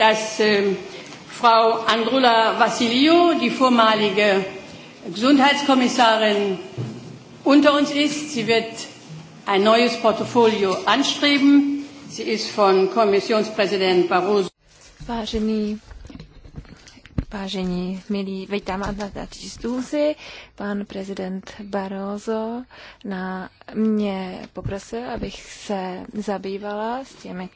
dass äh, Frau Andrula Vassiliou, die vormalige Gesundheitskommissarin, unter uns ist. Sie wird ein neues Portfolio anstreben. Sie ist von Kommissionspräsident Barroso. Vážený, vážení, milí, vítám vás na naší stůzi. Pan prezident Barroso na mě poprosil, abych se zabývala s těmi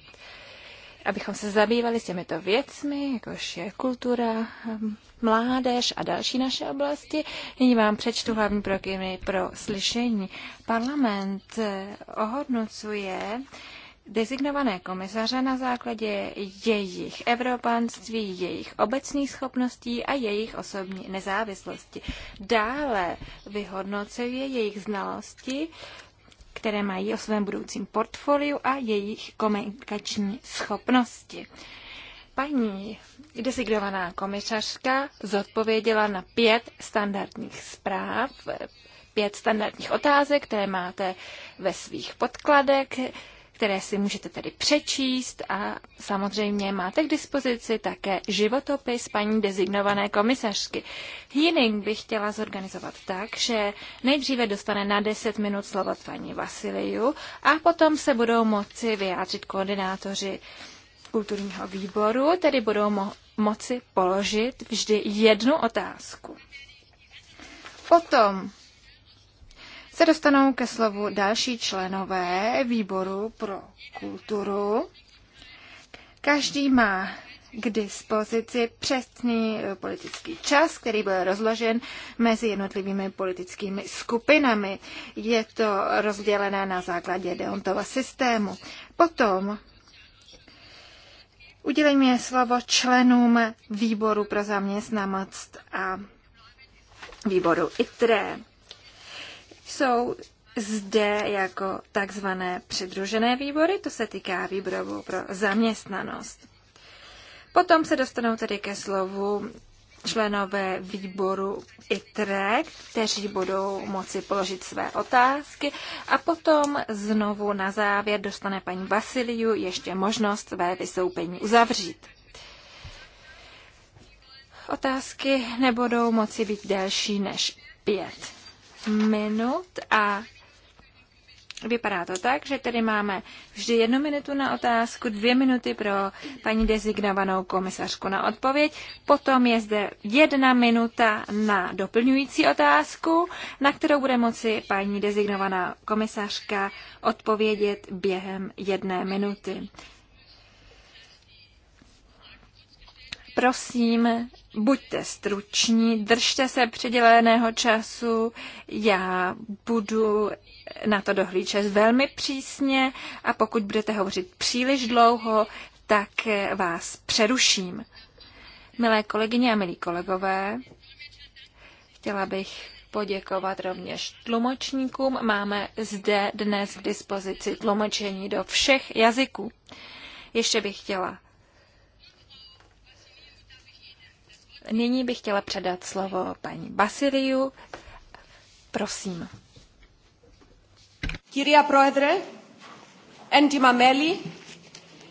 abychom se zabývali s těmito věcmi, jakož je kultura, hm, mládež a další naše oblasti. Nyní vám přečtu hlavní programy pro slyšení. Parlament eh, ohodnocuje designované komisaře na základě jejich evropanství, jejich obecných schopností a jejich osobní nezávislosti. Dále vyhodnocuje jejich znalosti které mají o svém budoucím portfoliu a jejich komunikační schopnosti. Paní designovaná komisařka zodpověděla na pět standardních zpráv, pět standardních otázek, které máte ve svých podkladech které si můžete tedy přečíst a samozřejmě máte k dispozici také životopis paní dezignované komisařky. Hearing bych chtěla zorganizovat tak, že nejdříve dostane na 10 minut slovo paní Vasiliju a potom se budou moci vyjádřit koordinátoři kulturního výboru, tedy budou mo- moci položit vždy jednu otázku. Potom se dostanou ke slovu další členové výboru pro kulturu. Každý má k dispozici přesný eh, politický čas, který byl rozložen mezi jednotlivými politickými skupinami. Je to rozdělené na základě Deontova systému. Potom udělím je slovo členům výboru pro zaměstnanost a výboru ITRE jsou zde jako takzvané přidružené výbory, to se týká výboru pro zaměstnanost. Potom se dostanou tedy ke slovu členové výboru ITRE, kteří budou moci položit své otázky a potom znovu na závěr dostane paní Vasiliu ještě možnost své vystoupení uzavřít. Otázky nebudou moci být delší než pět minut a Vypadá to tak, že tedy máme vždy jednu minutu na otázku, dvě minuty pro paní dezignovanou komisařku na odpověď, potom je zde jedna minuta na doplňující otázku, na kterou bude moci paní dezignovaná komisařka odpovědět během jedné minuty. Prosím, buďte struční, držte se předěleného času, já budu na to dohlížet velmi přísně a pokud budete hovořit příliš dlouho, tak vás přeruším. Milé kolegyně a milí kolegové, chtěla bych poděkovat rovněž tlumočníkům. Máme zde dnes k dispozici tlumočení do všech jazyků. Ještě bych chtěla Nyní bych chtěla předat slovo paní Basiliu. Prosím. Kyria Proedre, Entima Meli,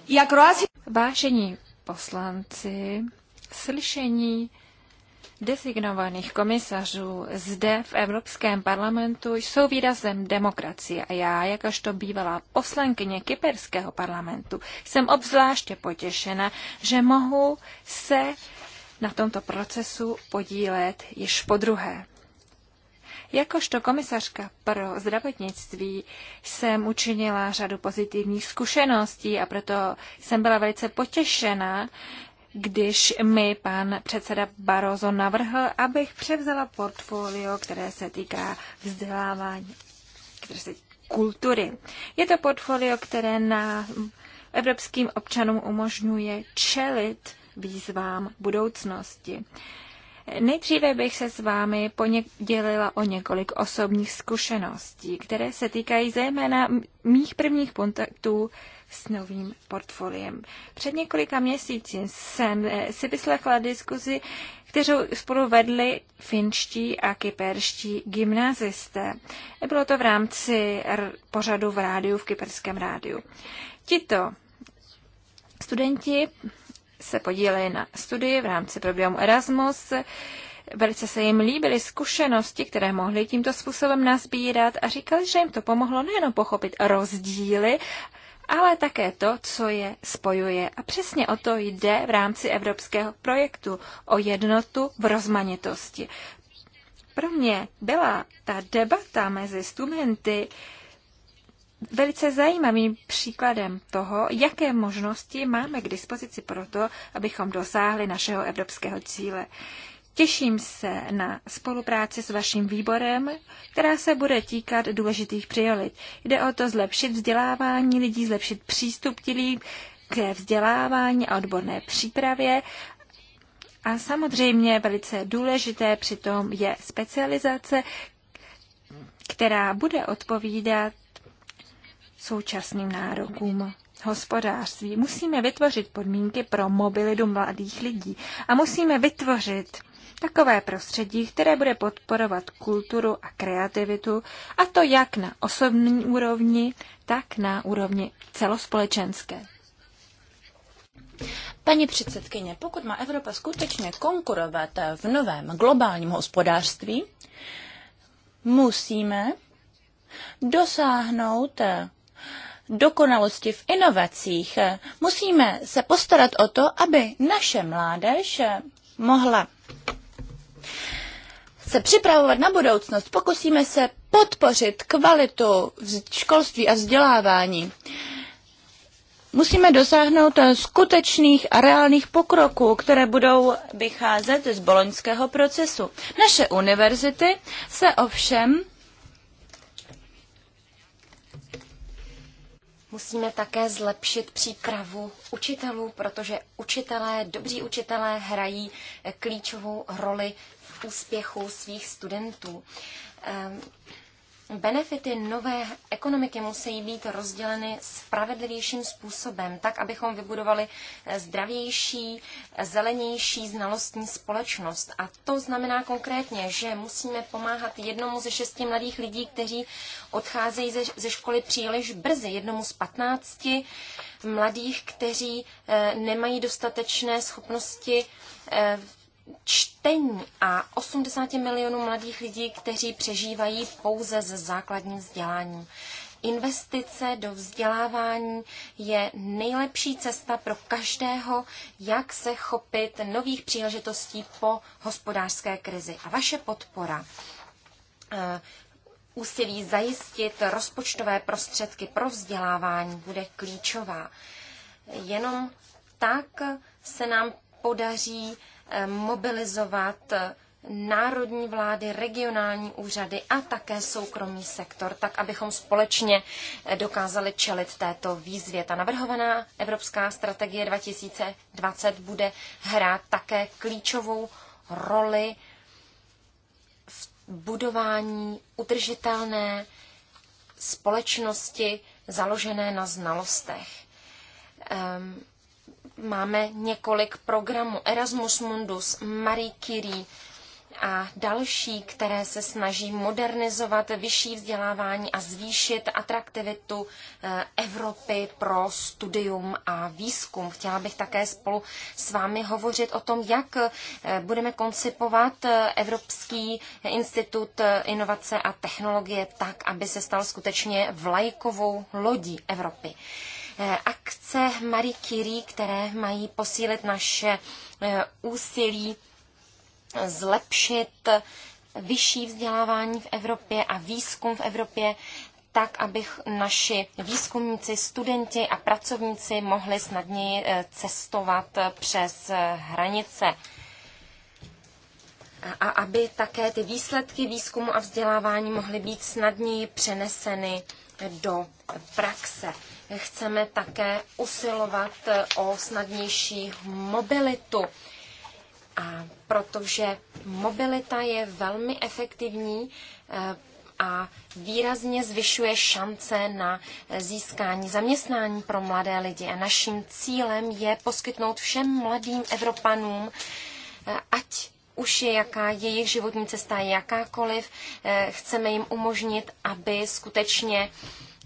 jak Kroáci... Vážení poslanci, slyšení designovaných komisařů zde v Evropském parlamentu jsou výrazem demokracie a já, jakožto bývalá poslankyně Kyperského parlamentu, jsem obzvláště potěšena, že mohu se na tomto procesu podílet již po druhé. Jakožto komisařka pro zdravotnictví jsem učinila řadu pozitivních zkušeností a proto jsem byla velice potěšena, když mi pan předseda Barozo navrhl, abych převzala portfolio, které se týká vzdělávání, které se týká kultury. Je to portfolio, které na evropským občanům umožňuje čelit výzvám budoucnosti. Nejdříve bych se s vámi podělila o několik osobních zkušeností, které se týkají zejména mých prvních kontaktů s novým portfoliem. Před několika měsíci jsem eh, si vyslechla diskuzi, kterou spolu vedli finští a kyperští gymnazisté. Bylo to v rámci pořadu v rádiu, v kyperském rádiu. Tito studenti se podíleli na studii v rámci programu Erasmus. Velice se jim líbily zkušenosti, které mohli tímto způsobem nazbírat a říkali, že jim to pomohlo nejen pochopit rozdíly, ale také to, co je spojuje. A přesně o to jde v rámci evropského projektu, o jednotu v rozmanitosti. Pro mě byla ta debata mezi studenty velice zajímavým příkladem toho, jaké možnosti máme k dispozici pro to, abychom dosáhli našeho evropského cíle. Těším se na spolupráci s vaším výborem, která se bude týkat důležitých priorit. Jde o to zlepšit vzdělávání lidí, zlepšit přístup lidí k vzdělávání a odborné přípravě. A samozřejmě velice důležité přitom je specializace, která bude odpovídat současným nárokům hospodářství. Musíme vytvořit podmínky pro mobilitu mladých lidí a musíme vytvořit takové prostředí, které bude podporovat kulturu a kreativitu, a to jak na osobní úrovni, tak na úrovni celospolečenské. Paní předsedkyně, pokud má Evropa skutečně konkurovat v novém globálním hospodářství, musíme dosáhnout dokonalosti v inovacích, musíme se postarat o to, aby naše mládež mohla se připravovat na budoucnost. Pokusíme se podpořit kvalitu školství a vzdělávání. Musíme dosáhnout skutečných a reálných pokroků, které budou vycházet z boloňského procesu. Naše univerzity se ovšem Musíme také zlepšit přípravu učitelů, protože učitelé, dobří učitelé hrají eh, klíčovou roli v úspěchu svých studentů. Ehm, Benefity nové ekonomiky musí být rozděleny spravedlivějším způsobem, tak, abychom vybudovali eh, zdravější, eh, zelenější znalostní společnost. A to znamená konkrétně, že musíme pomáhat jednomu ze šesti mladých lidí, kteří odcházejí ze, ze školy příliš brzy, jednomu z patnácti mladých, kteří eh, nemají dostatečné schopnosti čtení a 80 milionů mladých lidí, kteří přežívají pouze ze základním vzdělání. Investice do vzdělávání je nejlepší cesta pro každého, jak se chopit nových příležitostí po hospodářské krizi. A vaše podpora eh, úsilí zajistit rozpočtové prostředky pro vzdělávání bude klíčová. Jenom tak se nám podaří mobilizovat národní vlády, regionální úřady a také soukromý sektor, tak abychom společně dokázali čelit této výzvě. Ta navrhovaná Evropská strategie 2020 bude hrát také klíčovou roli v budování udržitelné společnosti založené na znalostech. Um, máme několik programů Erasmus Mundus, Marie Curie a další, které se snaží modernizovat vyšší vzdělávání a zvýšit atraktivitu eh, Evropy pro studium a výzkum. Chtěla bych také spolu s vámi hovořit o tom, jak eh, budeme koncipovat eh, Evropský institut inovace a technologie tak, aby se stal skutečně vlajkovou lodí Evropy. Eh, akce Marie Curie, které mají posílit naše eh, úsilí zlepšit vyšší vzdělávání v Evropě a výzkum v Evropě, tak, aby naši výzkumníci, studenti a pracovníci mohli snadněji eh, cestovat přes hranice. A aby také ty výsledky výzkumu a vzdělávání mohly být snadněji přeneseny do praxe chceme také usilovat o snadnější mobilitu. A protože mobilita je velmi efektivní eh, a výrazně zvyšuje šance na získání zaměstnání pro mladé lidi. A naším cílem je poskytnout všem mladým Evropanům, eh, ať už je jaká jejich životní cesta jakákoliv, eh, chceme jim umožnit, aby skutečně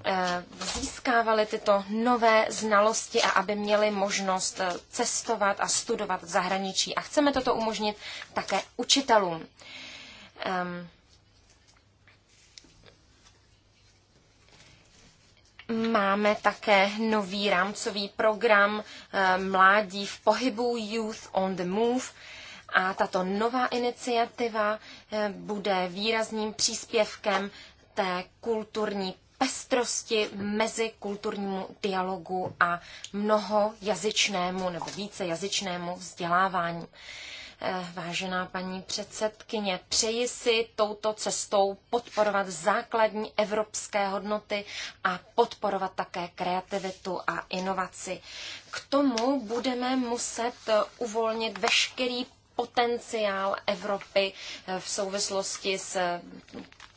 Eh, získávali tyto nové znalosti a aby měli možnost eh, cestovat a studovat v zahraničí. A chceme toto umožnit také učitelům. Máme také nový rámcový program eh, Mládí v pohybu Youth on the Move, a tato nová iniciativa bude výrazným příspěvkem té kulturní pestrosti mezi kulturnímu dialogu a mnohojazyčnému nebo vícejazyčnému vzdělávání. Eh, vážená paní předsedkyně, přeji si touto cestou podporovat základní evropské hodnoty a podporovat také kreativitu a inovaci. K tomu budeme muset uvolnit veškerý potenciál Evropy eh, v souvislosti s eh,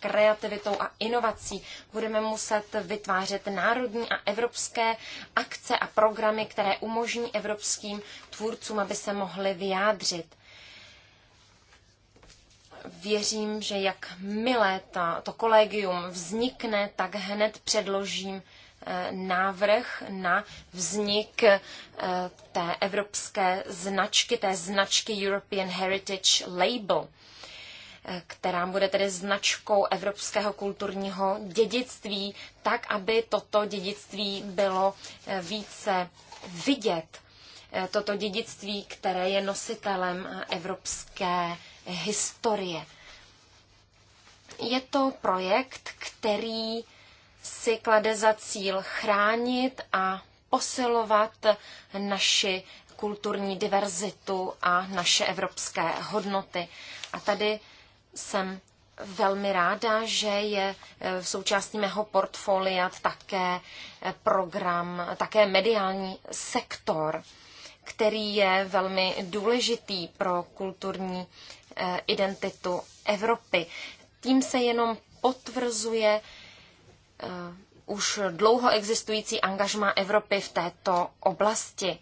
kreativitou a inovací. Budeme muset vytvářet národní a evropské akce a programy, které umožní evropským tvůrcům, aby se mohli vyjádřit. Věřím, že jak milé to kolegium vznikne, tak hned předložím Eh, návrh na vznik eh, té evropské značky, té značky European Heritage Label, eh, která bude tedy značkou evropského kulturního dědictví, tak, aby toto dědictví bylo více vidět. Toto dědictví, které je nositelem evropské historie. Je to projekt, který si klade za cíl chránit a posilovat naši kulturní diverzitu a naše evropské hodnoty. A tady jsem velmi ráda, že je v eh, součástí mého portfolia také eh, program, také mediální sektor, který je velmi důležitý pro kulturní eh, identitu Evropy. Tím se jenom potvrzuje Eh, už dlouho existující angažma Evropy v této oblasti.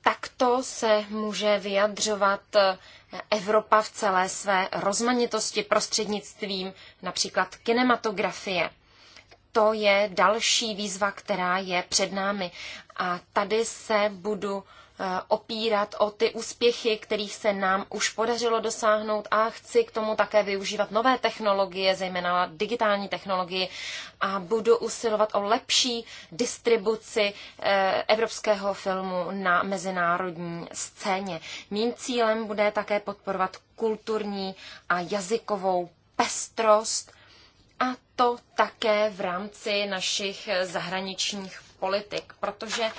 Takto se může vyjadřovat eh, Evropa v celé své rozmanitosti prostřednictvím například kinematografie. To je další výzva, která je před námi. A tady se budu Eh, opírat o ty úspěchy, kterých se nám už podařilo dosáhnout a chci k tomu také využívat nové technologie, zejména digitální technologie a budu usilovat o lepší distribuci eh, evropského filmu na mezinárodní scéně. Mým cílem bude také podporovat kulturní a jazykovou pestrost a to také v rámci našich eh, zahraničních politik, protože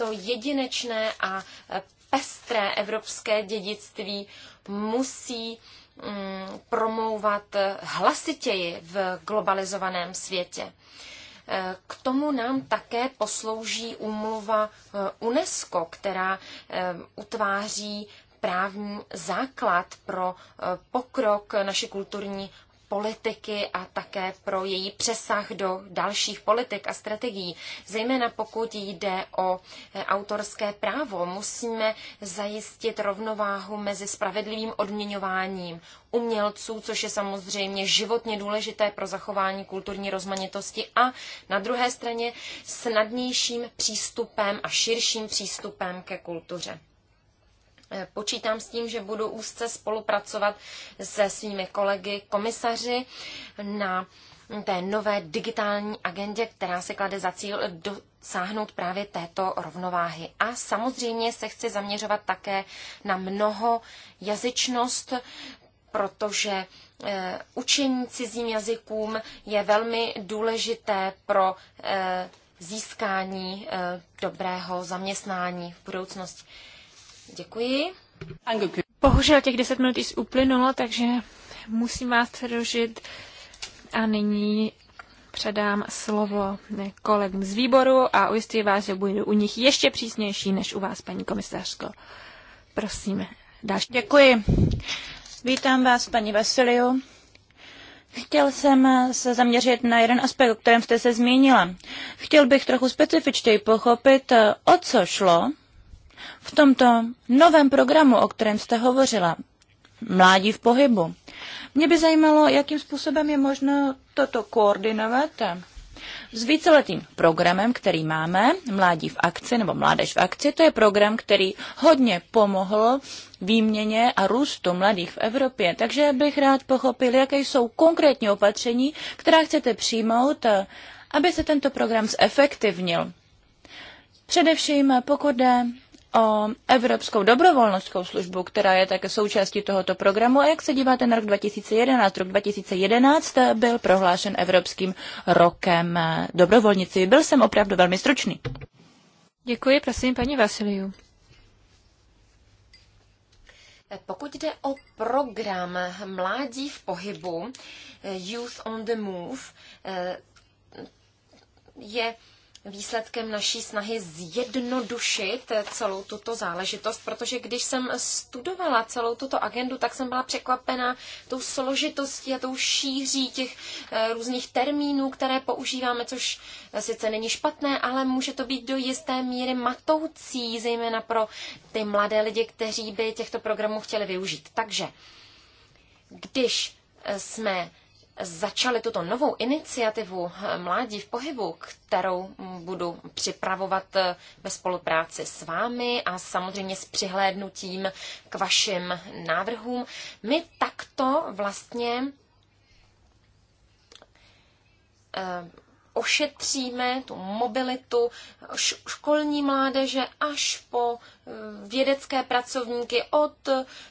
to jedinečné a e, pestré evropské dědictví musí mm, promlouvat hlasitěji v globalizovaném světě. E, k tomu nám také poslouží úmluva e, UNESCO, která utváří právní základ pro pokrok naší kulturní politiky a také pro její přesah do dalších politik a strategií. Zejména pokud jde o eh, autorské právo, musíme zajistit rovnováhu mezi spravedlivým odměňováním umělců, což je samozřejmě životně důležité pro zachování kulturní rozmanitosti a na druhé straně snadnějším přístupem a širším přístupem ke kultuře. Eh, počítám s tím, že budu úzce spolupracovat se svými kolegy komisaři na té nové digitální agendě, která se klade za cíl dosáhnout právě této rovnováhy. A samozřejmě se chci zaměřovat také na mnoho jazyčnost, protože eh, učení cizím jazykům je velmi důležité pro eh, získání dobrého zaměstnání v budoucnosti. Děkuji. Bohužel těch 10 minut již uplynulo, takže musím vás přerušit. A nyní předám slovo kolegům z výboru a ujistím vás, že budu u nich ještě přísnější než u vás, paní komisařko. Prosím, dáš. Děkuji. Vítám vás, paní Vasiliu. Chtěl jsem se zaměřit na jeden aspekt, o kterém jste se zmínila. Chtěl bych trochu specifičtěji pochopit, o co šlo v tomto novém programu, o kterém jste hovořila, Mládí v pohybu. Mě by zajímalo, jakým způsobem je možno toto koordinovat s víceletým programem, který máme, Mládí v akci nebo Mládež v akci, to je program, který hodně pomohl výměně a růstu mladých v Evropě. Takže bych rád pochopil, jaké jsou konkrétní opatření, která chcete přijmout, aby se tento program zefektivnil. Především pokud jde o Evropskou dobrovolnickou službu, která je také součástí tohoto programu. A jak se díváte na rok 2011? Rok 2011 byl prohlášen Evropským rokem dobrovolnici. Byl jsem opravdu velmi stručný. Děkuji, prosím, paní Vasiliu. Pokud jde o program Mládí v pohybu, eh, Youth on the Move, eh, je výsledkem naší snahy zjednodušit celou tuto záležitost, protože když jsem studovala celou tuto agendu, tak jsem byla překvapena tou složitostí a tou šíří těch eh, různých termínů, které používáme, což eh, sice není špatné, ale může to být do jisté míry matoucí, zejména pro ty mladé lidi, kteří by těchto programů chtěli využít. Takže když eh, jsme začali tuto novou iniciativu eh, Mládí v pohybu, kterou budu připravovat eh, ve spolupráci s vámi a samozřejmě s přihlédnutím k vašim návrhům, my takto vlastně eh, ošetříme tu mobilitu školní mládeže až po vědecké pracovníky od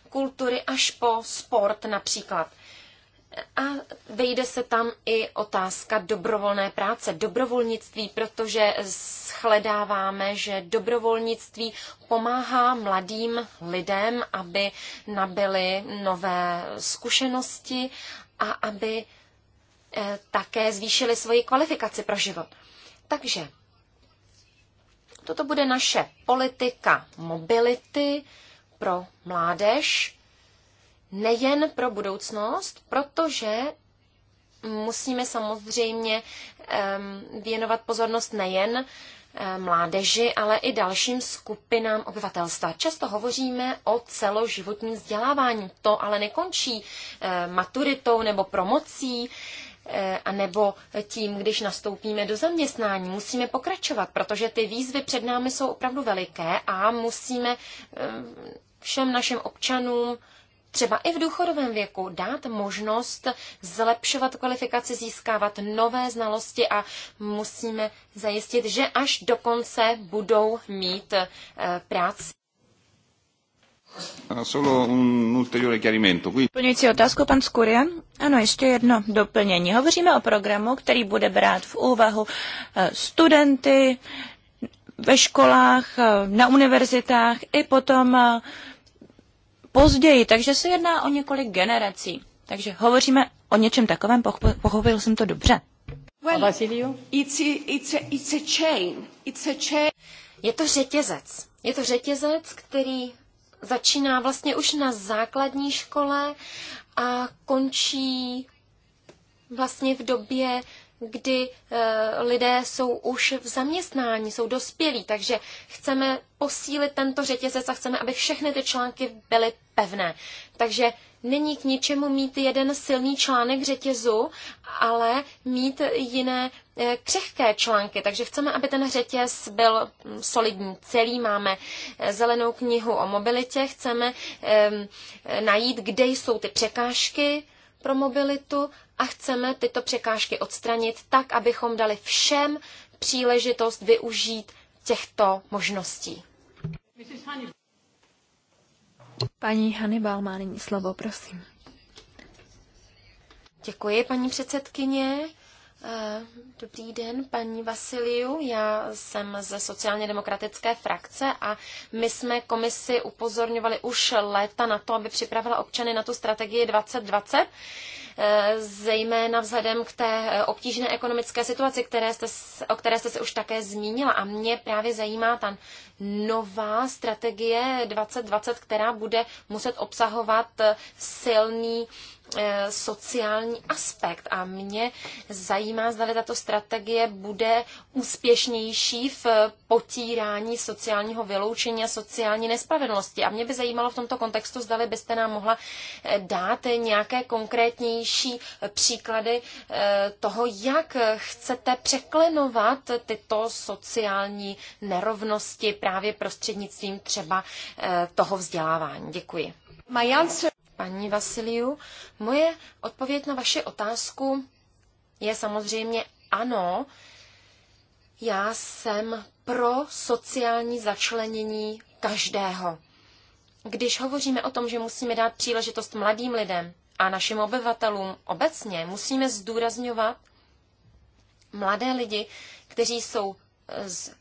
kultury až po sport například a vejde se tam i otázka dobrovolné práce, dobrovolnictví, protože shledáváme, že dobrovolnictví pomáhá mladým lidem, aby nabili nové zkušenosti a aby eh, také zvýšili svoji kvalifikaci pro život. Takže toto bude naše politika mobility pro mládež nejen pro budoucnost, protože musíme samozřejmě věnovat pozornost nejen mládeži, ale i dalším skupinám obyvatelstva. Často hovoříme o celoživotním vzdělávání. To ale nekončí maturitou nebo promocí e, a nebo tím, když nastoupíme do zaměstnání. Musíme pokračovat, protože ty výzvy před námi jsou opravdu veliké a musíme všem našim občanům třeba i v důchodovém věku dát možnost zlepšovat kvalifikaci, získávat nové znalosti a musíme zajistit, že až do konce budou mít eh, práci. Ah, solo un ulteriore chiarimento. Doplňující otázku, pan Skurian? Ano, ještě jedno doplnění. Hovoříme o programu, který bude brát v úvahu eh, studenty ve školách, eh, na univerzitách i potom později, takže se jedná o několik generací. Takže hovoříme o něčem takovém, pochopil jsem to dobře. Well, it's, it's, it's a chain. It's a chain. Je to řetězec. Je to řetězec, který začíná vlastně už na základní škole a končí vlastně v době kdy eh, lidé jsou už v zaměstnání, jsou dospělí, takže chceme posílit tento řetězec a chceme, aby všechny ty články byly pevné. Takže není k ničemu mít jeden silný článek řetězu, ale mít jiné eh, křehké články. Takže chceme, aby ten řetěz byl mm, solidní celý. Máme eh, zelenou knihu o mobilitě, chceme najít, kde jsou ty překážky pro mobilitu a chceme tyto překážky odstranit tak, abychom dali všem příležitost využít těchto možností. Paní Hannibal má nyní slovo, prosím. Děkuji, paní předsedkyně. Eh, dobrý den, paní Vasiliu. Já jsem ze sociálně demokratické frakce a my jsme komisi upozorňovali už léta na to, aby připravila občany na tu strategii 2020 zejména vzhledem k té obtížné ekonomické situaci, které jste, o které jste se už také zmínila. A mě právě zajímá ta nová strategie 2020, která bude muset obsahovat silný Eh, sociální aspekt a mě zajímá, zda tato strategie bude úspěšnější v potírání sociálního vyloučení a sociální nespravedlnosti. A mě by zajímalo v tomto kontextu, zda byste nám mohla eh, dát nějaké konkrétnější příklady eh, toho, jak chcete překlenovat tyto sociální nerovnosti právě prostřednictvím třeba toho vzdělávání. Děkuji. My answer paní Vasiliu. Moje odpověď na vaši otázku je samozřejmě ano. Já jsem pro sociální začlenění každého. Když hovoříme o tom, že musíme dát příležitost mladým lidem a našim obyvatelům obecně, musíme zdůrazňovat mladé lidi, kteří jsou z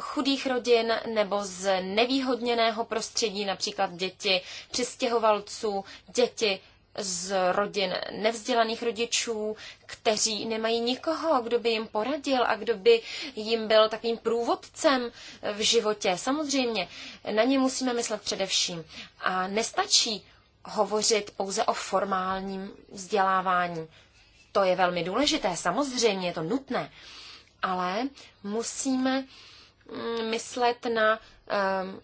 chudých rodin nebo z nevýhodněného prostředí, například děti přistěhovalců, děti z rodin nevzdělaných rodičů, kteří nemají nikoho, kdo by jim poradil a kdo by jim byl takovým průvodcem v životě. Samozřejmě, na ně musíme myslet především. A nestačí hovořit pouze o formálním vzdělávání. To je velmi důležité, samozřejmě je to nutné, ale musíme Mm, myslet na ehm,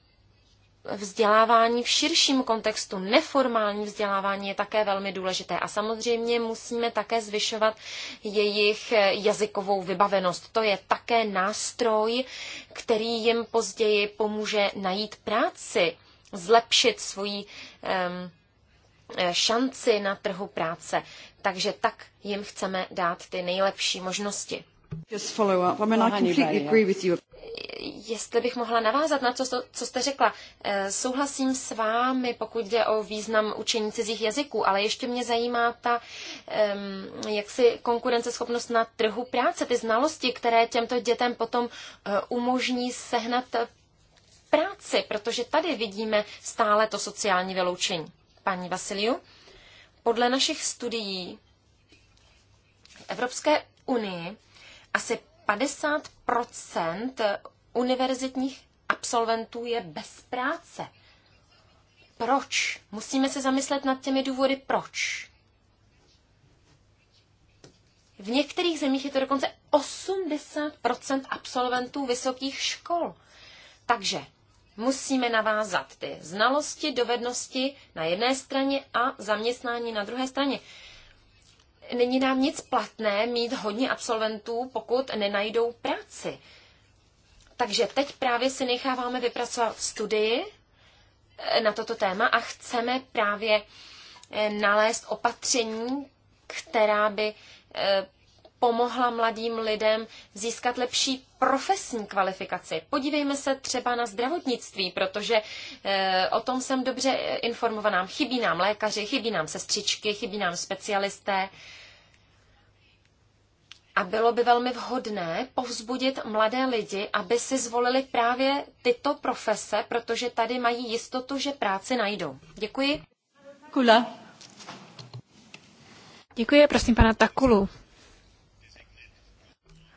vzdělávání v širším kontextu, neformální vzdělávání je také velmi důležité. A samozřejmě musíme také zvyšovat jejich eh, jazykovou vybavenost. To je také nástroj, který jim později pomůže najít práci, zlepšit svoji ehm, eh, šanci na trhu práce. Takže tak jim chceme dát ty nejlepší možnosti. Just follow up. I mean, I completely agree with you. Jestli bych mohla navázat na to, co jste řekla. Eh, souhlasím s vámi, pokud jde o význam učení cizích jazyků, ale ještě mě zajímá ta jaksi konkurenceschopnost na trhu práce, ty znalosti, které těmto dětem potom eh, umožní sehnat práci, protože tady vidíme stále to sociální vyloučení. Paní Vasiliu, podle našich studií v Evropské unii asi 50 univerzitních absolventů je bez práce. Proč? Musíme se zamyslet nad těmi důvody, proč. V některých zemích je to dokonce 80 absolventů vysokých škol. Takže musíme navázat ty znalosti, dovednosti na jedné straně a zaměstnání na druhé straně není nám nic platné mít hodně absolventů, pokud nenajdou práci. Takže teď právě si necháváme vypracovat studii eh, na toto téma a chceme právě eh, nalézt opatření, která by eh, pomohla mladým lidem získat lepší profesní kvalifikaci. Podívejme se třeba na zdravotnictví, protože eh, o tom jsem dobře informovaná. Chybí nám lékaři, chybí nám sestřičky, chybí nám specialisté. A bylo by velmi vhodné povzbudit mladé lidi, aby si zvolili právě tyto profese, protože tady mají jistotu, že práci najdou. Děkuji. Kula. Děkuji, prosím pana Takulu.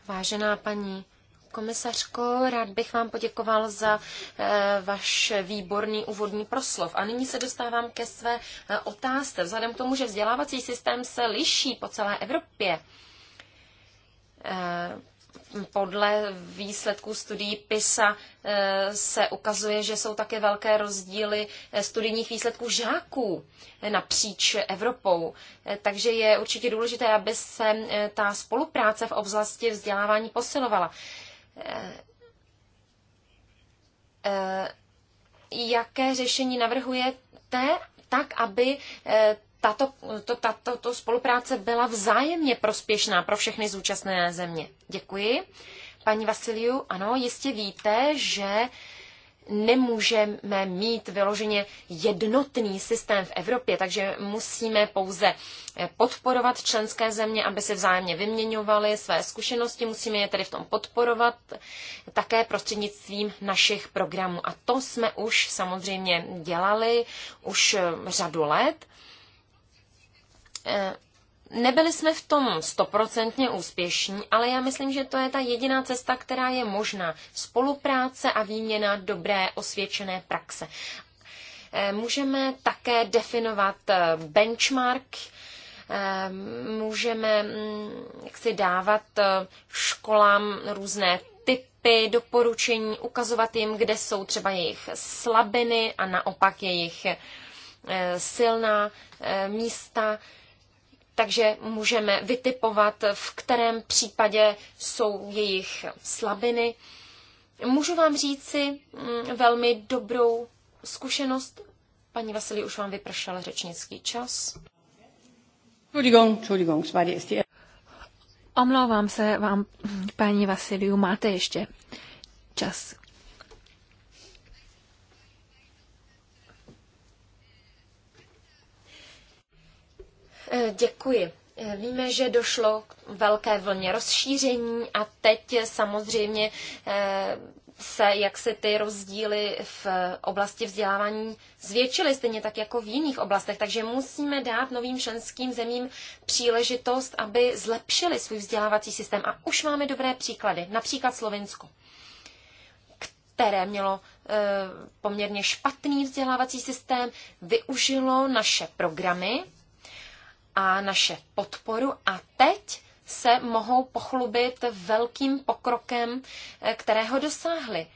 Vážená paní komisařko, rád bych vám poděkoval za e, výborný úvodní proslov. A nyní se dostávám ke své e, otázce. Vzhledem k tomu, že vzdělávací systém se liší po celé Evropě, e, podle výsledků studií PISA eh, se ukazuje, že jsou také velké rozdíly eh, studijních výsledků žáků eh, napříč Evropou. Takže je určitě důležité, aby se ta spolupráce v oblasti vzdělávání posilovala. Jaké řešení navrhujete tak, aby tato, to, tato to spolupráce byla vzájemně prospěšná pro všechny zúčastněné země. Děkuji. Paní Vasiliu, ano, jistě víte, že nemůžeme mít vyloženě jednotný systém v Evropě, takže musíme pouze podporovat členské země, aby se vzájemně vyměňovaly své zkušenosti, musíme je tedy v tom podporovat také prostřednictvím našich programů. A to jsme už samozřejmě dělali už řadu let. Eh, nebyli jsme v tom stoprocentně úspěšní, ale já myslím, že to je ta jediná cesta, která je možná. Spolupráce a výměna dobré osvědčené praxe. Eh, můžeme také definovat eh, benchmark, můžeme mm, jak si dávat školám různé typy doporučení, ukazovat jim, kde jsou třeba jejich slabiny a naopak jejich silná místa takže můžeme vytipovat, v kterém případě jsou jejich slabiny. Můžu vám říci mm, velmi dobrou zkušenost. Paní Vasily, už vám vypršel řečnický čas. Omlouvám se vám, paní Vasiliu, máte ještě čas. Eh, děkuji. Eh, víme, že došlo k velké vlně rozšíření a teď samozřejmě eh, se jak se ty rozdíly v oblasti vzdělávání zvětšily, stejně tak jako v jiných oblastech. Takže musíme dát novým členským zemím příležitost, aby zlepšili svůj vzdělávací systém. A už máme dobré příklady, například Slovinsko, které mělo poměrně špatný vzdělávací systém, využilo naše programy, a naše podporu. A teď se mohou pochlubit velkým pokrokem, eh, kterého dosáhli.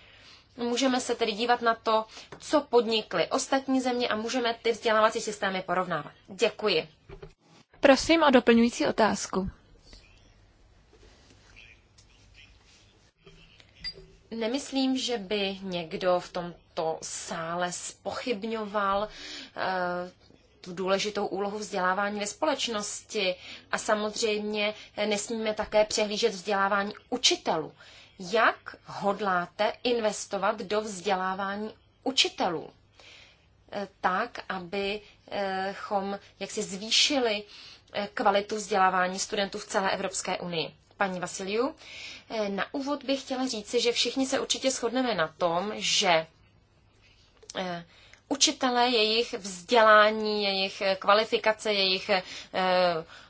Můžeme se tedy dívat na to, co podnikly ostatní země a můžeme ty vzdělávací systémy porovnávat. Děkuji. Prosím o doplňující otázku. Nemyslím, že by někdo v tomto sále spochybňoval eh, tu důležitou úlohu vzdělávání ve společnosti a samozřejmě eh, nesmíme také přehlížet vzdělávání učitelů. Jak hodláte investovat do vzdělávání učitelů? Eh, tak, abychom eh, jaksi zvýšili kvalitu vzdělávání studentů v celé Evropské unii. Paní Vasiliu, na úvod bych chtěla říci, že všichni se určitě shodneme na tom, že učitele, jejich vzdělání, jejich eh, kvalifikace, jejich eh,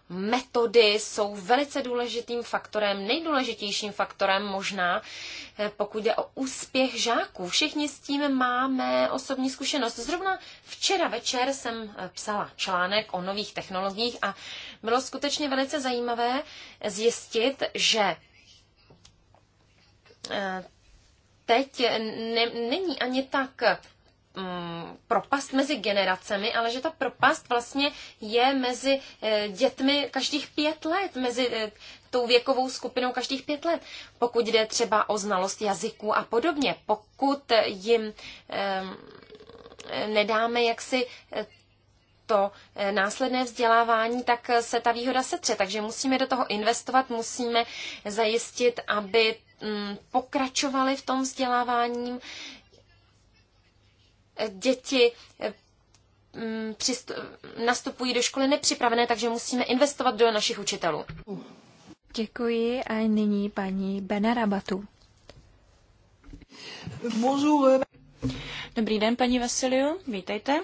metody jsou velice důležitým faktorem, nejdůležitějším faktorem možná, eh, pokud je o úspěch žáků. Všichni s tím máme osobní zkušenost. Zrovna včera večer jsem psala článek o nových technologiích a bylo skutečně velice zajímavé zjistit, že teď ne, není ani tak mm, propast mezi generacemi, ale že ta propast vlastně je mezi eh, dětmi každých pět let, mezi eh, tou věkovou skupinou každých pět let. Pokud jde třeba o znalost jazyků a podobně, pokud jim nedáme jaksi eh, to následné vzdělávání, tak se ta výhoda setře. Takže musíme do toho investovat, musíme zajistit, aby mm, pokračovali v tom vzdělávání, děti eh, mm, nastupují do školy nepřipravené, takže musíme investovat do našich učitelů. Děkuji a nyní paní Benarabatu. Dobrý den, paní Vasiliu, vítejte.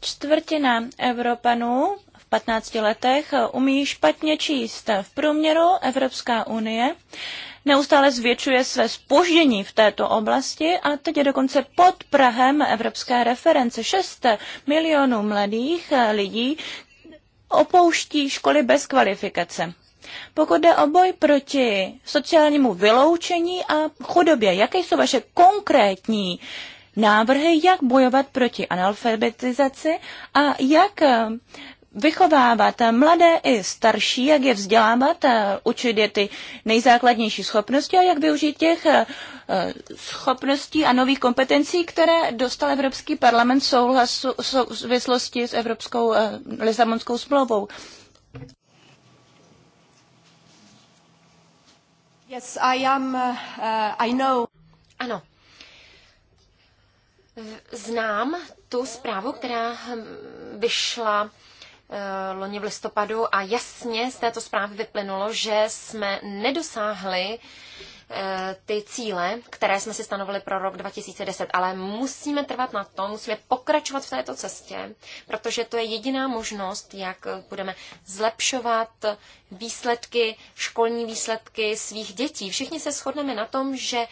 Čtvrtina Evropanů v 15 letech umí špatně číst. V průměru Evropská unie neustále zvětšuje své spoždění v této oblasti a teď je dokonce pod Prahem evropské reference. 6 milionů mladých lidí opouští školy bez kvalifikace. Pokud jde o boj proti sociálnímu vyloučení a chudobě, jaké jsou vaše konkrétní návrhy, jak bojovat proti analfabetizaci a jak vychovávat mladé i starší, jak je vzdělávat, eh, učit je ty nejzákladnější schopnosti a jak využít těch eh, schopností a nových kompetencí, které dostal Evropský parlament v souvislosti s Evropskou eh, Lisabonskou smlouvou. Yes, I am, uh, I know. Ano. Znám tu zprávu, která hm, vyšla Eh, loni v listopadu a jasně z této zprávy vyplynulo, že jsme nedosáhli eh, ty cíle, které jsme si stanovili pro rok 2010, ale musíme trvat na tom, musíme pokračovat v této cestě, protože to je jediná možnost, jak budeme zlepšovat výsledky, školní výsledky svých dětí. Všichni se shodneme na tom, že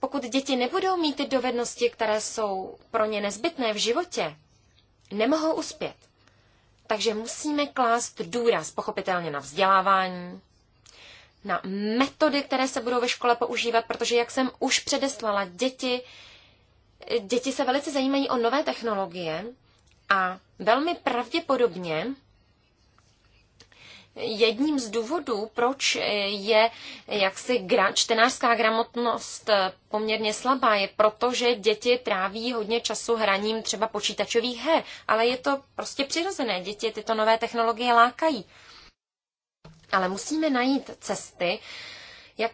pokud děti nebudou mít ty dovednosti, které jsou pro ně nezbytné v životě, nemohou uspět. Takže musíme klást důraz pochopitelně na vzdělávání, na metody, které se budou ve škole používat, protože, jak jsem už předeslala, děti, děti se velice zajímají o nové technologie a velmi pravděpodobně jedním z důvodů, proč je jaksi gra, čtenářská gramotnost poměrně slabá, je proto, že děti tráví hodně času hraním třeba počítačových her, ale je to prostě přirozené. Děti tyto nové technologie lákají. Ale musíme najít cesty, jak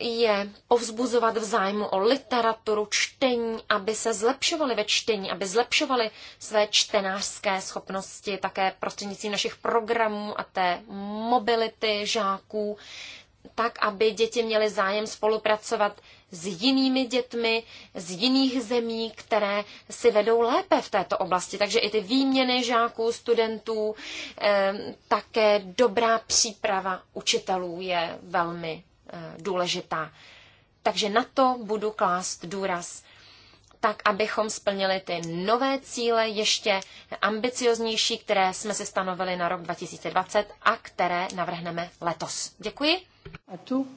je ovzbuzovat v zájmu o literaturu, čtení, aby se zlepšovali ve čtení, aby zlepšovali své čtenářské schopnosti také prostřednictvím našich programů a té mobility žáků, tak, aby děti měly zájem spolupracovat s jinými dětmi z jiných zemí, které si vedou lépe v této oblasti. Takže i ty výměny žáků, studentů, eh, také dobrá příprava učitelů je velmi Eh, důležitá. Takže na to budu klást důraz, tak abychom splnili ty nové cíle, ještě ambicioznější, které jsme si stanovili na rok 2020 a které navrhneme letos. Děkuji. A tu?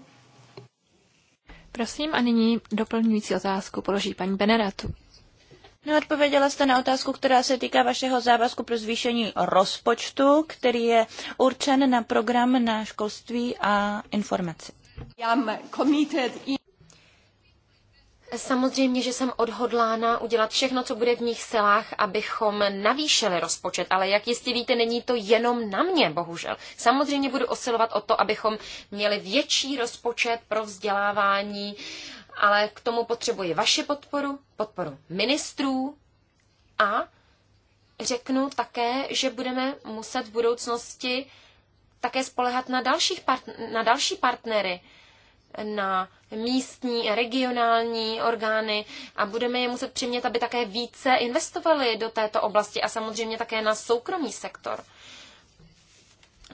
Prosím a nyní doplňující otázku položí paní Beneratu. Neodpověděla jste na otázku, která se týká vašeho závazku pro zvýšení rozpočtu, který je určen na program na školství a informaci. Samozřejmě, že jsem odhodlána udělat všechno, co bude v mých silách, abychom navýšili rozpočet, ale jak jistě víte, není to jenom na mě, bohužel. Samozřejmě budu osilovat o to, abychom měli větší rozpočet pro vzdělávání, ale k tomu potřebuji vaši podporu, podporu ministrů a řeknu také, že budeme muset v budoucnosti také spolehat na, dalších part- na další partnery na místní a regionální orgány a budeme je muset přimět, aby také více investovali do této oblasti a samozřejmě také na soukromý sektor.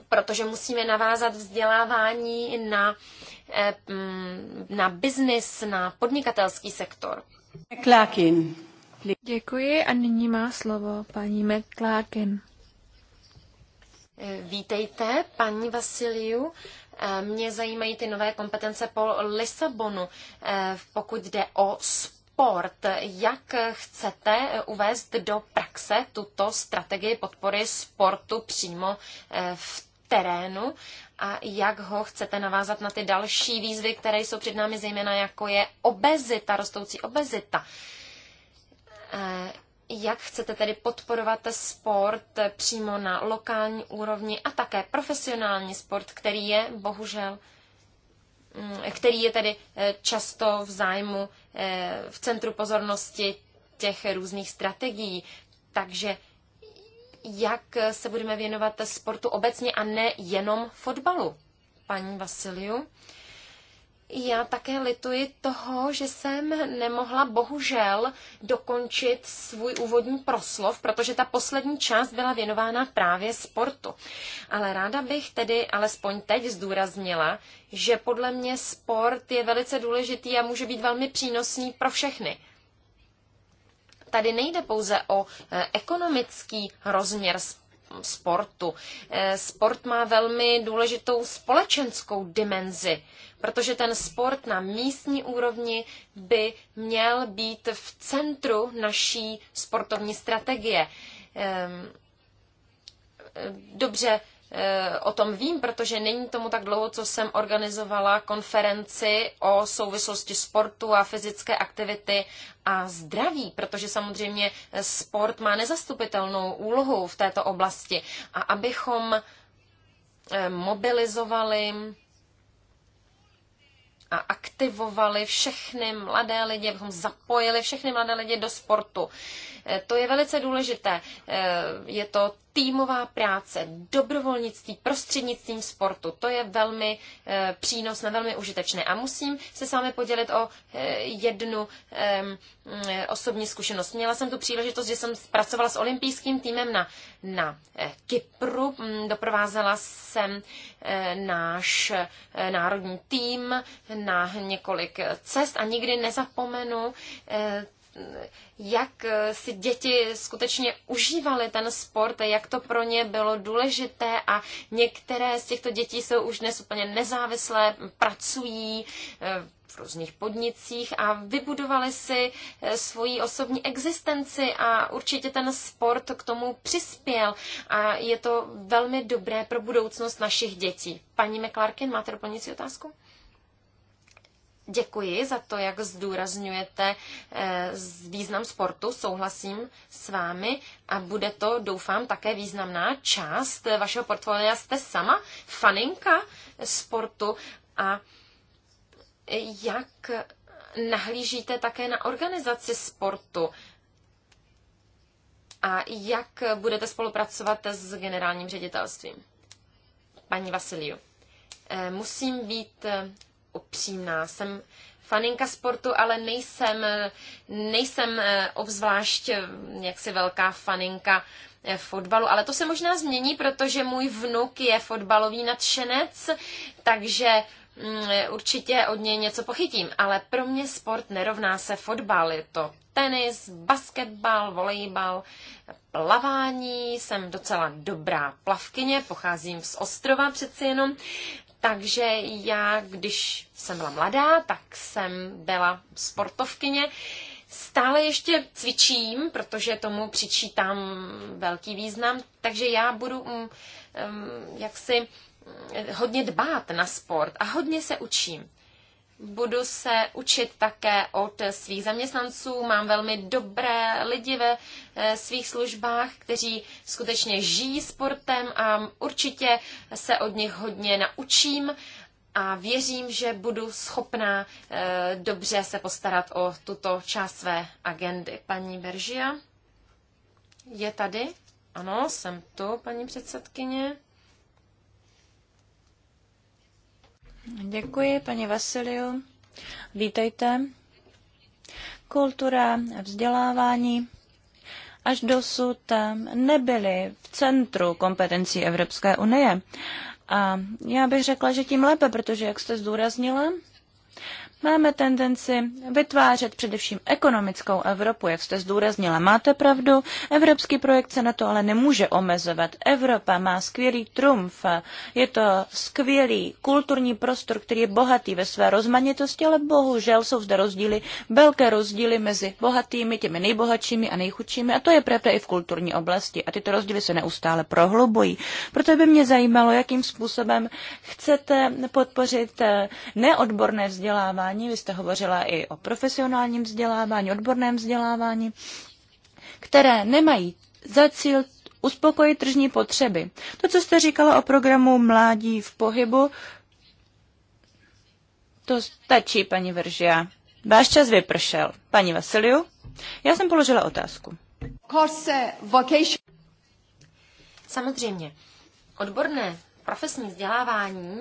Protože musíme navázat vzdělávání na, eh, mm, na biznis, na podnikatelský sektor. McClarkin. Děkuji a nyní má slovo paní McClarkin. Eh, vítejte, paní Vasiliu. Mě zajímají ty nové kompetence po Lisabonu, eh, pokud jde o sport. Jak chcete uvést do praxe tuto strategii podpory sportu přímo eh, v terénu a jak ho chcete navázat na ty další výzvy, které jsou před námi, zejména jako je obezita, rostoucí obezita eh, jak chcete tedy podporovat sport přímo na lokální úrovni a také profesionální sport, který je bohužel mm, který je tedy eh, často v zájmu, eh, v centru pozornosti těch různých strategií. Takže jak se budeme věnovat sportu obecně a ne jenom fotbalu, paní Vasiliu? Já také lituji toho, že jsem nemohla bohužel dokončit svůj úvodní proslov, protože ta poslední část byla věnována právě sportu. Ale ráda bych tedy alespoň teď zdůraznila, že podle mě sport je velice důležitý a může být velmi přínosný pro všechny tady nejde pouze o eh, ekonomický rozměr sportu, sportu. Eh, sport má velmi důležitou společenskou dimenzi, protože ten sport na místní úrovni by měl být v centru naší sportovní strategie. Ehm, dobře, Eh, o tom vím, protože není tomu tak dlouho, co jsem organizovala konferenci o souvislosti sportu a fyzické aktivity a zdraví, protože samozřejmě sport má nezastupitelnou úlohu v této oblasti. A abychom eh, mobilizovali a aktivovali všechny mladé lidi, abychom zapojili všechny mladé lidi do sportu. To je velice důležité. Eh, je to týmová práce, dobrovolnictví prostřednictvím sportu. To je velmi eh, přínosné, velmi užitečné. A musím se s vámi podělit o eh, jednu osobní zkušenost. Měla jsem tu příležitost, že jsem pracovala s olympijským týmem na, na Kypru. Mm, doprovázela jsem náš národní tým na několik cest a nikdy nezapomenu jak eh, si děti skutečně užívaly ten sport, jak to pro ně bylo důležité a některé z těchto dětí jsou už dnes úplně nezávislé, pracují eh, v různých podnicích a vybudovali si eh, svoji osobní existenci a určitě ten sport k tomu přispěl a je to velmi dobré pro budoucnost našich dětí. Paní McClarkin, máte doplňující otázku? Děkuji za to, jak zdůrazňujete eh, význam sportu, souhlasím s vámi a bude to, doufám, také významná část vašeho portfolia. Jste sama faninka sportu a jak nahlížíte také na organizaci sportu a jak budete spolupracovat s generálním ředitelstvím? Paní Vasiliu, eh, musím být eh, upřímná. Jsem faninka sportu, ale nejsem, nejsem eh, obzvlášť eh, jaksi velká faninka eh, fotbalu, ale to se možná změní, protože můj vnuk je fotbalový nadšenec, takže mm, určitě od něj něco pochytím, ale pro mě sport nerovná se fotbal, je to tenis, basketbal, volejbal, plavání, jsem docela dobrá plavkyně, pocházím z ostrova přeci jenom, takže já, když jsem byla mladá, tak jsem byla sportovkyně. Stále ještě cvičím, protože tomu přičítám velký význam, takže já budu um, um, jaksi mm, hodně dbát na sport a hodně se učím budu se učit také od svých zaměstnanců. Mám velmi dobré lidi ve eh, svých službách, kteří skutečně žijí sportem a určitě se od nich hodně naučím a věřím, že budu schopná eh, dobře se postarat o tuto část své agendy. Paní Beržia je tady? Ano, jsem tu, paní předsedkyně. Děkuji, paní Vasiliu. Vítejte. Kultura, vzdělávání až dosud nebyly v centru kompetencí Evropské unie. A já bych řekla, že tím lépe, protože, jak jste zdůraznila, máme tendenci vytvářet především ekonomickou Evropu, jak jste zdůraznila. Máte pravdu, evropský projekt se na to ale nemůže omezovat. Evropa má skvělý trumf, je to skvělý kulturní prostor, který je bohatý ve své rozmanitosti, ale bohužel jsou zde rozdíly, velké rozdíly mezi bohatými, těmi nejbohatšími a nejchudšími a to je pravda i v kulturní oblasti a tyto rozdíly se neustále prohlubují. Proto by mě zajímalo, jakým způsobem chcete podpořit neodborné vzdělávání vzdělávání, vy jste hovořila i o profesionálním vzdělávání, odborném vzdělávání, které nemají za cíl uspokojit tržní potřeby. To, co jste říkala o programu Mládí v pohybu, to stačí, paní Veržia. Váš čas vypršel. Paní Vasiliu, já jsem položila otázku. Samozřejmě. Odborné profesní vzdělávání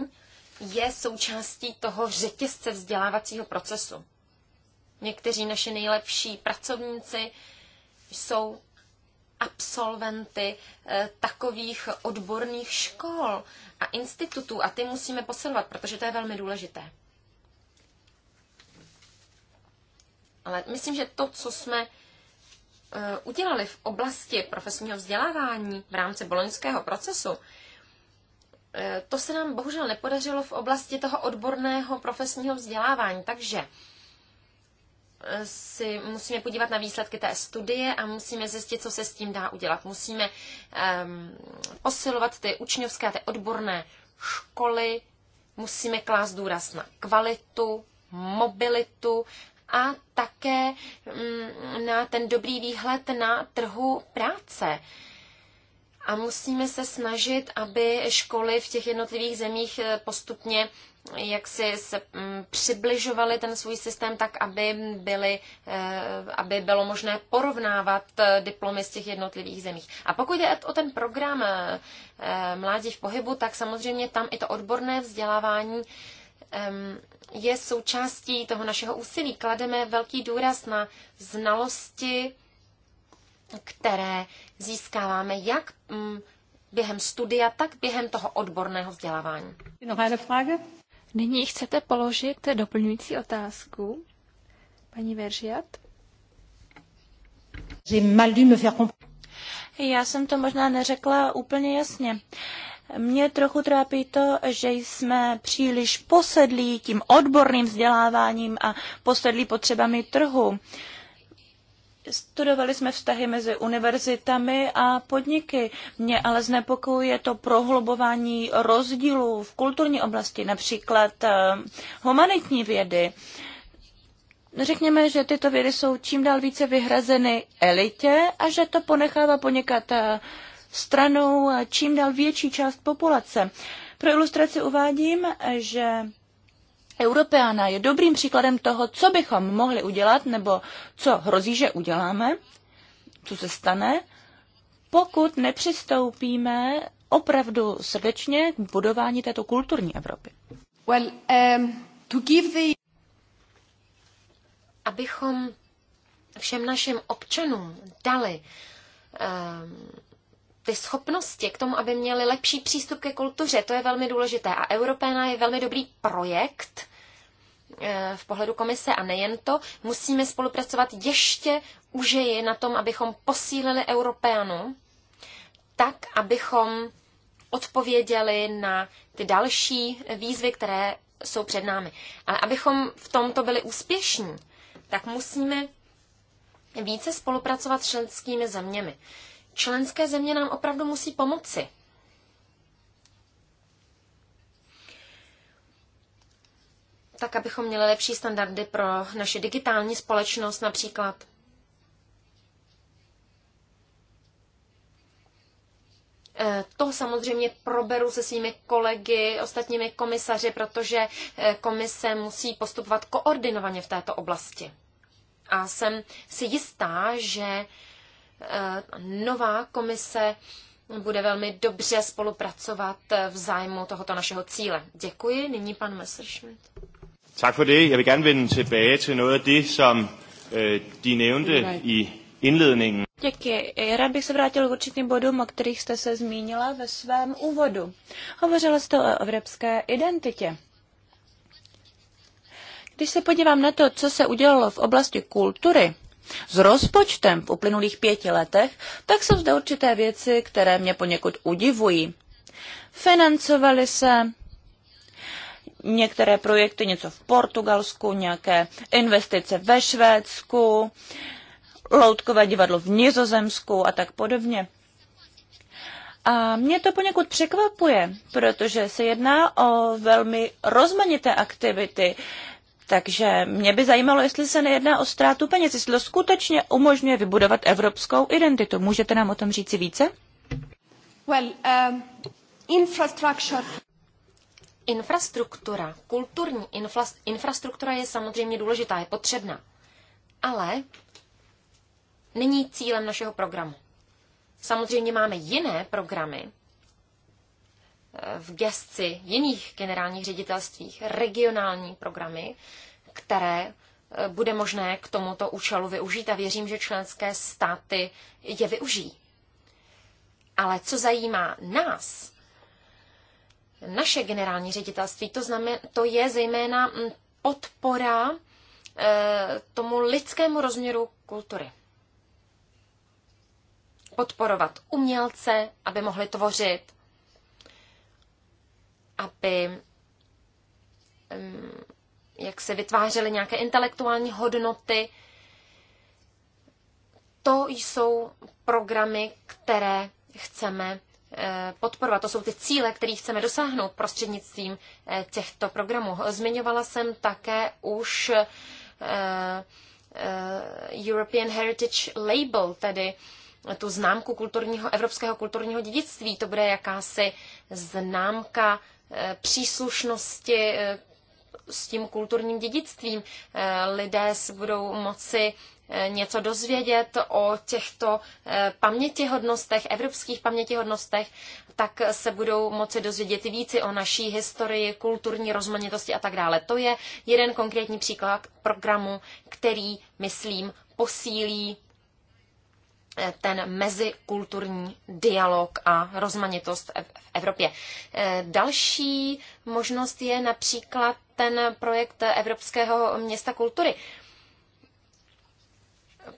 je součástí toho řetězce vzdělávacího procesu. Někteří naši nejlepší pracovníci jsou absolventy eh, takových odborných škol a institutů a ty musíme posilovat, protože to je velmi důležité. Ale myslím, že to, co jsme eh, udělali v oblasti profesního vzdělávání v rámci boloňského procesu, Eh, to se nám bohužel nepodařilo v oblasti toho odborného profesního vzdělávání, takže eh, si musíme podívat na výsledky té studie a musíme zjistit, co se s tím dá udělat. Musíme um, posilovat ty učňovské, ty odborné školy, musíme klást důraz na kvalitu, mobilitu a také um, na ten dobrý výhled na trhu práce. Uh, a musíme se snažit, aby školy v těch jednotlivých zemích eh, postupně jak si se mm, přibližovali ten svůj systém tak, aby, byly, eh, aby bylo možné porovnávat eh, diplomy z těch jednotlivých zemích. A pokud jde o ten program Mládí v pohybu, tak samozřejmě tam i to odborné vzdělávání je součástí toho našeho úsilí. Klademe velký důraz na znalosti které získáváme jak mm, během studia, tak během toho odborného vzdělávání. Nyní chcete položit doplňující otázku, paní Veržiat? Já jsem to možná neřekla úplně jasně. Mě trochu trápí to, že jsme příliš posedlí tím odborným vzděláváním a posedlí potřebami trhu. Uh, Studovali jsme vztahy mezi univerzitami a podniky. Mě ale znepokojuje to prohlubování rozdílů v kulturní oblasti, například eh, humanitní vědy. Řekněme, že tyto vědy jsou čím dál více vyhrazeny elitě a že to ponechává poněkat eh, stranou eh, čím dál větší část populace. Pro ilustraci uvádím, že Europeana je dobrým příkladem toho, co bychom mohli udělat, nebo co hrozí, že uděláme, co se stane, pokud nepřistoupíme opravdu srdečně k budování této kulturní Evropy. Well, um, to give the... Abychom všem našim občanům dali um, ty schopnosti k tomu, aby měli lepší přístup ke kultuře, to je velmi důležité. A Européna je velmi dobrý projekt eh, v pohledu komise a nejen to. Musíme spolupracovat ještě užeji na tom, abychom posílili Europénu, tak, abychom odpověděli na ty další výzvy, které jsou před námi. Ale abychom v tomto byli úspěšní, tak musíme více spolupracovat s členskými zeměmi. Členské země nám opravdu musí pomoci. Tak, abychom měli lepší standardy pro naše digitální společnost například. Eh, to samozřejmě proberu se svými kolegy, ostatními komisaři, protože eh, komise musí postupovat koordinovaně v této oblasti. A jsem si jistá, že Eh, nová komise bude velmi dobře spolupracovat v zájmu tohoto našeho cíle. Děkuji. Nyní pan Messerschmidt. Tak for det. Jeg vil gerne vende tilbage til noget af det, som øh, de nævnte i indledningen. Děkuji. Rád bych se vrátil k určitým bodům, o kterých jste se zmínila ve svém úvodu. Hovořila jste o evropské identitě. Když se podívám na to, co se udělalo v oblasti kultury, s rozpočtem v uplynulých pěti letech, tak jsou zde určité věci, které mě poněkud udivují. Financovaly se některé projekty, něco v Portugalsku, nějaké investice ve Švédsku, loutkové divadlo v Nizozemsku a tak podobně. A mě to poněkud překvapuje, protože se jedná o velmi rozmanité aktivity. Takže mě by zajímalo, jestli se nejedná o ztrátu peněz, jestli to skutečně umožňuje vybudovat evropskou identitu. Můžete nám o tom říci více? Well, um, infrastructure. Infrastruktura, kulturní infra, infrastruktura je samozřejmě důležitá, je potřebná, ale není cílem našeho programu. Samozřejmě máme jiné programy, v gesci jiných generálních ředitelstvích regionální programy, které eh, bude možné k tomuto účelu využít a věřím, že členské státy je využijí. Ale co zajímá nás, naše generální ředitelství, to, znamen, to je zejména mm, podpora e, tomu lidskému rozměru kultury. Podporovat umělce, aby mohli tvořit, aby jak se vytvářely nějaké intelektuální hodnoty. To jsou programy, které chceme eh, podporovat. To jsou ty cíle, které chceme dosáhnout prostřednictvím eh, těchto programů. Zmiňovala jsem také už eh, European Heritage Label, tedy tu známku kulturního, evropského kulturního dědictví. To bude jakási známka Eh, příslušnosti eh, s tím kulturním dědictvím. Eh, lidé se budou moci něco dozvědět o těchto pamětihodnostech, evropských pamětihodnostech, tak se budou moci dozvědět více o naší historii, kulturní rozmanitosti a tak dále. To je jeden konkrétní příklad programu, který, myslím, posílí ten mezikulturní dialog a rozmanitost v Evropě. E, další možnost je například ten projekt Evropského města kultury.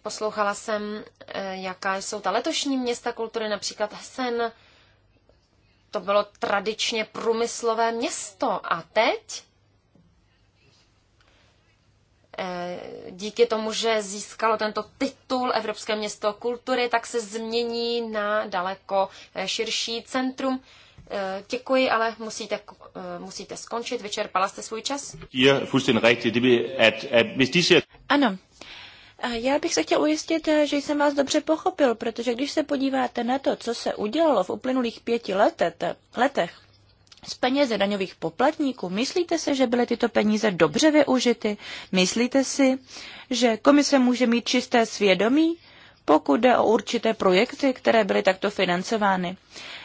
Poslouchala jsem, e, jaká jsou ta letošní města kultury, například Hsen. To bylo tradičně průmyslové město a teď Eh, díky tomu, že získalo tento titul Evropské město kultury, tak se změní na daleko eh, širší centrum. Eh, děkuji, ale musíte, musíte skončit. Vyčerpala jste svůj čas? Ano. Já bych se chtěl ujistit, že jsem vás dobře pochopil, protože když se podíváte na to, co se udělalo v uplynulých pěti letet, letech, z peněze daňových poplatníků, myslíte si, že byly tyto peníze dobře využity? Myslíte si, že komise může mít čisté svědomí, pokud jde o určité projekty, které byly takto financovány?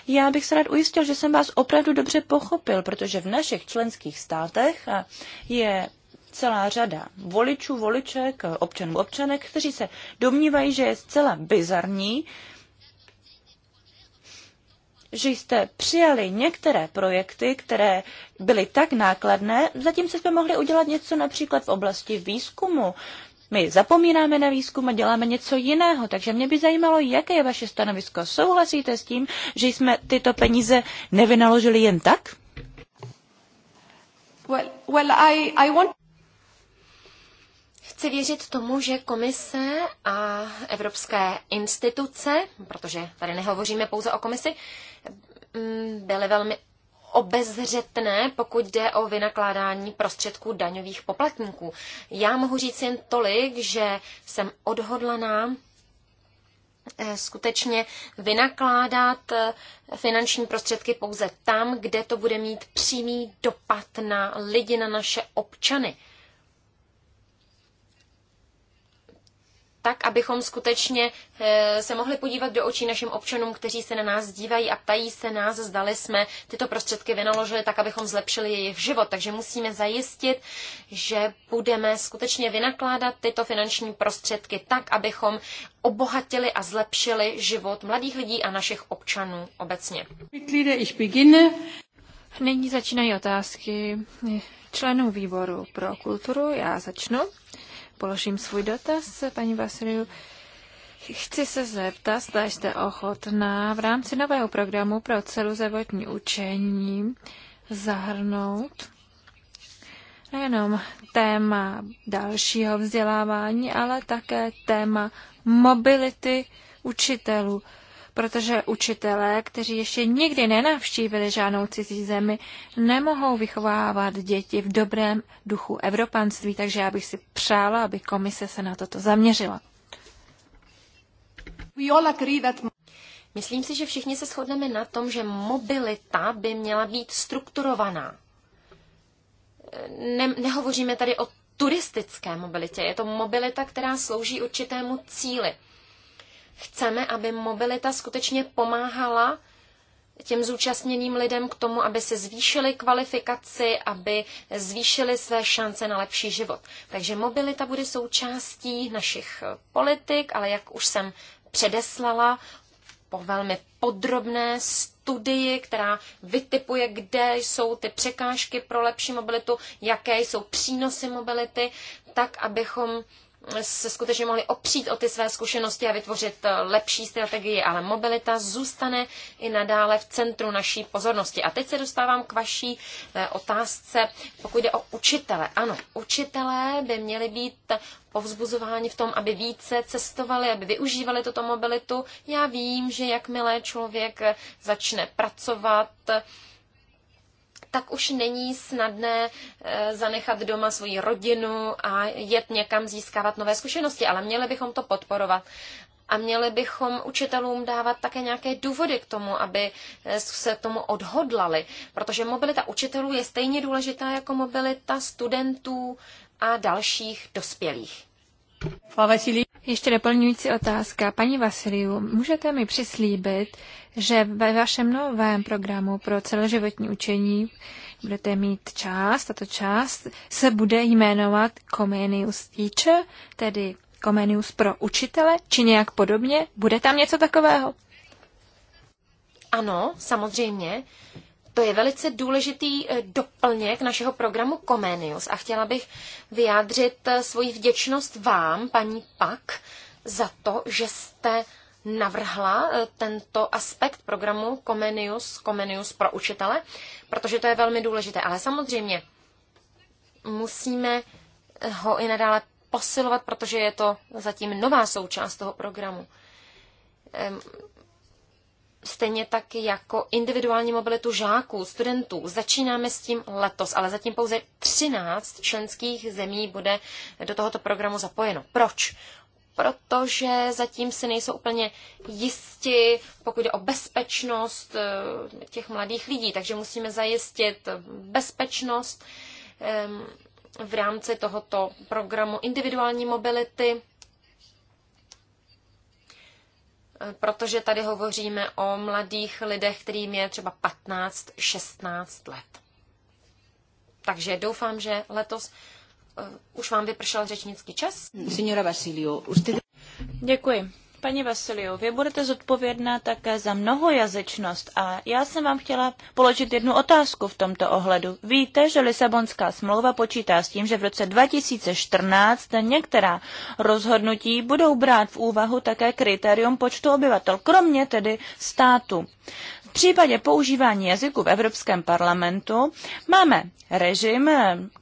Já bych se rád ujistil, že jsem vás opravdu dobře pochopil, protože v našich členských státech je celá řada voličů, voliček, občanů, občanek, kteří se domnívají, že je zcela bizarní, že jste přijali některé projekty, které byly tak nákladné, zatímco jsme mohli udělat něco například v oblasti výzkumu. My zapomínáme na výzkum a děláme něco jiného, takže mě by zajímalo, jaké je vaše stanovisko. Souhlasíte s tím, že jsme tyto peníze nevynaložili jen tak? Well, well, I, I want... Chci věřit tomu, že komise a evropské instituce, protože tady nehovoříme pouze o komisi, Mm, byly velmi obezřetné, pokud jde o vynakládání prostředků daňových poplatníků. Já mohu říct jen tolik, že jsem odhodlaná eh, skutečně vynakládat eh, finanční prostředky pouze tam, kde to bude mít přímý dopad na lidi, na naše občany. tak, abychom skutečně eh, se mohli podívat do očí našim občanům, kteří se na nás dívají a ptají se nás, zdali jsme tyto prostředky vynaložili tak, abychom zlepšili jejich život. Takže musíme zajistit, že budeme skutečně vynakládat tyto finanční prostředky tak, abychom obohatili a zlepšili život mladých lidí a našich občanů obecně. Nyní začínají otázky členů výboru pro kulturu. Já začnu položím svůj dotaz, paní Vasiliu. Chci se zeptat, zda jste ochotná v rámci nového programu pro celoživotní učení zahrnout nejenom téma dalšího vzdělávání, ale také téma mobility učitelů protože učitelé, kteří ještě nikdy nenavštívili žádnou cizí zemi, nemohou vychovávat děti v dobrém duchu evropanství, takže já bych si přála, aby komise se na toto zaměřila. Myslím si, že všichni se shodneme na tom, že mobilita by měla být strukturovaná. Ne, nehovoříme tady o turistické mobilitě. Je to mobilita, která slouží určitému cíli. Chceme, aby mobilita skutečně pomáhala těm zúčastněným lidem k tomu, aby se zvýšili kvalifikaci, aby zvýšili své šance na lepší život. Takže mobilita bude součástí našich politik, ale jak už jsem předeslala, po velmi podrobné studii, která vytipuje, kde jsou ty překážky pro lepší mobilitu, jaké jsou přínosy mobility, tak abychom se skutečně mohli opřít o ty své zkušenosti a vytvořit eh, lepší strategii, ale mobilita zůstane i nadále v centru naší pozornosti. A teď se dostávám k vaší eh, otázce, pokud jde o učitele. Ano, učitelé by měli být povzbuzováni v tom, aby více cestovali, aby využívali tuto mobilitu. Já vím, že jakmile člověk eh, začne pracovat, tak už není snadné eh, zanechat doma svoji rodinu a jet někam získávat nové zkušenosti, ale měli bychom to podporovat. A měli bychom učitelům dávat také nějaké důvody k tomu, aby eh, se tomu odhodlali, protože mobilita učitelů je stejně důležitá jako mobilita studentů a dalších dospělých. Ještě doplňující otázka. Paní Vasiliu, můžete mi přislíbit, že ve vašem novém programu pro celoživotní učení budete mít část, tato část se bude jmenovat Comenius Teacher, tedy Comenius pro učitele, či nějak podobně? Bude tam něco takového? Ano, samozřejmě. To je velice důležitý eh, doplněk našeho programu Comenius a chtěla bych vyjádřit eh, svoji vděčnost vám, paní Pak, za to, že jste navrhla eh, tento aspekt programu Comenius, Comenius pro učitele, protože to je velmi důležité. Ale samozřejmě musíme ho i nadále posilovat, protože je to zatím nová součást toho programu stejně tak jako individuální mobilitu žáků, studentů. Začínáme s tím letos, ale zatím pouze 13 členských zemí bude do tohoto programu zapojeno. Proč? Protože zatím si nejsou úplně jisti, pokud jde o bezpečnost eh, těch mladých lidí. Takže musíme zajistit bezpečnost v rámci tohoto programu individuální mobility protože tady hovoříme o mladých lidech, kterým je třeba 15-16 let. Takže doufám, že letos eh, už vám vypršel řečnický čas. Signora Basilio, usted... Děkuji. Paní Vassiliou, vy budete zodpovědná také za mnohojazyčnost a já jsem vám chtěla položit jednu otázku v tomto ohledu. Víte, že Lisabonská smlouva počítá s tím, že v roce 2014 některá rozhodnutí budou brát v úvahu také kritérium počtu obyvatel, kromě tedy státu případě používání jazyku v Evropském parlamentu máme režim,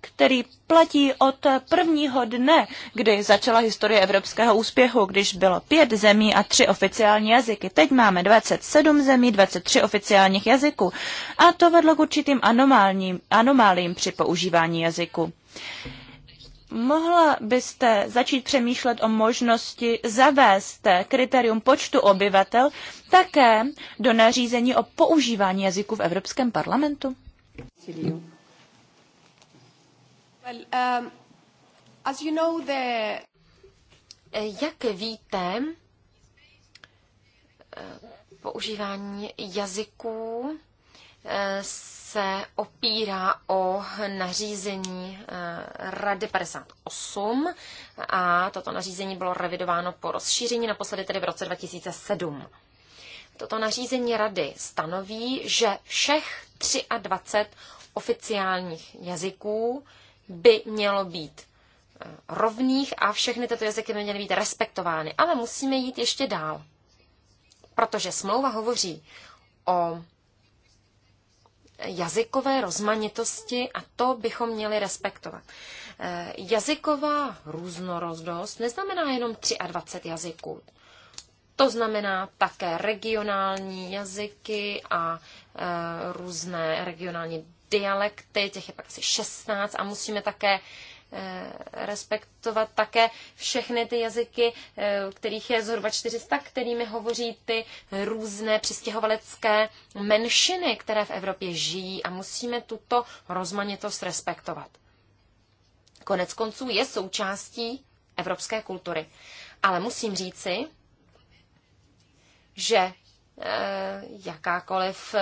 který platí od prvního dne, kdy začala historie evropského úspěchu, když bylo pět zemí a tři oficiální jazyky. Teď máme 27 zemí, 23 oficiálních jazyků a to vedlo k určitým anomálním, anomálím při používání jazyku. Mohla byste začít přemýšlet o možnosti zavést kritérium počtu obyvatel také do nařízení o používání jazyku v Evropském parlamentu? Um, Jak víte, eh, používání jazyků eh, se opírá o nařízení eh, Rady 58 a toto nařízení bylo revidováno po rozšíření, naposledy tedy v roce 2007. Toto nařízení Rady stanoví, že všech 23 oficiálních jazyků by mělo být eh, rovných a všechny tyto jazyky by měly být respektovány. Ale musíme jít ještě dál, protože smlouva hovoří o jazykové rozmanitosti a to bychom měli respektovat. Eh, jazyková různorodost neznamená jenom 23 jazyků. To znamená také regionální jazyky a eh, různé regionální dialekty, těch je pak asi 16 a musíme také Eh, respektovat také všechny ty jazyky, eh, kterých je zhruba 400, kterými hovoří ty různé přistěhovalecké menšiny, které v Evropě žijí a musíme tuto rozmanitost respektovat. Konec konců je součástí evropské kultury. Ale musím říci, že eh, jakákoliv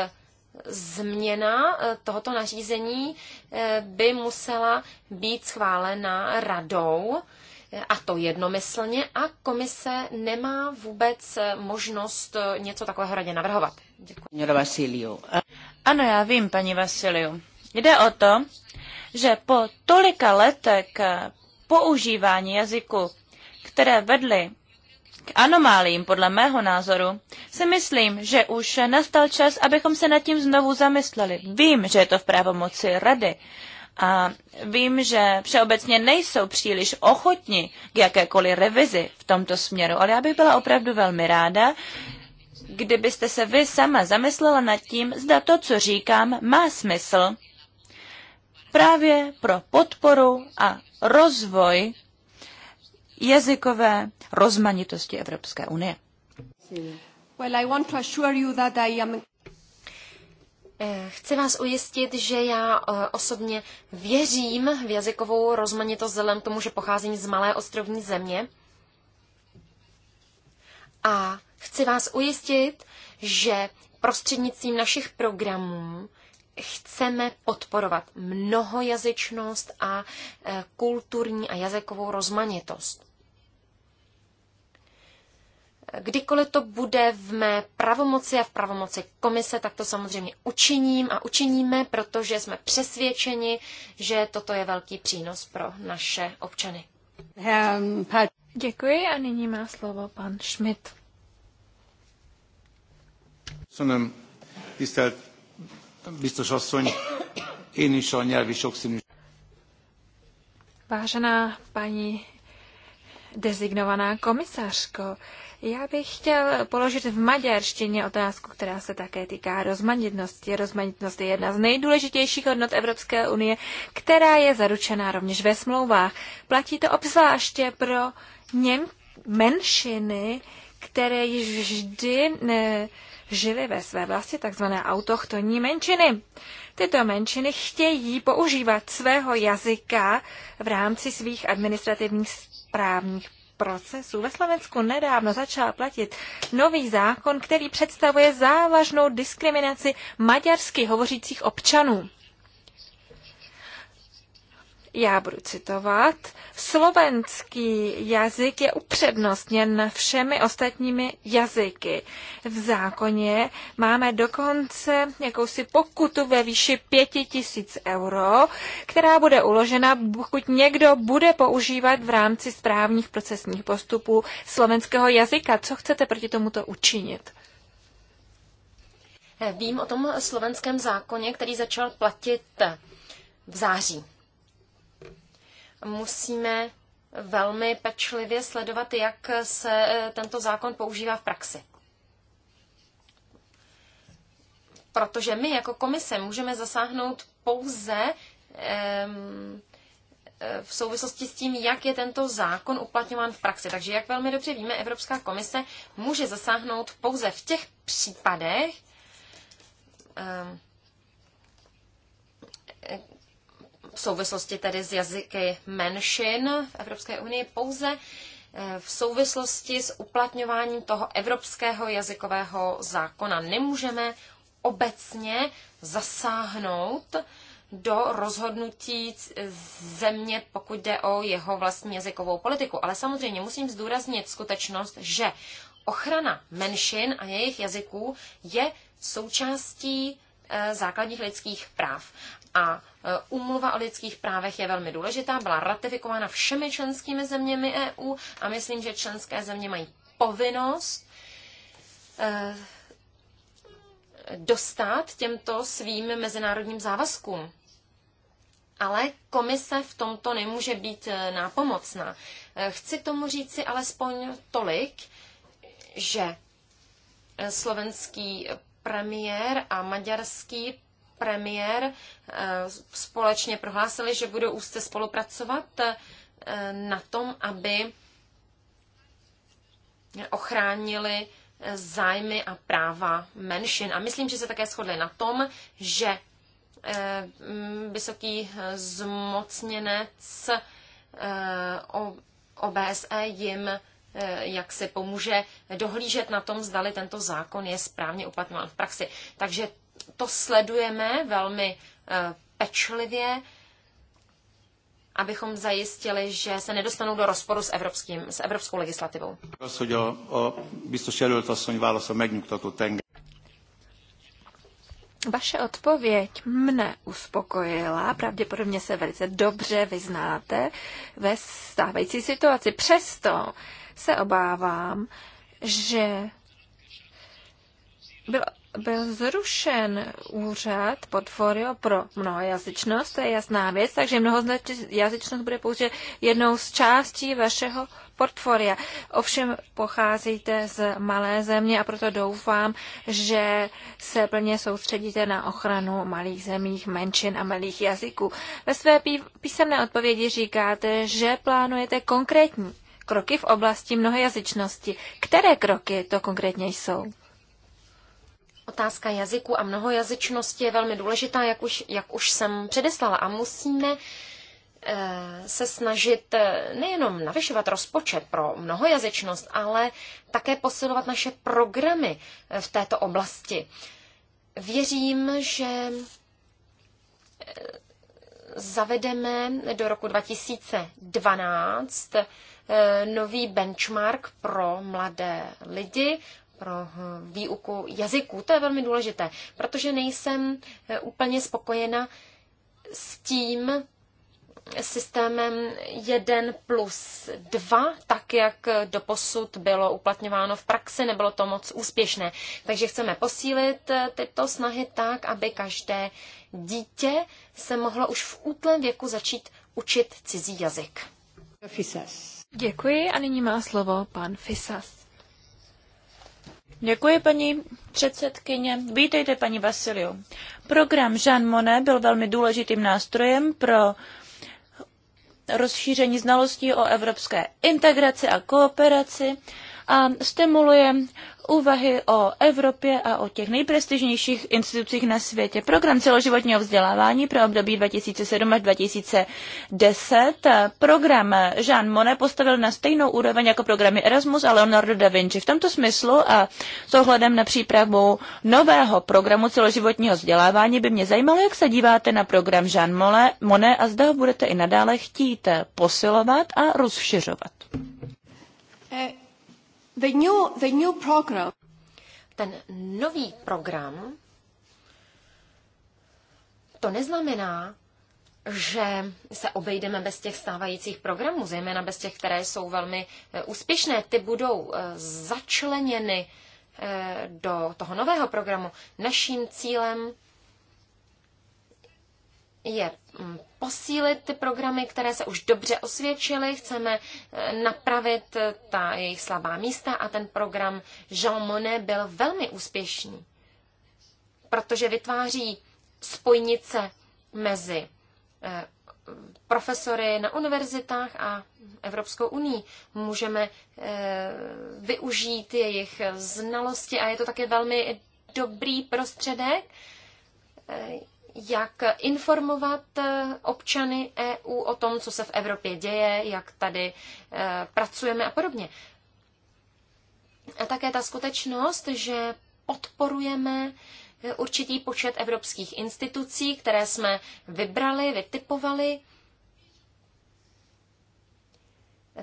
změna eh, tohoto nařízení eh, by musela být schválena radou, eh, a to jednomyslně, a komise nemá vůbec možnost něco takového radě navrhovat. Děkuji. Ano, já vím, paní Vasiliu. Jde o to, že po tolika letech používání jazyku, které vedly k anomálím, podle mého názoru, si myslím, že už nastal čas, abychom se nad tím znovu zamysleli. Vím, že je to v právomoci rady a vím, že všeobecně nejsou příliš ochotni k jakékoliv revizi v tomto směru, ale já bych byla opravdu velmi ráda, kdybyste se vy sama zamyslela nad tím, zda to, co říkám, má smysl právě pro podporu a rozvoj jazykové rozmanitosti Evropské unie. Eh, chci vás ujistit, že já eh, osobně věřím v jazykovou rozmanitost vzhledem tomu, že pocházím z malé ostrovní země. A chci vás ujistit, že prostřednictvím našich programů chceme podporovat mnohojazyčnost a eh, kulturní a jazykovou rozmanitost. Kdykoliv to bude v mé pravomoci a v pravomoci komise, tak to samozřejmě učiním a učiníme, protože jsme přesvědčeni, že toto je velký přínos pro naše občany. Děkuji a nyní má slovo pan Schmidt. Köszönöm, tisztelt biztos asszony, én is a nyelvi sokszínű. Vážená paní dezignovaná komisařko, já bych chtěl položit v maďarštině otázku, která se také týká rozmanitnosti. Rozmanitnost je jedna z nejdůležitějších hodnot Evropské unie, která je zaručená rovněž ve smlouvách. Platí to obzvláště pro něm menšiny, které již vždy ne, žili ve své vlasti takzvané autochtonní menšiny. Tyto menšiny chtějí používat svého jazyka v rámci svých administrativních správních procesu. Ve Slovensku nedávno začal platit nový zákon, který představuje závažnou diskriminaci maďarsky hovořících občanů. Já budu citovat. Slovenský jazyk je upřednostněn všemi ostatními jazyky. V zákoně máme dokonce jakousi pokutu ve výši 5000 euro, která bude uložena, pokud někdo bude používat v rámci správních procesních postupů slovenského jazyka. Co chcete proti tomuto učinit? Vím o tom slovenském zákoně, který začal platit v září musíme velmi pečlivě sledovat, jak se eh, tento zákon používá v praxi. Protože my jako komise můžeme zasáhnout pouze ehm, eh, v souvislosti s tím, jak je tento zákon uplatňován v praxi. Takže, jak velmi dobře víme, Evropská komise může zasáhnout pouze v těch případech, ehm, v souvislosti tedy s jazyky menšin v Evropské unii pouze eh, v souvislosti s uplatňováním toho evropského jazykového zákona. Nemůžeme obecně zasáhnout do rozhodnutí země, pokud jde o jeho vlastní jazykovou politiku. Ale samozřejmě musím zdůraznit skutečnost, že ochrana menšin a jejich jazyků je součástí eh, základních lidských práv. A e, Úmluva o lidských právech je velmi důležitá, byla ratifikována všemi členskými zeměmi EU a myslím, že členské země mají povinnost e, dostat těmto svým mezinárodním závazkům. Ale komise v tomto nemůže být e, nápomocná. Chci tomu říci alespoň tolik, že slovenský premiér a maďarský premiér eh, společně prohlásili, že budou úzce spolupracovat eh, na tom, aby ochránili eh, zájmy a práva menšin. A myslím, že se také shodli na tom, že mm, vysoký zmocněnec OBSE jim jak se pomůže dohlížet na tom, zdali tento zákon je správně uplatňován v praxi. Takže to sledujeme velmi eh, pečlivě, abychom zajistili, že se nedostanou do rozporu s, evropským, s evropskou legislativou. Vaše odpověď mne uspokojila. Pravděpodobně se velice dobře vyznáte ve stávající situaci. Přesto se obávám, že bylo byl zrušen úřad portfolio pro mnohojazyčnost, to je jasná věc, takže mnohojazyčnost bude pouze jednou z částí vašeho portfolia. Ovšem pocházíte z malé země a proto doufám, že se plně soustředíte na ochranu malých zemích, menšin a malých jazyků. Ve své písemné odpovědi říkáte, že plánujete konkrétní kroky v oblasti mnohojazyčnosti. Které kroky to konkrétně jsou? Otázka jazyku a mnohojazyčnosti je velmi důležitá, jak už, jak už jsem předeslala. A musíme eh, se snažit eh, nejenom navyšovat rozpočet pro mnohojazyčnost, ale také posilovat naše programy eh, v této oblasti. Věřím, že zavedeme do roku 2012 nový benchmark pro mladé lidi pro eh, výuku jazyků. To je velmi důležité, protože nejsem eh, úplně spokojena s tím systémem 1 plus 2, tak jak eh, doposud bylo uplatňováno v praxi, nebylo to moc úspěšné. Takže chceme posílit tyto snahy tak, aby každé dítě se mohlo už v útlém věku začít učit cizí jazyk. Fisas. Děkuji a nyní má slovo pan Fisas. Děkuji, paní předsedkyně. Vítejte, paní Vasiliu. Program Jean Monnet byl velmi důležitým nástrojem pro rozšíření znalostí o evropské integraci a kooperaci a stimuluje úvahy o Evropě a o těch nejprestižnějších institucích na světě. Program celoživotního vzdělávání pro období 2007 až 2010. Program Jean Monnet postavil na stejnou úroveň jako programy Erasmus a Leonardo da Vinci. V tomto smyslu a s ohledem na přípravu nového programu celoživotního vzdělávání by mě zajímalo, jak se díváte na program Jean Monnet a zda ho budete i nadále chtít posilovat a rozšiřovat. Eh, The new, the new program. Ten nový program, to neznamená, že se obejdeme bez těch stávajících programů, zejména bez těch, které jsou velmi eh, úspěšné. Ty budou eh, začleněny eh, do toho nového programu. Naším cílem je mm, posílit ty programy, které se už dobře osvědčily, chceme eh, napravit eh, ta jejich slabá místa a ten program Jean Monnet byl velmi úspěšný, protože vytváří spojnice mezi eh, profesory na univerzitách a Evropskou unii. Můžeme využít jejich znalosti a je to také velmi dobrý prostředek, jak informovat eh, občany EU o tom, co se v Evropě děje, jak tady eh, pracujeme a podobně. A také ta skutečnost, že podporujeme eh, určitý počet evropských institucí, které jsme vybrali, vytipovali,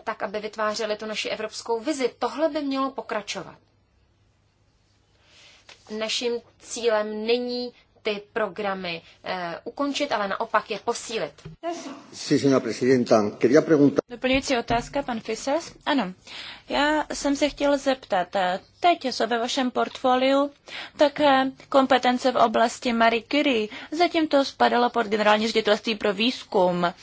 tak, aby vytvářely tu naši evropskou vizi. Tohle by mělo pokračovat. Naším cílem není ty programy eh, ukončit, ale naopak je posílit. Doplňující otázka, pan Fisas? Ano. Já jsem se chtěl zeptat, eh, teď jsou ve vašem portfoliu také kompetence v oblasti Marie Curie. Zatím to spadalo pod generální ředitelství pro výzkum.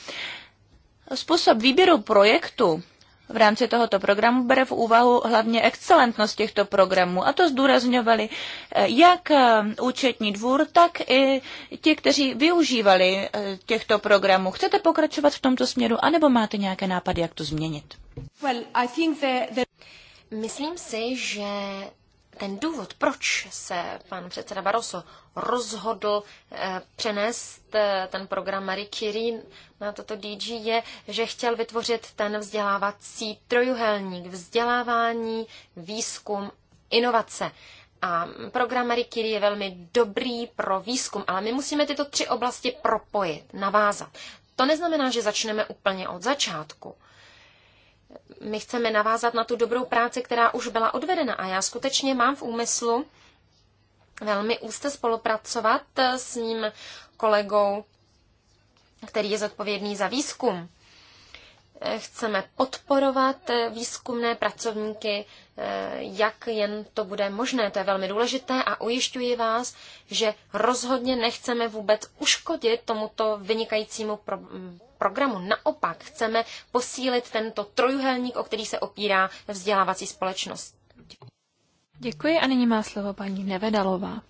Způsob výběru projektu v rámci tohoto programu bere v úvahu hlavně excelentnost těchto programů. A to zdůrazňovali eh, jak eh, účetní dvůr, tak i ti, kteří využívali eh, těchto programů. Chcete pokračovat v tomto směru, anebo máte nějaké nápady, jak to změnit? Well, I think the, the... Myslím si, že ten důvod, proč se pan předseda Barroso rozhodl eh, přenést eh, ten program Marie Curie na toto DG, je, že chtěl vytvořit ten vzdělávací trojuhelník vzdělávání, výzkum, inovace. A program Marie Curie je velmi dobrý pro výzkum, ale my musíme tyto tři oblasti propojit, navázat. To neznamená, že začneme úplně od začátku. My chceme navázat na tu dobrou práci, která už byla odvedena. A já skutečně mám v úmyslu velmi úzce spolupracovat s ním kolegou, který je zodpovědný za výzkum. Chceme podporovat výzkumné pracovníky, jak jen to bude možné. To je velmi důležité a ujišťuji vás, že rozhodně nechceme vůbec uškodit tomuto vynikajícímu pro- programu. Naopak chceme posílit tento trojuhelník, o který se opírá vzdělávací společnost. Děkuji a nyní má slovo paní Nevedalová.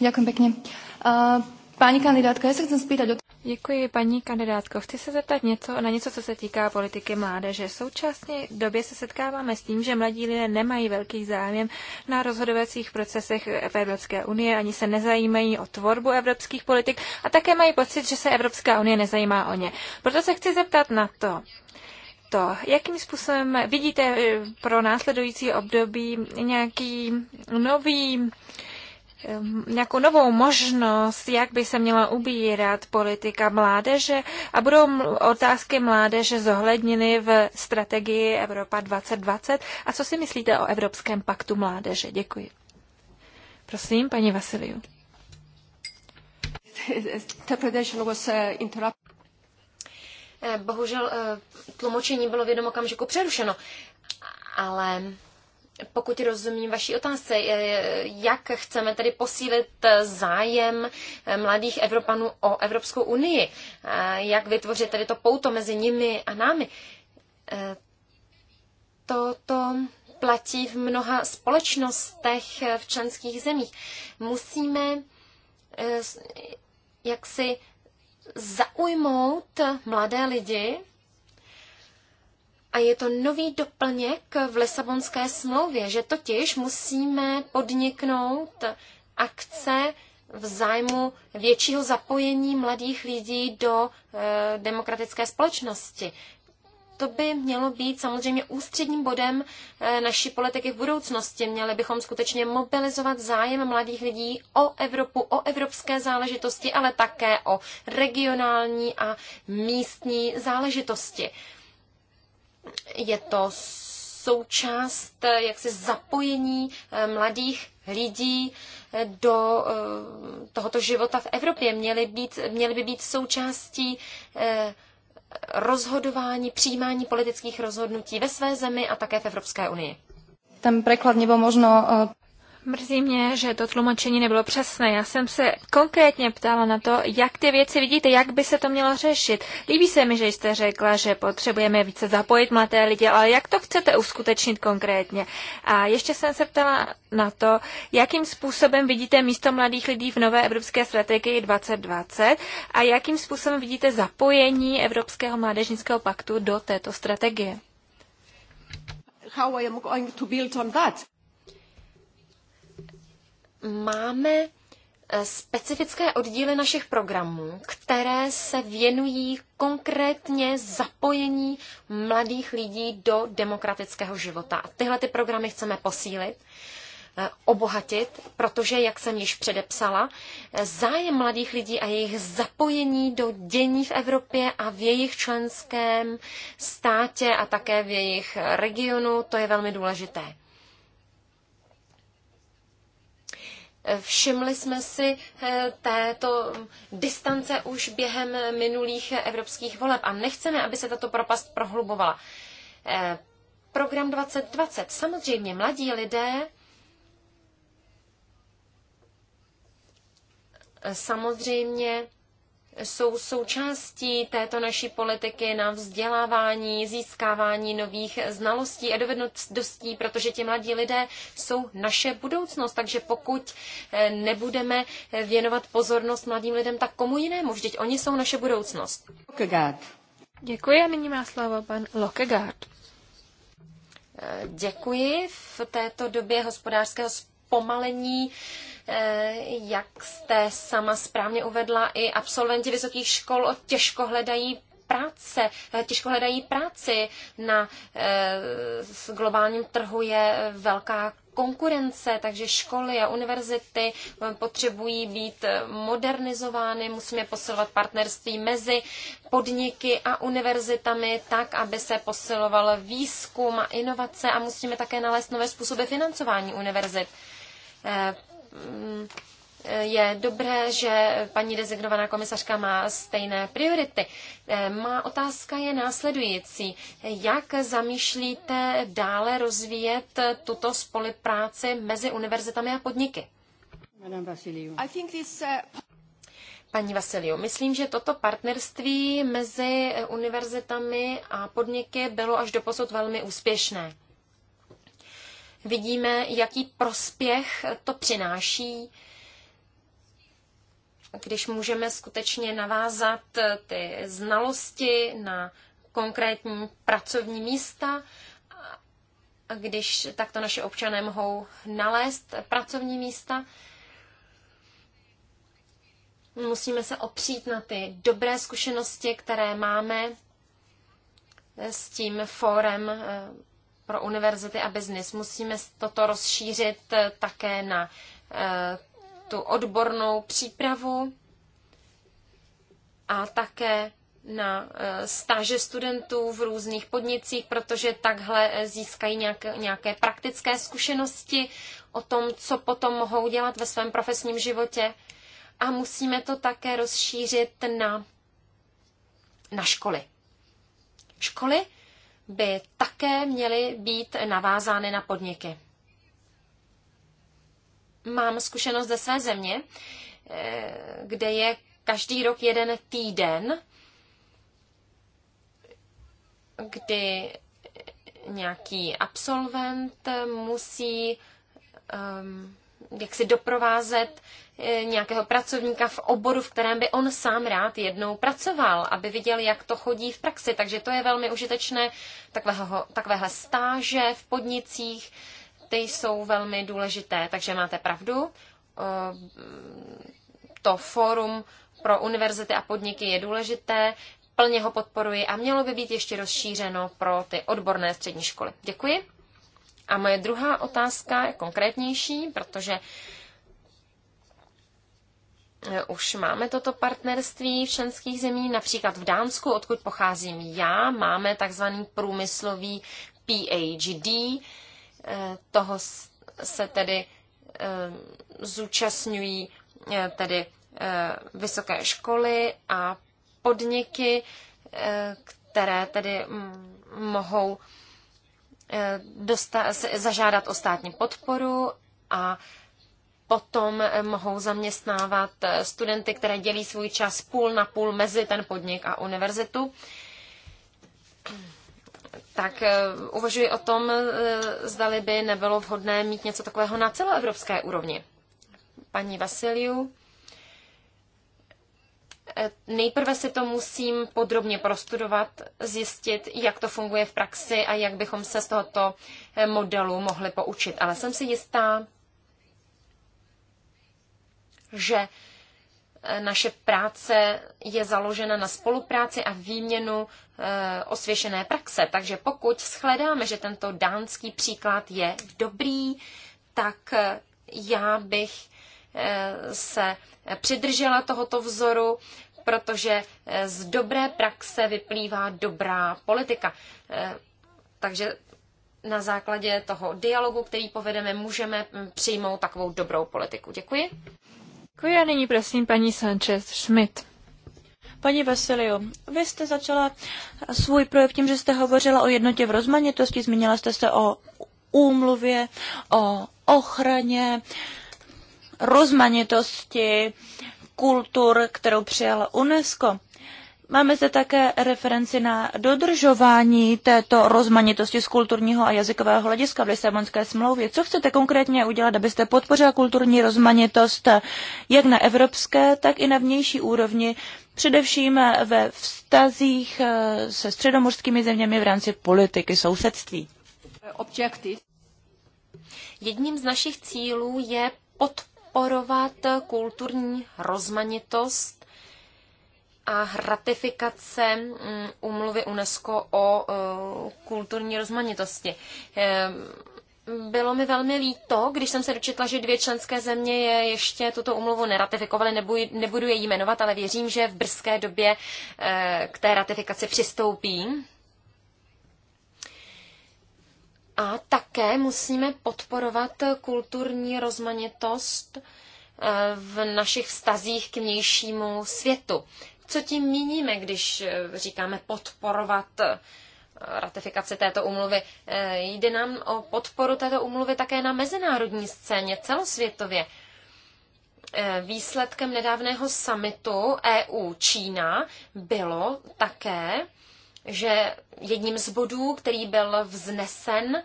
Děkuji pěkně. Uh... Paní kandidátka, já se chci zpýtat do... Děkuji, paní kandidátko. Chci se zeptat něco, na něco, co se týká politiky mládeže. Současně době se setkáváme s tím, že mladí lidé nemají velký zájem na rozhodovacích procesech v Evropské unie, ani se nezajímají o tvorbu evropských politik a také mají pocit, že se Evropská unie nezajímá o ně. Proto se chci zeptat na to, to, jakým způsobem vidíte eh, pro následující období nějaký nový nějakou novou možnost, jak by se měla ubírat politika mládeže a budou otázky mládeže zohledněny v strategii Evropa 2020. A co si myslíte o Evropském paktu mládeže? Děkuji. Prosím, paní Vasiliu. Eh, eh, bohužel eh, tlumočení bylo v jednom okamžiku přerušeno, ale pokud rozumím vaší otázce, jak chceme tedy posílit zájem eh, mladých Evropanů o Evropskou unii, eh, jak vytvořit tedy to pouto mezi nimi a námi, eh, toto platí v mnoha společnostech v členských zemích. Musíme jaksi zaujmout mladé lidi a je to nový doplněk v Lisabonské smlouvě, že totiž musíme podniknout akce v zájmu většího zapojení mladých lidí do e, demokratické společnosti. To by mělo být samozřejmě ústředním bodem e, naší politiky v budoucnosti. Měli bychom skutečně mobilizovat zájem mladých lidí o Evropu, o evropské záležitosti, ale také o regionální a místní záležitosti. E, je to součást eh, jaksi zapojení eh, mladých lidí eh, do tohoto života v Evropě. Měly, být, měly by být součástí rozhodování, přijímání politických rozhodnutí ve své zemi a také v Evropské unii. Ten překlad nebo možno... Mrzí mě, že to tlumočení nebylo přesné. Já jsem se konkrétně ptala na to, jak ty věci vidíte, jak by se to mělo řešit. Líbí se mi, že jste řekla, že potřebujeme více zapojit mladé lidi, ale jak to chcete uskutečnit konkrétně? A ještě jsem se ptala na to, jakým způsobem vidíte místo mladých lidí v nové evropské strategii 2020 a jakým způsobem vidíte zapojení Evropského mládežnického paktu do této strategie. How I am going to build on that? máme eh, specifické oddíly našich programů, které se věnují konkrétně zapojení mladých lidí do demokratického života. A tyhle ty programy chceme posílit, eh, obohatit, protože, jak jsem již předepsala, eh, zájem mladých lidí a jejich zapojení do dění v Evropě a v jejich členském státě a také v jejich regionu, to je velmi důležité. Všimli jsme si eh, této distance už během minulých evropských voleb a nechceme, aby se tato propast prohlubovala. Eh, program 2020. Samozřejmě mladí lidé eh, samozřejmě jsou součástí této naší politiky na vzdělávání, získávání nových znalostí a dovedností, protože ti mladí lidé jsou naše budoucnost. Takže pokud eh, nebudeme eh, věnovat pozornost mladým lidem, tak komu jinému? Vždyť oni jsou naše budoucnost. Děkuji a nyní má slovo pan Lokegaard. Eh, děkuji. V této době hospodářského zpomalení. Eh, jak jste sama správně uvedla, i absolventi vysokých škol těžko hledají práce, eh, těžko hledají práci. Na eh, globálním trhu je velká konkurence, takže školy a univerzity potřebují být modernizovány, musíme posilovat partnerství mezi podniky a univerzitami tak, aby se posiloval výzkum a inovace a musíme také nalézt nové způsoby financování univerzit. Eh, mm, eh, je dobré, že paní rezignovaná komisařka má stejné priority. Eh, má otázka je následující. Jak zamýšlíte dále rozvíjet tuto spolupráci mezi univerzitami a podniky? Paní Vasiliu, myslím, že toto partnerství mezi univerzitami a podniky bylo až do posud velmi úspěšné vidíme, jaký prospěch to přináší, když můžeme skutečně navázat ty znalosti na konkrétní pracovní místa, a když takto naše občané mohou nalézt pracovní místa, musíme se opřít na ty dobré zkušenosti, které máme s tím fórem pro univerzity a biznis. Musíme toto rozšířit eh, také na eh, tu odbornou přípravu a také na eh, stáže studentů v různých podnicích, protože takhle získají nějaké, nějaké praktické zkušenosti o tom, co potom mohou dělat ve svém profesním životě. A musíme to také rozšířit na, na školy. Školy by také měly být navázány na podniky. Mám zkušenost ze své země, eh, kde je každý rok jeden týden, kdy nějaký absolvent musí um, jak si doprovázet E, nějakého pracovníka v oboru, v kterém by on sám rád jednou pracoval, aby viděl, jak to chodí v praxi. Takže to je velmi užitečné, takového, takovéhle stáže v podnicích, ty jsou velmi důležité. Takže máte pravdu, e, to fórum pro univerzity a podniky je důležité, plně ho podporuji a mělo by být ještě rozšířeno pro ty odborné střední školy. Děkuji. A moje druhá otázka je konkrétnější, protože Eh, už máme toto partnerství v členských zemí, například v Dánsku, odkud pocházím já, máme takzvaný průmyslový PhD, eh, toho se tedy eh, zúčastňují tedy vysoké školy a podniky, které tedy mm, mohou zažádat o státní podporu a potom eh, mohou zaměstnávat eh, studenty, které dělí svůj čas půl na půl mezi ten podnik a univerzitu. Tak eh, uvažuji o tom, zdali by nebylo vhodné mít něco takového na celoevropské úrovni. Paní Vasiliu, nejprve si to musím podrobně prostudovat, zjistit, jak to funguje v praxi a jak bychom se z tohoto modelu mohli poučit. Ale jsem si jistá, že eh, naše práce je založena na spolupráci a výměnu eh, osvěšené praxe. Takže pokud shledáme, že tento dánský příklad je dobrý, tak eh, já bych se přidržela tohoto vzoru, protože z dobré praxe vyplývá dobrá politika. Takže na základě toho dialogu, který povedeme, můžeme hm, přijmout takovou dobrou politiku. Děkuji. Děkuji a nyní prosím paní Sanchez Schmidt. Paní Vasiliu, vy jste začala svůj projev tím, že jste hovořila o jednotě v rozmanitosti, zmínila jste se o úmluvě, o ochraně, rozmanitosti kultur, kterou přijala UNESCO. Máme zde také referenci na dodržování této rozmanitosti z kulturního a jazykového hlediska v Lisabonské smlouvě. Co chcete konkrétně udělat, abyste podpořila kulturní rozmanitost jak na evropské, tak i na vnější úrovni, především ve vztazích eh, se středomorskými zeměmi v rámci politiky sousedství? Jedním z našich cílů je podporovat kulturní rozmanitost a ratifikace umluvy mm, UNESCO o eh, kulturní rozmanitosti. Eh, bylo mi velmi líto, když jsem se dočetla, že dvě členské země je ještě tuto umluvu neratifikovaly, nebudu, nebudu je jmenovat, ale věřím, že v brzké době eh, k té ratifikaci přistoupí. A také musíme podporovat kulturní rozmanitost v našich vztazích k vnějšímu světu co tím míníme, když eh, říkáme podporovat eh, ratifikaci této umluvy. Eh, jde nám o podporu této umluvy také na mezinárodní scéně, celosvětově. Výsledkem nedávného samitu EU-Čína bylo také, že jedním z bodů, který byl vznesen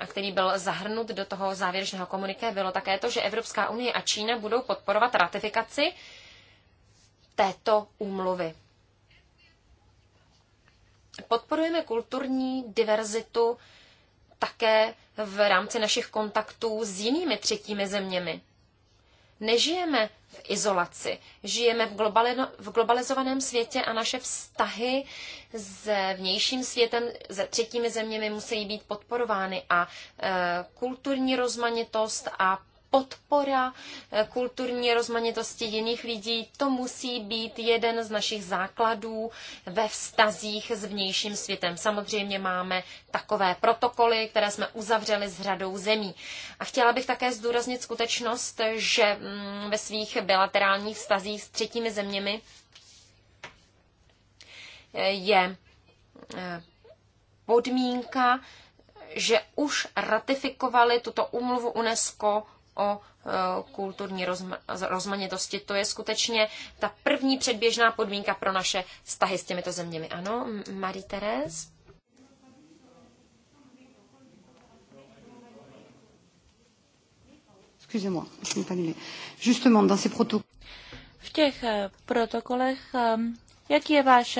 a který byl zahrnut do toho závěrečného komuniké, bylo také to, že Evropská unie a Čína budou podporovat ratifikaci této úmluvy. Podporujeme kulturní diverzitu také v rámci našich kontaktů s jinými třetími zeměmi. Nežijeme v izolaci, žijeme v, v globalizovaném světě a naše vztahy s vnějším světem, s třetími zeměmi musí být podporovány a e, kulturní rozmanitost a podpora eh, kulturní rozmanitosti jiných lidí, to musí být jeden z našich základů ve vztazích s vnějším světem. Samozřejmě máme takové protokoly, které jsme uzavřeli s řadou zemí. A chtěla bych také zdůraznit skutečnost, že mm, ve svých bilaterálních vztazích s třetími zeměmi eh, je eh, podmínka, že už ratifikovali tuto úmluvu UNESCO o eh, kulturní rozmanitosti. To je skutečně ta první předběžná podmínka pro naše vztahy s těmito zeměmi. Ano, Marie-Therese? V těch eh, protokolech, eh, jaký je váš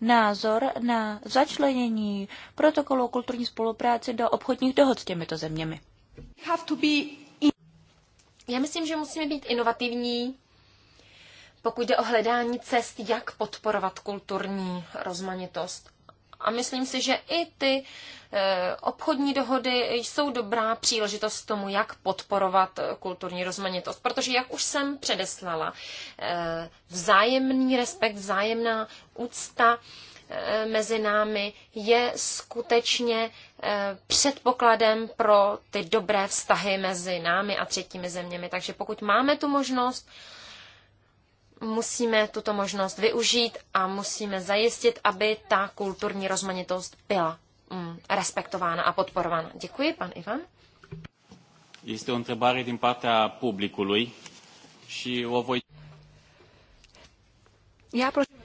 názor na začlenění protokolu o kulturní spolupráci do obchodních dohod s těmito zeměmi? Já myslím, že musíme být inovativní, pokud jde o hledání cest, jak podporovat kulturní rozmanitost. A myslím si, že i ty eh, obchodní dohody jsou dobrá příležitost k tomu, jak podporovat kulturní rozmanitost. Protože, jak už jsem předeslala, eh, vzájemný respekt, vzájemná úcta Eh, mezi námi je skutečně eh, předpokladem pro ty dobré vztahy mezi námi a třetími zeměmi. Takže pokud máme tu možnost, musíme tuto možnost využít a musíme zajistit, aby ta kulturní rozmanitost byla mm, respektována a podporována. Děkuji, pan Ivan. Este o întrebare din partea publicului și o voi... Já prosím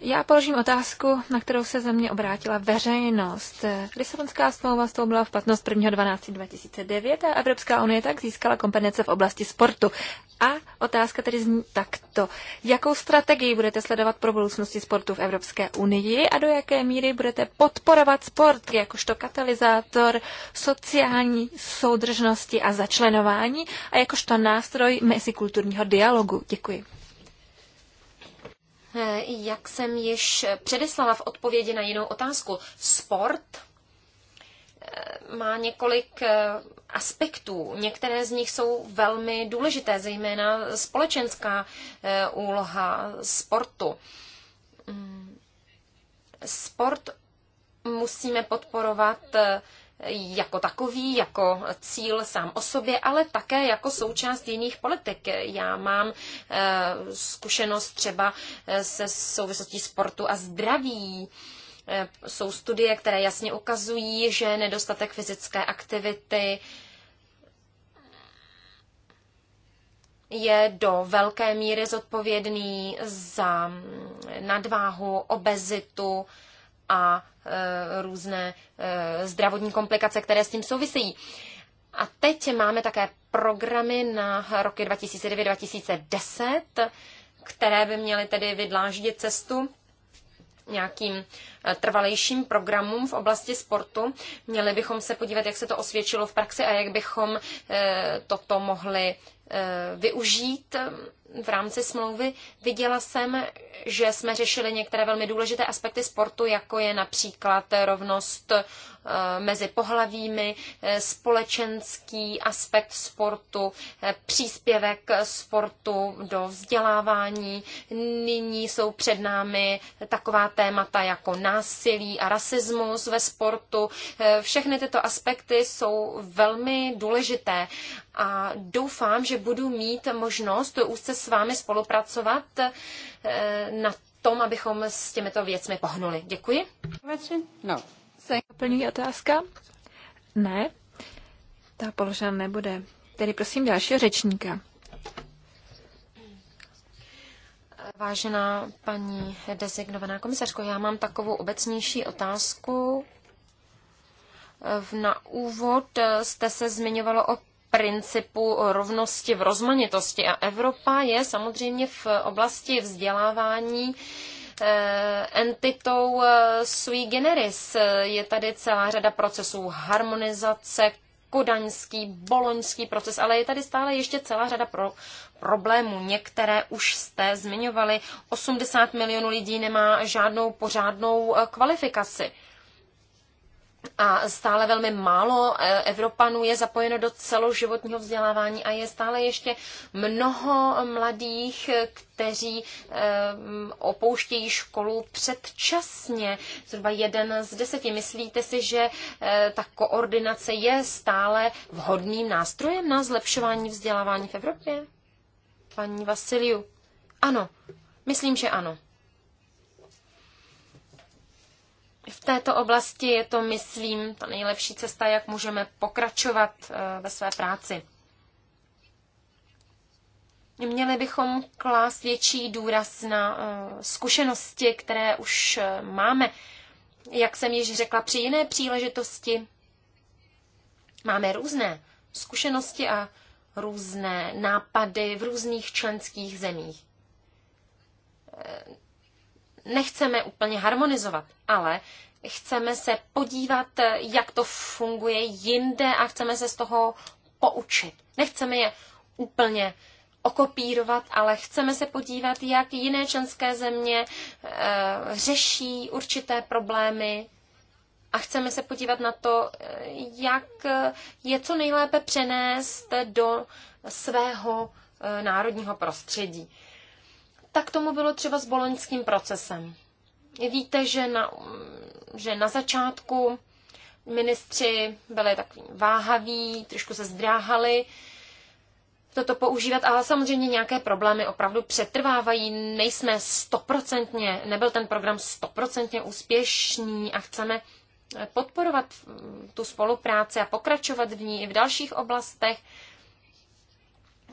já položím otázku, na kterou se ze mě obrátila veřejnost. Lisabonská smlouva vstoupila v platnost 1.12.2009 a Evropská unie tak získala kompetence v oblasti sportu. A otázka tedy zní takto. Jakou strategii budete sledovat pro budoucnosti sportu v Evropské unii a do jaké míry budete podporovat sport jakožto katalyzátor sociální soudržnosti a začlenování a jakožto nástroj mezikulturního dialogu? Děkuji. Eh, jak jsem již předeslala v odpovědi na jinou otázku, sport eh, má několik eh, aspektů. Některé z nich jsou velmi důležité, zejména společenská úloha sportu. Mm. Sport musíme podporovat jako takový, jako cíl sám o sobě, ale také jako součást jiných politik. Já mám eh, zkušenost třeba eh, se souvislostí sportu a zdraví. Eh, jsou studie, které jasně ukazují, že nedostatek fyzické aktivity je do velké míry zodpovědný za nadváhu, obezitu, a e, různé e, zdravotní komplikace, které s tím souvisejí. A teď máme také programy na roky 2009-2010, které by měly tedy vydláždit cestu nějakým e, trvalejším programům v oblasti sportu. Měli bychom se podívat, jak se to osvědčilo v praxi a jak bychom toto mohli využít v rámci smlouvy. Viděla jsem, že jsme řešili některé velmi důležité aspekty sportu, jako je například rovnost eh, mezi pohlavími, eh, společenský aspekt sportu, eh, příspěvek sportu do vzdělávání. Nyní jsou před námi taková témata jako násilí a rasismus ve sportu. Všechny tyto aspekty jsou velmi důležité a doufám, že budu mít možnost úzce s vámi spolupracovat eh, na tom, abychom s těmito věcmi pohnuli. Děkuji. No. Doplňují otázka? Ne, ta položena nebude. Tedy prosím dalšího řečníka. Vážená paní designovaná komisařko, já mám takovou obecnější otázku. Na úvod eh, jste se zmiňovalo o principu rovnosti v rozmanitosti. A Evropa je samozřejmě v oblasti vzdělávání eh, entitou eh, sui generis. Je tady celá řada procesů harmonizace, kodaňský, boloňský proces, ale je tady stále ještě celá řada pro, problémů. Některé už jste zmiňovali. 80 milionů lidí nemá žádnou pořádnou eh, kvalifikaci a stále velmi málo eh, Evropanů je zapojeno do celoživotního vzdělávání a je stále ještě mnoho mladých, kteří eh, opouštějí školu předčasně, zhruba jeden z deseti. Myslíte si, že eh, ta koordinace je stále vhodným nástrojem na zlepšování vzdělávání v Evropě? Paní Vasiliu. Ano, myslím, že ano. v této oblasti je to, myslím, ta nejlepší cesta, jak můžeme pokračovat eh, ve své práci. Měli bychom klást větší důraz na eh, zkušenosti, které už eh, máme. Jak jsem již řekla při jiné příležitosti, máme různé zkušenosti a různé nápady v různých členských zemích nechceme úplně harmonizovat, ale chceme se podívat, jak to funguje jinde a chceme se z toho poučit. Nechceme je úplně okopírovat, ale chceme se podívat, jak jiné členské země e, řeší určité problémy a chceme se podívat na to, eh, jak je co nejlépe přenést do svého eh, národního prostředí tak tomu bylo třeba s boloňským procesem. Víte, že na, že na začátku ministři byli takový váhaví, trošku se zdráhali toto používat, ale samozřejmě nějaké problémy opravdu přetrvávají. Nejsme stoprocentně, nebyl ten program stoprocentně úspěšný a chceme podporovat tu spolupráci a pokračovat v ní i v dalších oblastech.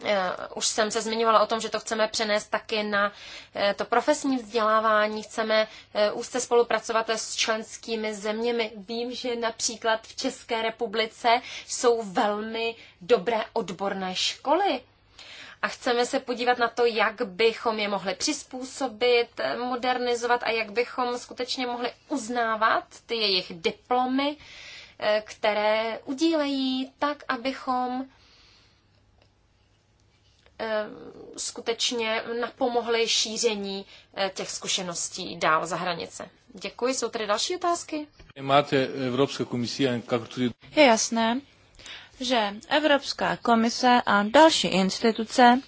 Eh, už jsem se zmiňovala o tom, že to chceme přenést taky na eh, to profesní vzdělávání, chceme úzce eh, spolupracovat s členskými zeměmi. Vím, že například v České republice jsou velmi dobré odborné školy. A chceme se podívat na to, jak bychom je mohli přizpůsobit, modernizovat a jak bychom skutečně mohli uznávat ty jejich diplomy, které udílejí tak, abychom Eh, skutečně napomohly šíření eh, těch zkušeností dál za hranice. Děkuji. Jsou tady další otázky? Máte Evropská komise, jak tudy... Je jasné, že Evropská komise a další instituce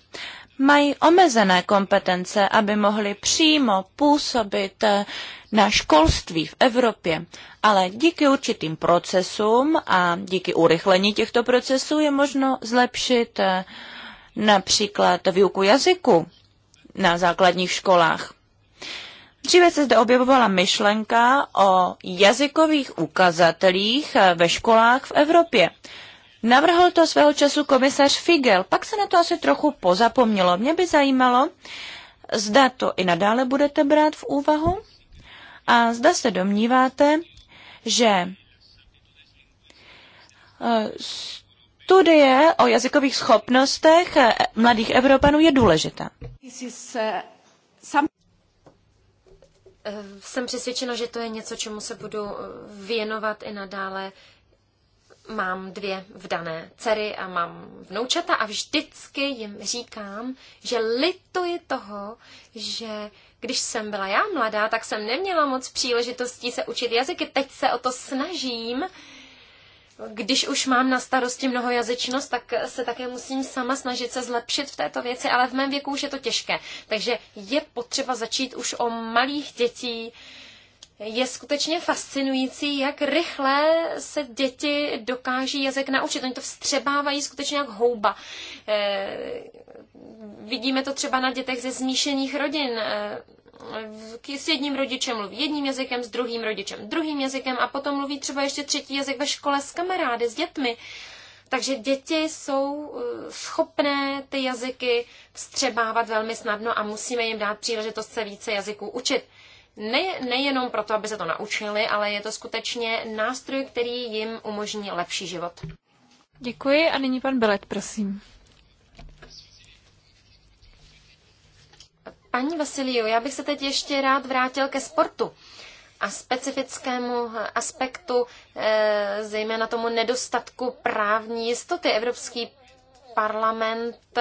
mají omezené kompetence, aby mohly přímo působit eh, na školství v Evropě. Ale díky určitým procesům a díky urychlení těchto procesů je možno zlepšit například výuku jazyku na základních školách. Dříve se zde objevovala myšlenka o jazykových ukazatelích ve školách v Evropě. Navrhl to svého času komisař Figel, pak se na to asi trochu pozapomnělo. Mě by zajímalo, zda to i nadále budete brát v úvahu a zda se domníváte, že eh, studie o jazykových schopnostech eh, mladých Evropanů je důležitá. Eh, jsem přesvědčena, že to je něco, čemu se budu eh, věnovat i nadále. Mám dvě vdané dcery a mám vnoučata a vždycky jim říkám, že lituji toho, že když jsem byla já mladá, tak jsem neměla moc příležitostí se učit jazyky. Teď se o to snažím když už mám na starosti mnohojazyčnost, tak se také musím sama snažit se zlepšit v této věci, ale v mém věku už je to těžké. Takže je potřeba začít už o malých dětí. Je skutečně fascinující, jak rychle se děti dokáží jazyk naučit. Oni to vstřebávají skutečně jak houba. E, vidíme to třeba na dětech ze zmíšených rodin. E, s jedním rodičem mluví jedním jazykem, s druhým rodičem druhým jazykem a potom mluví třeba ještě třetí jazyk ve škole s kamarády, s dětmi. Takže děti jsou eh, schopné ty jazyky vstřebávat velmi snadno a musíme jim dát příležitost se více jazyků učit. Ne, nejenom proto, aby se to naučili, ale je to skutečně nástroj, který jim umožní lepší život. Děkuji a nyní pan Belet, prosím. Paní Vasiliu, já bych se teď ještě rád vrátil ke sportu a specifickému aspektu, eh, zejména tomu nedostatku právní jistoty. Evropský parlament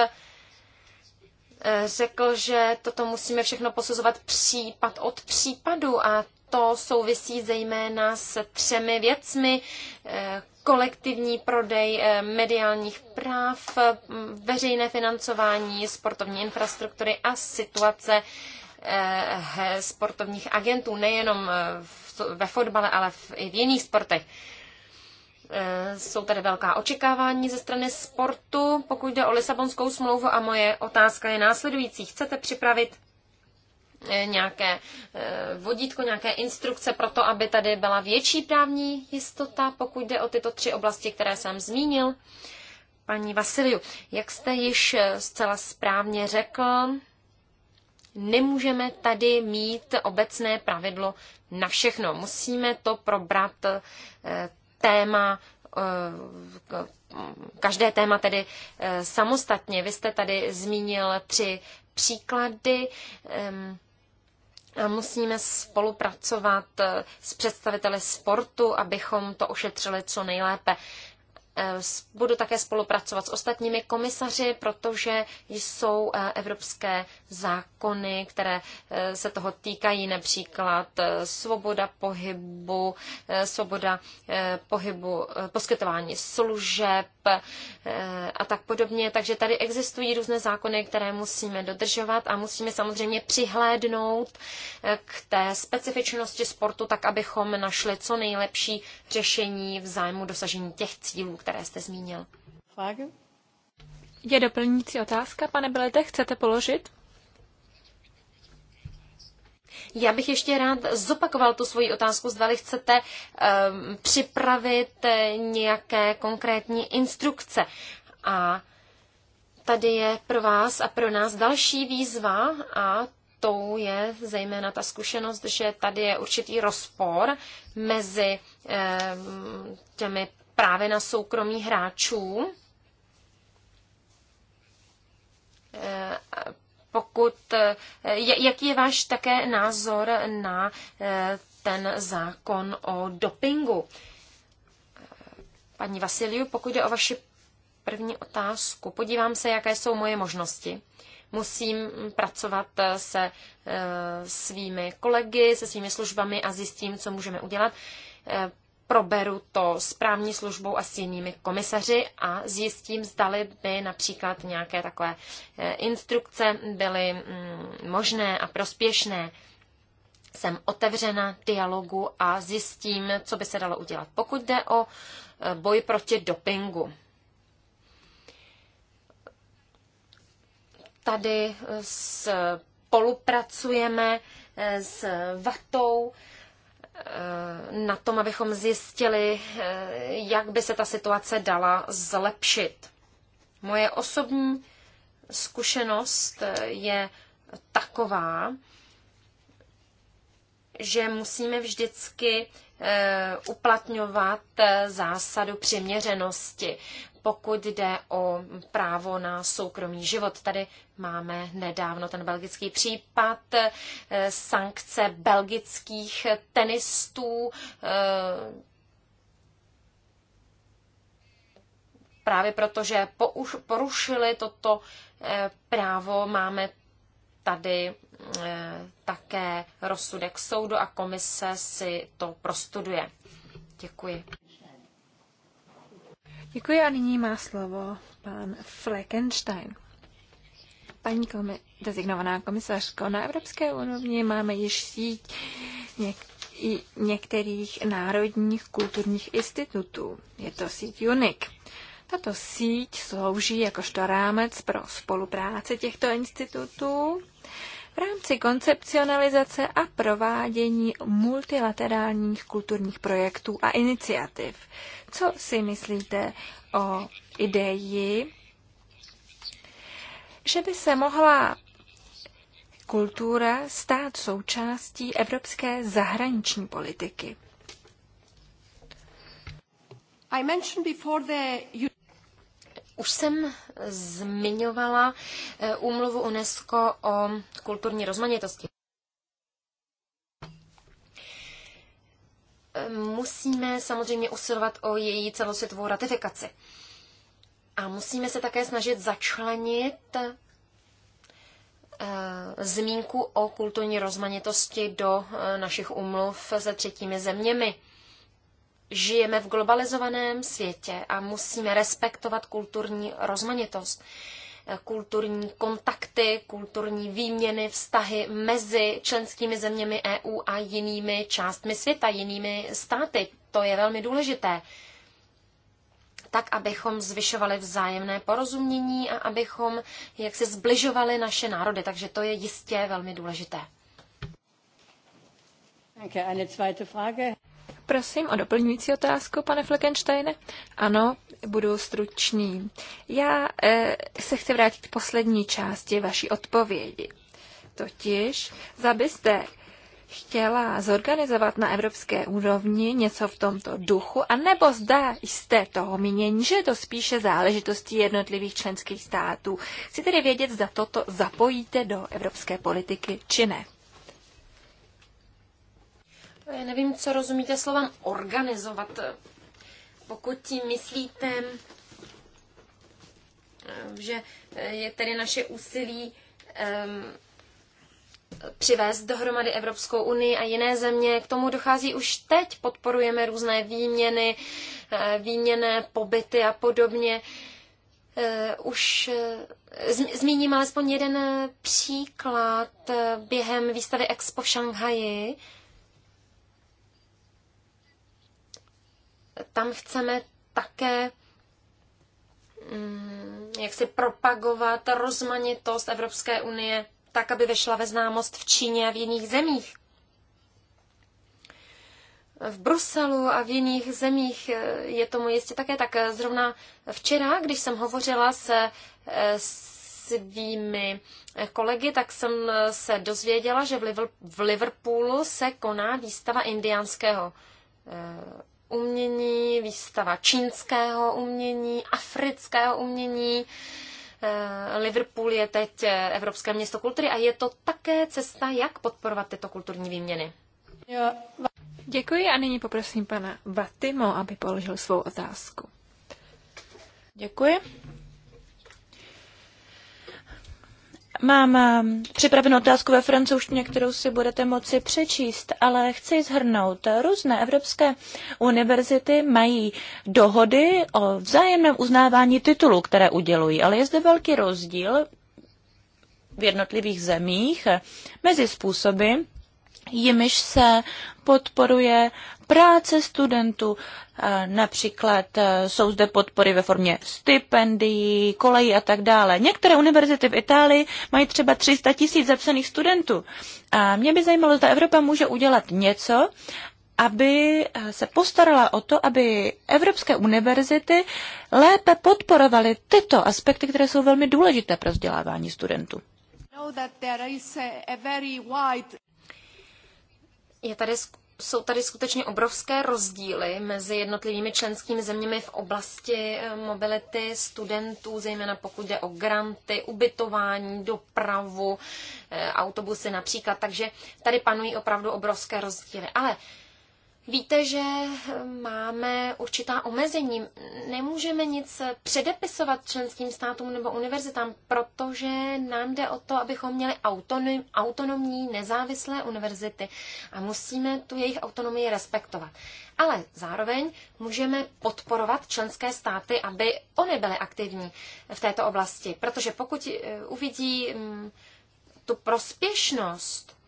eh, řekl, že toto musíme všechno posuzovat případ od případu a to souvisí zejména s třemi věcmi, eh, kolektivní prodej eh, mediálních práv, mm, veřejné financování sportovní infrastruktury a situace eh, sportovních agentů, nejenom eh, ve fotbale, ale i v jiných sportech. Jsou tady velká očekávání ze strany sportu, pokud jde o Lisabonskou smlouvu a moje otázka je následující. Chcete připravit E, nějaké e, vodítko, nějaké instrukce pro to, aby tady byla větší právní jistota, pokud jde o tyto tři oblasti, které jsem zmínil. Paní Vasiliu, jak jste již e, zcela správně řekl, nemůžeme tady mít obecné pravidlo na všechno. Musíme to probrat téma každé téma tedy samostatně. Vy jste tady zmínil tři příklady. A musíme spolupracovat eh, s představiteli sportu, abychom to ošetřili co nejlépe. Eh, budu také spolupracovat s ostatními komisaři, protože jsou eh, evropské zákony, které eh, se toho týkají, například svoboda pohybu, svoboda pohybu, poskytování služeb a tak podobně. Takže tady existují různé zákony, které musíme dodržovat a musíme samozřejmě přihlédnout k té specifičnosti sportu, tak abychom našli co nejlepší řešení v zájmu dosažení těch cílů, které které jste zmínil. Je doplňující otázka, pane Belete, chcete položit? Já bych ještě rád zopakoval tu svoji otázku, zdali chcete um, připravit eh, nějaké konkrétní instrukce. A tady je pro vás a pro nás další výzva a to je zejména ta zkušenost, že tady je určitý rozpor mezi ehm, těmi právě na soukromí hráčů. Eh, pokud, eh, jaký je váš také názor na eh, ten zákon o dopingu? Paní Vasiliu, pokud jde o vaši první otázku, podívám se, jaké jsou moje možnosti. Musím pracovat se svými kolegy, se svými službami a zjistím, co můžeme udělat proberu to s právní službou a s jinými komisaři a zjistím, zdali by například nějaké takové eh, instrukce byly mm, možné a prospěšné. Jsem otevřena dialogu a zjistím, co by se dalo udělat, pokud jde o eh, boj proti dopingu. Tady eh, spolupracujeme s VATou, Eh, na tom, abychom zjistili, eh, jak by se ta situace dala zlepšit. Moje osobní zkušenost eh, je taková, že musíme vždycky uplatňovat zásadu přiměřenosti pokud jde o právo na soukromý život. Tady máme nedávno ten belgický případ eh, sankce belgických tenistů eh, právě protože porušili toto eh, právo, máme tady také rozsudek soudu a komise si to prostuduje. Děkuji. Děkuji a nyní má slovo pan Fleckenstein. Paní komi- designovaná komisařko, na evropské úrovni máme již síť něk- i některých národních kulturních institutů. Je to síť UNIC. Tato síť slouží jakožto rámec pro spolupráci těchto institutů rámci koncepcionalizace a provádění multilaterálních kulturních projektů a iniciativ. Co si myslíte o ideji, že by se mohla kultura stát součástí evropské zahraniční politiky? Už jsem zmiňovala eh, úmluvu UNESCO o kulturní rozmanitosti. Eh, musíme samozřejmě usilovat o její celosvětovou ratifikaci. A musíme se také snažit začlenit eh, zmínku o kulturní rozmanitosti do našich umluv se třetími zeměmi žijeme v globalizovaném světě a musíme respektovat kulturní rozmanitost, kulturní kontakty, kulturní výměny, vztahy mezi členskými zeměmi EU a jinými částmi světa, jinými státy. To je velmi důležité. Tak, abychom zvyšovali vzájemné porozumění a abychom jak se zbližovali naše národy. Takže to je jistě velmi důležité. Danke. Eine zweite Frage. Prosím o doplňující otázku, pane Fleckensteine. Ano, budu stručný. Já eh, se chci vrátit k poslední části vaší odpovědi. Totiž, zda byste chtěla zorganizovat na evropské úrovni něco v tomto duchu, anebo zda jste toho mínění, že je to spíše záležitostí jednotlivých členských států. Chci tedy vědět, zda toto zapojíte do evropské politiky, či ne. Já nevím, co rozumíte slovem organizovat. Pokud tím myslíte, ehm, že eh, je tedy naše úsilí um, přivést dohromady Evropskou unii a jiné země. K tomu dochází už teď. Podporujeme různé výměny, eh, výměné pobyty a podobně. Eh, už zmíním alespoň jeden příklad během výstavy Expo v Šanghaji. tam chceme také mm, jak si propagovat rozmanitost Evropské unie tak, aby vešla ve známost v Číně a v jiných zemích. V Bruselu a v jiných zemích eh, je tomu jistě také tak. Zrovna včera, když jsem hovořila se eh, svými eh, kolegy, tak jsem se dozvěděla, že v Liverpoolu se koná výstava indiánského umění, výstava čínského umění, afrického umění. Eh, Liverpool je teď eh, Evropské město kultury a je to také cesta, jak podporovat tyto kulturní výměny. Děkuji a nyní poprosím pana Vatimo, aby položil svou otázku. Děkuji. Mám ehm, připravenou otázku ve francouzštině, kterou si budete moci přečíst, ale chci zhrnout. Různé evropské univerzity mají dohody o vzájemném uznávání titulů, které udělují, ale je zde velký rozdíl v jednotlivých zemích mezi způsoby, jimiž se podporuje práce studentů. Eh, například eh, jsou zde podpory ve formě stipendií, kolejí a tak dále. Některé univerzity v Itálii mají třeba 300 tisíc zapsaných studentů. A mě by zajímalo, zda Evropa může udělat něco, aby eh, se postarala o to, aby evropské univerzity lépe podporovaly tyto aspekty, které jsou velmi důležité pro vzdělávání studentů. Je tady jsou tady skutečně obrovské rozdíly mezi jednotlivými členskými zeměmi v oblasti eh, mobility studentů, zejména pokud jde o granty, ubytování, dopravu, eh, autobusy například. Takže tady panují opravdu obrovské rozdíly. Ale Víte, že hm, máme určitá omezení. Nemůžeme nic předepisovat členským státům nebo univerzitám, protože nám jde o to, abychom měli autonom, autonomní, nezávislé univerzity a musíme tu jejich autonomii respektovat. Ale zároveň můžeme podporovat členské státy, aby oni byly aktivní v této oblasti, protože pokud eh, uvidí hm, tu prospěšnost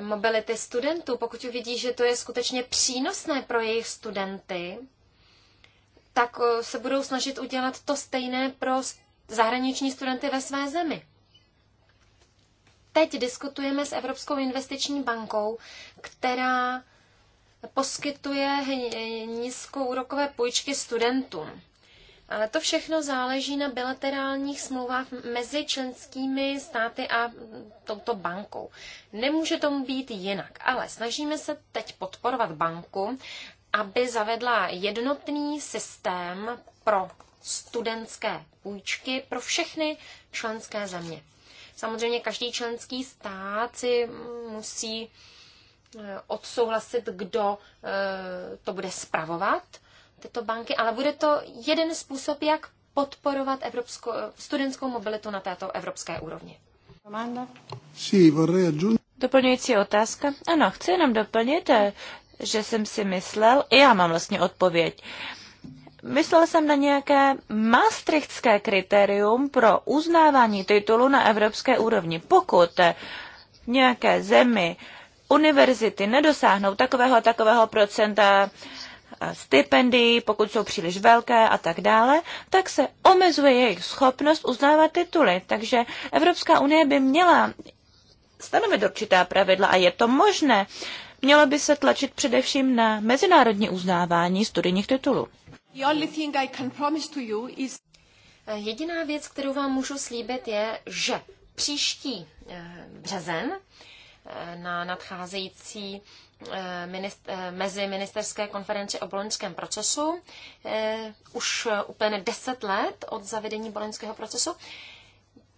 mobility studentů, pokud uvidí, že to je skutečně přínosné pro jejich studenty, tak eh, se budou snažit udělat to stejné pro zahraniční studenty ve své zemi. Teď diskutujeme s Evropskou investiční bankou, která poskytuje nízkou úrokové půjčky studentům. A to všechno záleží na bilaterálních smlouvách mezi členskými státy a touto bankou. Nemůže tomu být jinak, ale snažíme se teď podporovat banku, aby zavedla jednotný systém pro studentské půjčky pro všechny členské země. Samozřejmě každý členský stát si musí eh, odsouhlasit, kdo eh, to bude spravovat tyto banky, ale bude to jeden způsob, jak podporovat evropskou, studentskou mobilitu na této evropské úrovni. Doplňující otázka? Ano, chci jenom doplnit, eh, že jsem si myslel, i já mám vlastně odpověď, Myslel jsem na nějaké maastrichtské kritérium pro uznávání titulu na evropské úrovni. Pokud eh, nějaké zemi univerzity nedosáhnou takového a takového procenta stipendii, pokud jsou příliš velké a tak dále, tak se omezuje jejich schopnost uznávat tituly. Takže Evropská unie by měla stanovit určitá pravidla a je to možné. Mělo by se tlačit především na mezinárodní uznávání studijních titulů. Jediná věc, kterou vám můžu slíbit, je, že příští eh, březen eh, na nadcházející Eh, eh, mezi ministerské konferenci o boloňském procesu eh, už úplně deset let od zavedení boloňského procesu.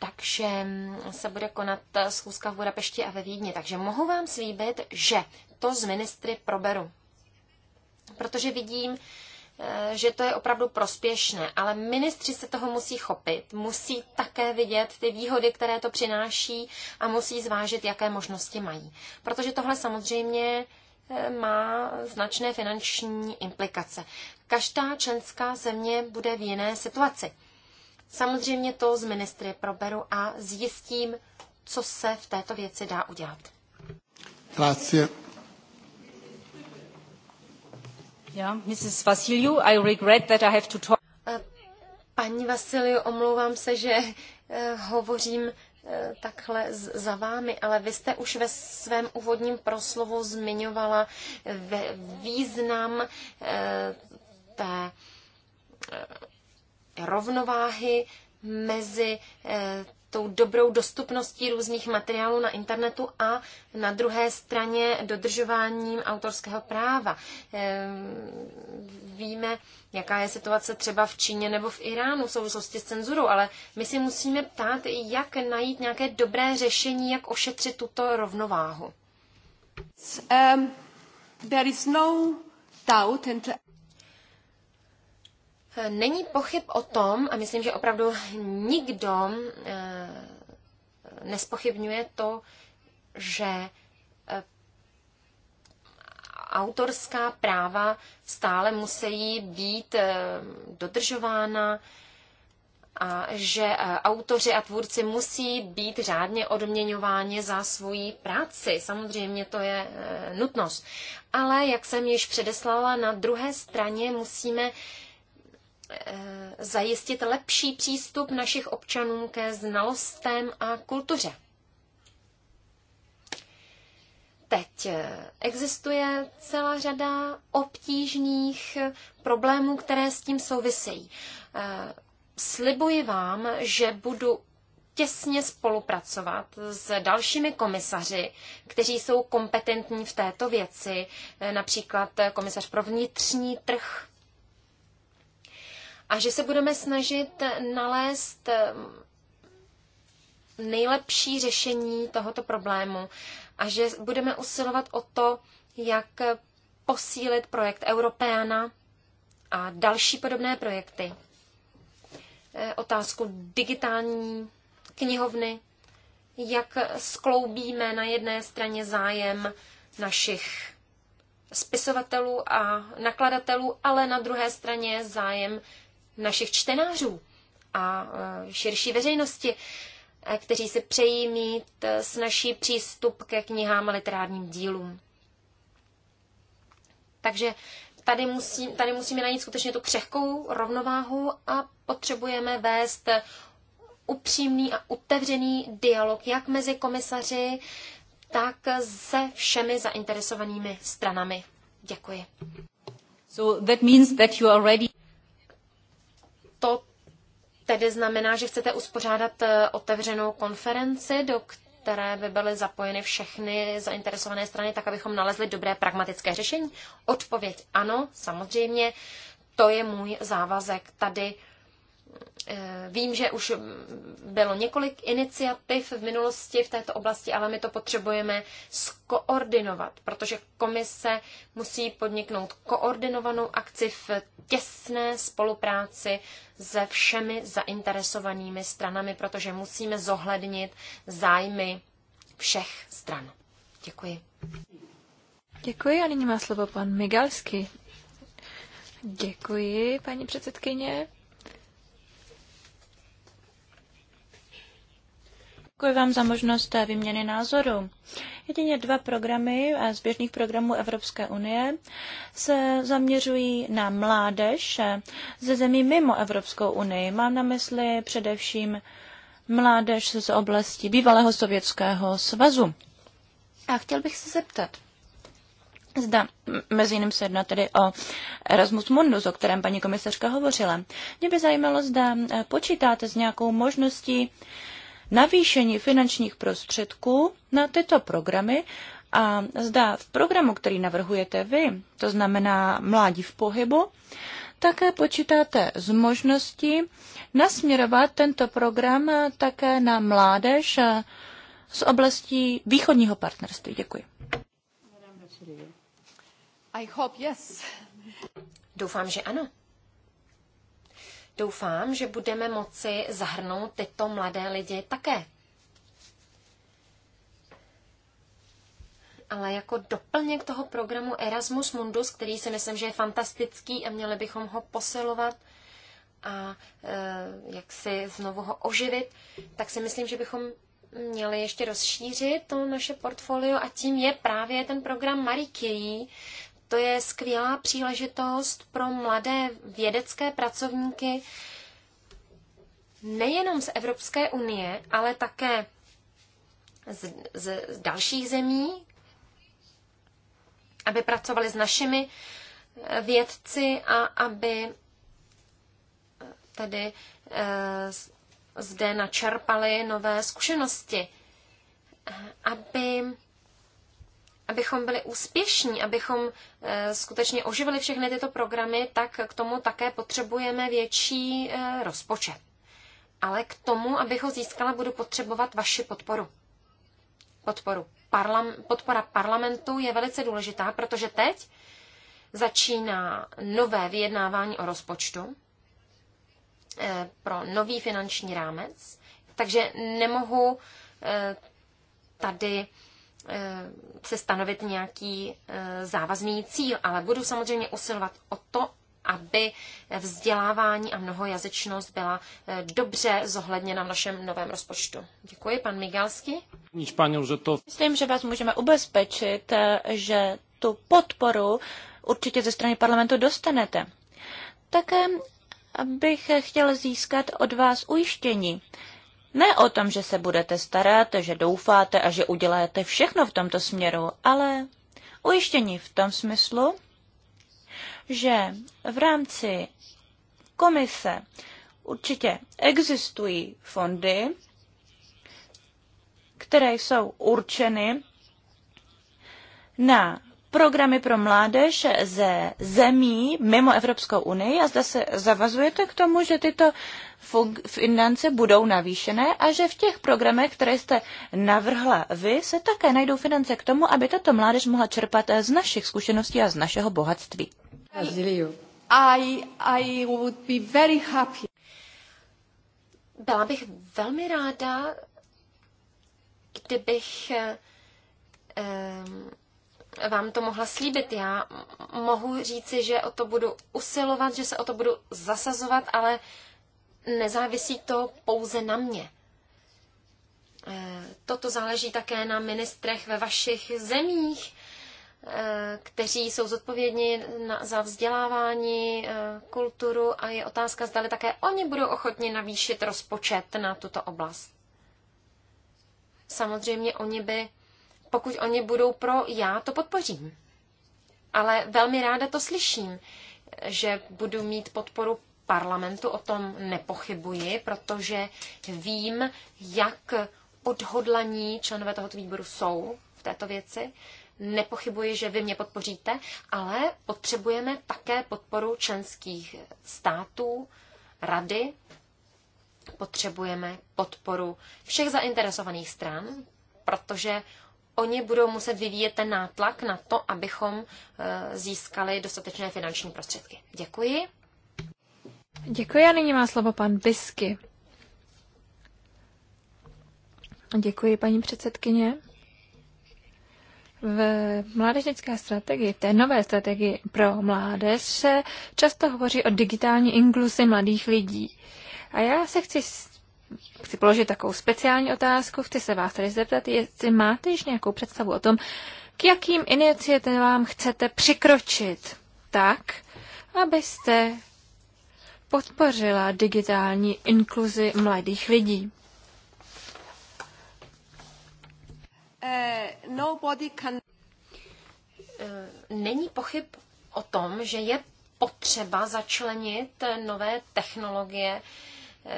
Takže mm, se bude konat schůzka v Budapešti a ve Vídni. Takže mohu vám slíbit, že to z ministry proberu. Protože vidím, Eh, že to je opravdu prospěšné, ale ministři se toho musí chopit, musí také vidět ty výhody, které to přináší a musí zvážit, jaké možnosti mají. Protože tohle samozřejmě eh, má značné finanční implikace. Každá členská země bude v jiné situaci. Samozřejmě to z ministry proberu a zjistím, co se v této věci dá udělat. Grazie. Paní Vasiliu, omlouvám se, že eh, hovořím eh, takhle za vámi, ale vy jste už ve svém úvodním proslovu zmiňovala eh, význam té rovnováhy mezi tou dobrou dostupností různých materiálů na internetu a na druhé straně dodržováním autorského práva. Ehm, víme, jaká je situace třeba v Číně nebo v Iránu v souvislosti s cenzurou, ale my si musíme ptát, jak najít nějaké dobré řešení, jak ošetřit tuto rovnováhu. Um, there is no doubt and... Není pochyb o tom, a myslím, že opravdu nikdo eh, nespochybňuje to, že eh, autorská práva stále musí být eh, dodržována a že autoři a tvůrci musí být řádně odměňováni za svoji práci. Samozřejmě to je nutnost. Ale jak jsem již předeslala, na druhé straně musíme Eh, zajistit lepší přístup našich občanů ke znalostem a kultuře. Teď eh, existuje celá řada obtížných problémů, které s tím souvisejí. Eh, slibuji vám, že budu těsně spolupracovat s dalšími komisaři, kteří jsou kompetentní v této věci, například komisař pro vnitřní trh, a že se budeme snažit nalézt eh, nejlepší řešení tohoto problému a že budeme usilovat o to, jak posílit projekt Europeana a další podobné projekty. Eh, otázku digitální knihovny, jak skloubíme na jedné straně zájem našich spisovatelů a nakladatelů, ale na druhé straně zájem našich čtenářů a e, širší veřejnosti, e, kteří si přejí mít e, snažší přístup ke knihám a literárním dílům. Takže tady, musí, tady musíme najít skutečně tu křehkou rovnováhu a potřebujeme vést upřímný a otevřený dialog jak mezi komisaři, tak se všemi zainteresovanými stranami. Děkuji. So that means that you are ready tedy znamená, že chcete uspořádat eh, otevřenou konferenci, do které by byly zapojeny všechny zainteresované strany, tak abychom nalezli dobré pragmatické řešení? Odpověď ano, samozřejmě. To je můj závazek tady Eh, vím, že už bylo několik iniciativ v minulosti v této oblasti, ale my to potřebujeme skoordinovat, protože komise musí podniknout koordinovanou akci v těsné spolupráci se všemi zainteresovanými stranami, protože musíme zohlednit zájmy všech stran. Děkuji. Děkuji a nyní má slovo pan Migalsky. Děkuji, paní předsedkyně. Děkuji vám za možnost vyměny názoru? Jedině dva programy z běžných programů Evropské unie se zaměřují na mládež ze zemí mimo Evropskou unii. Mám na mysli především mládež z oblasti bývalého sovětského svazu. A chtěl bych se zeptat, Zda, mezi jiným se jedná tedy o Erasmus Mundus, o kterém paní komisařka hovořila. Mě by zajímalo, zda počítáte s nějakou možností navýšení finančních prostředků na tyto programy a zda v programu, který navrhujete vy, to znamená Mládí v pohybu, také počítáte s možností nasměrovat tento program také na mládež z oblastí východního partnerství. Děkuji. I hope yes. Doufám, že ano. Doufám, že budeme moci zahrnout tyto mladé lidi také. Ale jako doplněk toho programu Erasmus Mundus, který si myslím, že je fantastický a měli bychom ho posilovat a e, jak si znovu ho oživit, tak si myslím, že bychom měli ještě rozšířit to naše portfolio a tím je právě ten program Marie Curie, to je skvělá příležitost pro mladé vědecké pracovníky nejenom z Evropské unie, ale také z, z, z dalších zemí, aby pracovali s našimi eh, vědci a aby eh, tedy eh, zde načerpali nové zkušenosti, aby abychom byli úspěšní, abychom eh, skutečně oživili všechny tyto programy, tak k tomu také potřebujeme větší eh, rozpočet. Ale k tomu, abych ho získala, budu potřebovat vaši podporu. Podporu. Parlam- podpora parlamentu je velice důležitá, protože teď začíná nové vyjednávání o rozpočtu eh, pro nový finanční rámec, takže nemohu tady Eh, se stanovit nějaký eh, závazný cíl, ale budu samozřejmě usilovat o to, aby vzdělávání a mnohojazyčnost byla eh, dobře zohledněna v našem novém rozpočtu. Děkuji, pan Migalsky. Myslím, že vás můžeme ubezpečit, že tu podporu určitě ze strany parlamentu dostanete. Také bych chtěl získat od vás ujištění, ne o tom, že se budete starat, že doufáte a že uděláte všechno v tomto směru, ale ujištění v tom smyslu, že v rámci komise určitě existují fondy, které jsou určeny na programy pro mládež ze zemí mimo Evropskou unii a zda se zavazujete k tomu, že tyto finance budou navýšené a že v těch programech, které jste navrhla vy, se také najdou finance k tomu, aby tato mládež mohla čerpat z našich zkušeností a z našeho bohatství. I, I would be very happy. Byla bych velmi ráda, kdybych um, vám to mohla slíbit. Já mohu říci, že o to budu usilovat, že se o to budu zasazovat, ale nezávisí to pouze na mě. Eh, Toto záleží také na ministrech ve vašich zemích, eh, kteří jsou zodpovědní za vzdělávání, eh, kulturu a je otázka, zda také oni budou ochotni navýšit rozpočet na tuto oblast. Samozřejmě oni by pokud oni budou pro, já to podpořím. Ale velmi ráda to slyším, že budu mít podporu parlamentu, o tom nepochybuji, protože vím, jak odhodlaní členové tohoto výboru jsou v této věci. Nepochybuji, že vy mě podpoříte, ale potřebujeme také podporu členských států, rady, potřebujeme podporu všech zainteresovaných stran, protože oni budou muset vyvíjet ten nátlak na to, abychom eh, získali dostatečné finanční prostředky. Děkuji. Děkuji a nyní má slovo pan Bisky. Děkuji, paní předsedkyně. V mládežnické strategii, v té nové strategii pro mládež se často hovoří o digitální inkluzi mladých lidí. A já se chci chci položit takovou speciální otázku, chci se vás tady zeptat, jestli máte již nějakou představu o tom, k jakým iniciativám chcete přikročit tak, abyste podpořila digitální inkluzi mladých lidí. Eh, nobody can... Eh, není pochyb o tom, že je potřeba začlenit nové technologie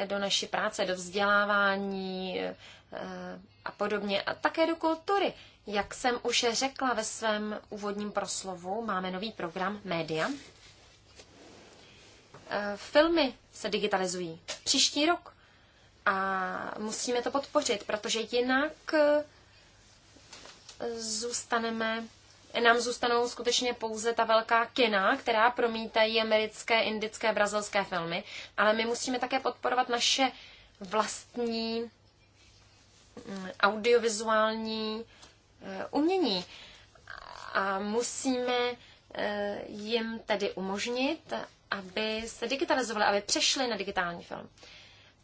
do naší práce, do vzdělávání eh, a podobně. A také do kultury. Jak jsem už řekla ve svém úvodním proslovu, máme nový program Média. Eh, filmy se digitalizují příští rok a musíme to podpořit, protože jinak eh, zůstaneme nám zůstanou skutečně pouze ta velká kina, která promítají americké, indické, brazilské filmy, ale my musíme také podporovat naše vlastní mm, audiovizuální eh, umění. A musíme eh, jim tedy umožnit, aby se digitalizovali, aby přešli na digitální film,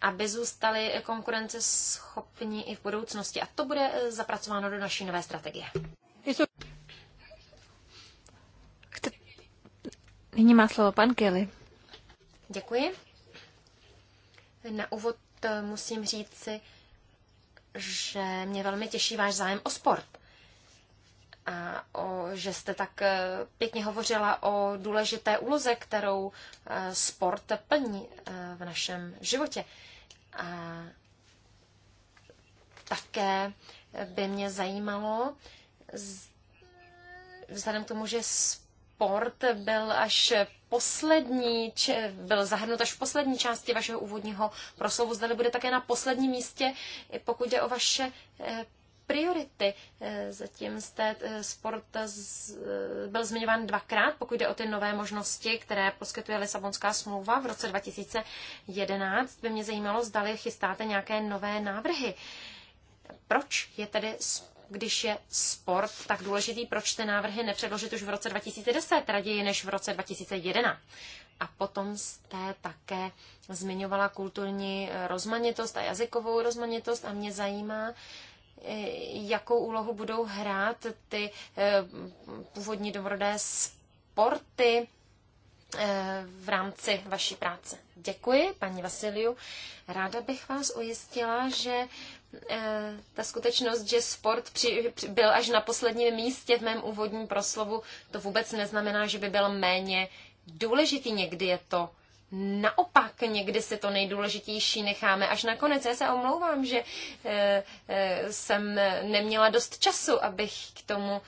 aby zůstali konkurenceschopní i v budoucnosti. A to bude eh, zapracováno do naší nové strategie. Nyní má slovo pan Kelly. Děkuji. Na úvod eh, musím si, že mě velmi těší váš zájem o sport. A o, že jste tak eh, pěkně hovořila o důležité úloze, kterou eh, sport plní v našem životě. A také by mě zajímalo, vzhledem k tomu, že sport byl až poslední, če, byl zahrnut až v poslední části vašeho úvodního proslovu. Zda bude také na posledním místě, pokud jde o vaše eh, priority. Eh, zatím jste sport eh, byl zmiňován dvakrát, pokud jde o ty nové možnosti, které poskytuje Lisabonská smlouva v roce 2011. By mě zajímalo, zdali chystáte nějaké nové návrhy. Proč je tedy sport když je sport tak důležitý, proč ty návrhy nepředložit už v roce 2010, raději než v roce 2011? A potom jste také zmiňovala kulturní rozmanitost a jazykovou rozmanitost a mě zajímá, eh, jakou úlohu budou hrát ty eh, původní dobrodé sporty eh, v rámci vaší práce. Děkuji, paní Vasiliu. Ráda bych vás ujistila, že Eh, ta skutečnost, že sport při, byl až na posledním místě v mém úvodním proslovu, to vůbec neznamená, že by byl méně důležitý. Někdy je to naopak, někdy si to nejdůležitější necháme až nakonec. Já se omlouvám, že eh, eh, jsem neměla dost času, abych k tomu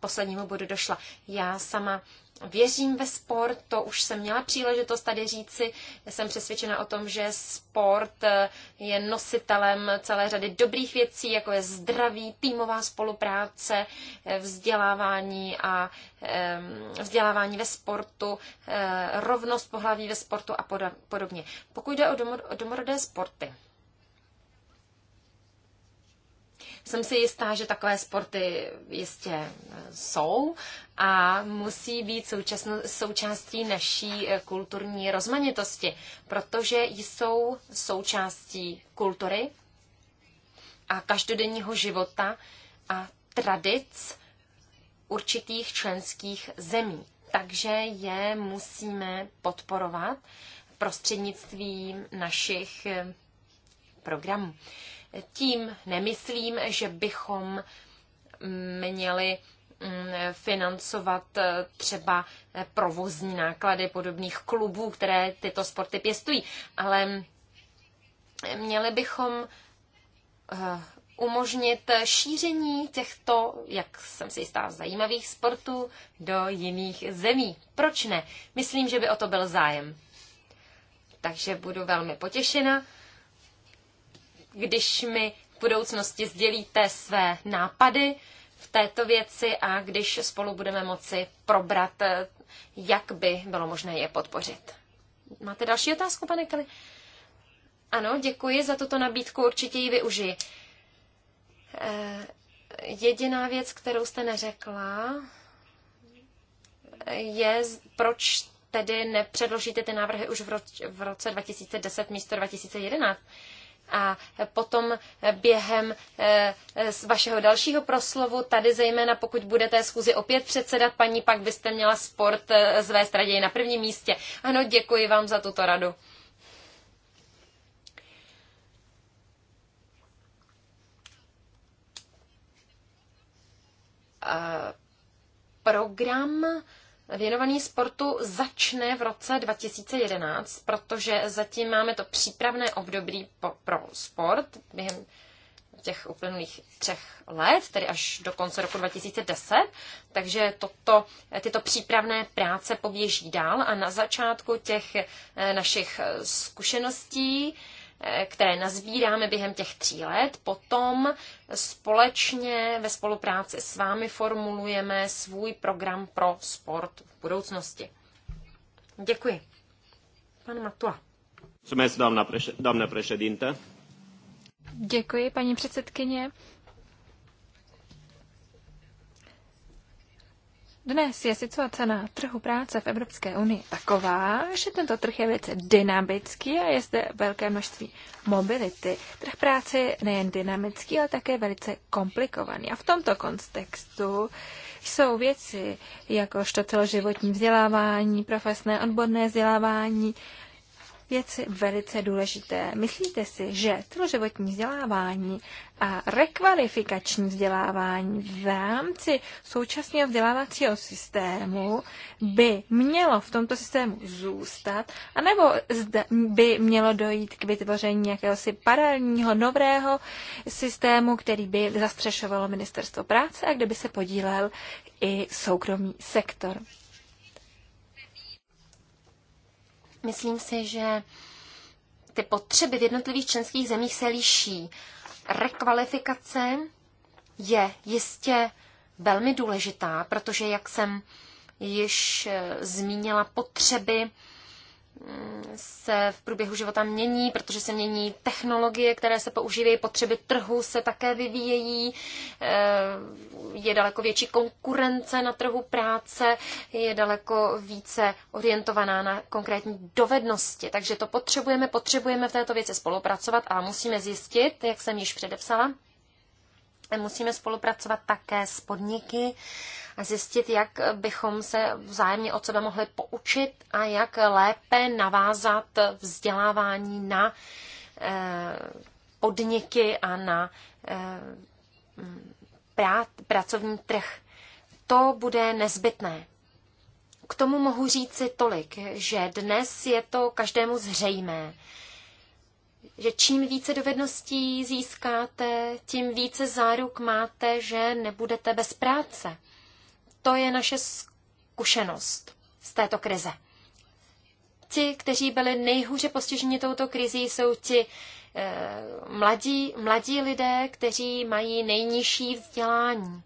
poslednímu bodu došla. Já sama Věřím ve sport, to už jsem měla příležitost tady říci. Já jsem přesvědčena o tom, že sport eh, je nositelem celé řady dobrých věcí, jako je zdraví, týmová spolupráce, eh, vzdělávání a vzdělávání ve sportu, eh, rovnost pohlaví ve sportu a podobně. Pokud jde o domorodé sporty, Jsem si jistá, že takové sporty jistě eh, jsou a musí být součástí naší eh, kulturní rozmanitosti, protože jsou součástí kultury a každodenního života a tradic určitých členských zemí. Takže je musíme podporovat prostřednictvím našich eh, programů. Tím nemyslím, že bychom měli mm, financovat eh, třeba eh, provozní náklady podobných klubů, které tyto sporty pěstují, ale měli bychom eh, umožnit šíření těchto, jak jsem si jistá, zajímavých sportů do jiných zemí. Proč ne? Myslím, že by o to byl zájem. Takže budu velmi potěšena, když mi v budoucnosti sdělíte své nápady v této věci a když spolu budeme moci probrat, eh, jak by bylo možné je podpořit. Máte další otázku, pane Kelly? Ano, děkuji za tuto nabídku, určitě ji využiji. Eh, jediná věc, kterou jste neřekla, je, proč tedy nepředložíte ty návrhy už v roce 2010 místo 2011. A potom během eh, z vašeho dalšího proslovu, tady zejména pokud budete schůzi opět předsedat, paní, pak byste měla sport eh, zvést raději na prvním místě. Ano, děkuji vám za tuto radu. Eh, program věnovaný sportu začne v roce 2011, protože zatím máme to přípravné období pro sport během těch uplynulých třech let, tedy až do konce roku 2010. Takže toto, tyto přípravné práce poběží dál a na začátku těch eh, našich eh, zkušeností které nazbíráme během těch tří let, potom společně ve spolupráci s vámi formulujeme svůj program pro sport v budoucnosti. Děkuji. Pan Matua. Děkuji, paní předsedkyně. Dnes je situace na trhu práce v Evropské unii taková, že tento trh je velice dynamický a je zde velké množství mobility. Trh práce je nejen dynamický, ale také velice komplikovaný. A v tomto kontextu jsou věci jako celoživotní vzdělávání, profesné odborné vzdělávání, věci velice důležité. Myslíte si, že celoživotní vzdělávání a rekvalifikační vzdělávání v rámci současného vzdělávacího systému by mělo v tomto systému zůstat, anebo by mělo dojít k vytvoření jakéhosi paralelního nového systému, který by zastřešovalo ministerstvo práce a kde by se podílel i soukromý sektor. Myslím si, že ty potřeby v jednotlivých členských zemích se liší. Rekvalifikace je jistě velmi důležitá, protože, jak jsem již eh, zmínila, potřeby se v průběhu života mění, protože se mění technologie, které se používají, potřeby trhu se také vyvíjejí, eh, je daleko větší konkurence na trhu práce, je daleko více orientovaná na konkrétní dovednosti. Takže to potřebujeme, potřebujeme v této věci spolupracovat a musíme zjistit, jak jsem již předepsala, musíme spolupracovat také s podniky zjistit, jak bychom se vzájemně od sebe mohli poučit a jak lépe navázat vzdělávání na eh, podniky a na eh, pracovní trh. To bude nezbytné. K tomu mohu říci tolik, že dnes je to každému zřejmé že čím více dovedností získáte, tím více záruk máte, že nebudete bez práce to je naše zkušenost z této krize. Ti, kteří byli nejhůře postiženi touto krizí, jsou ti e, mladí, mladí lidé, kteří mají nejnižší vzdělání.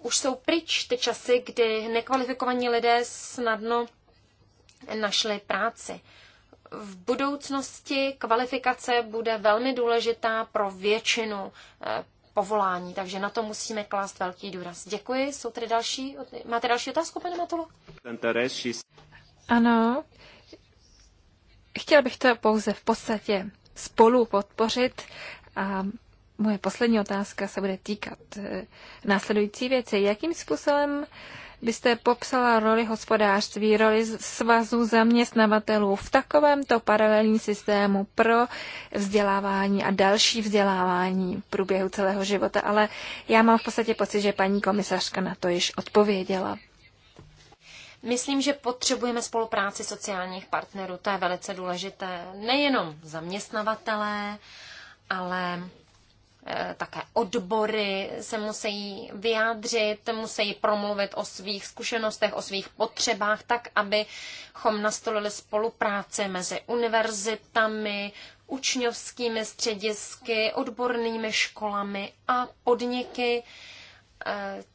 Už jsou pryč ty časy, kdy nekvalifikovaní lidé snadno našli práci. V budoucnosti kvalifikace bude velmi důležitá pro většinu eh, povolání, takže na to musíme klást velký důraz. Děkuji. Jsou tady další, máte další otázku, pane Matulo? Ano. Chtěla bych to pouze v podstatě spolu podpořit a moje poslední otázka se bude týkat eh, následující věci. Jakým způsobem byste popsala roli hospodářství, roli svazu zaměstnavatelů v takovémto paralelním systému pro vzdělávání a další vzdělávání v průběhu celého života, ale já mám v podstatě pocit, že paní komisařka na to již odpověděla. Myslím, že potřebujeme spolupráci sociálních partnerů, to je velice důležité. Nejenom zaměstnavatelé, ale Eh, také odbory se musí vyjádřit, musí promluvit o svých zkušenostech, o svých potřebách, tak, abychom nastolili spolupráci mezi univerzitami, učňovskými středisky, odbornými školami a podniky,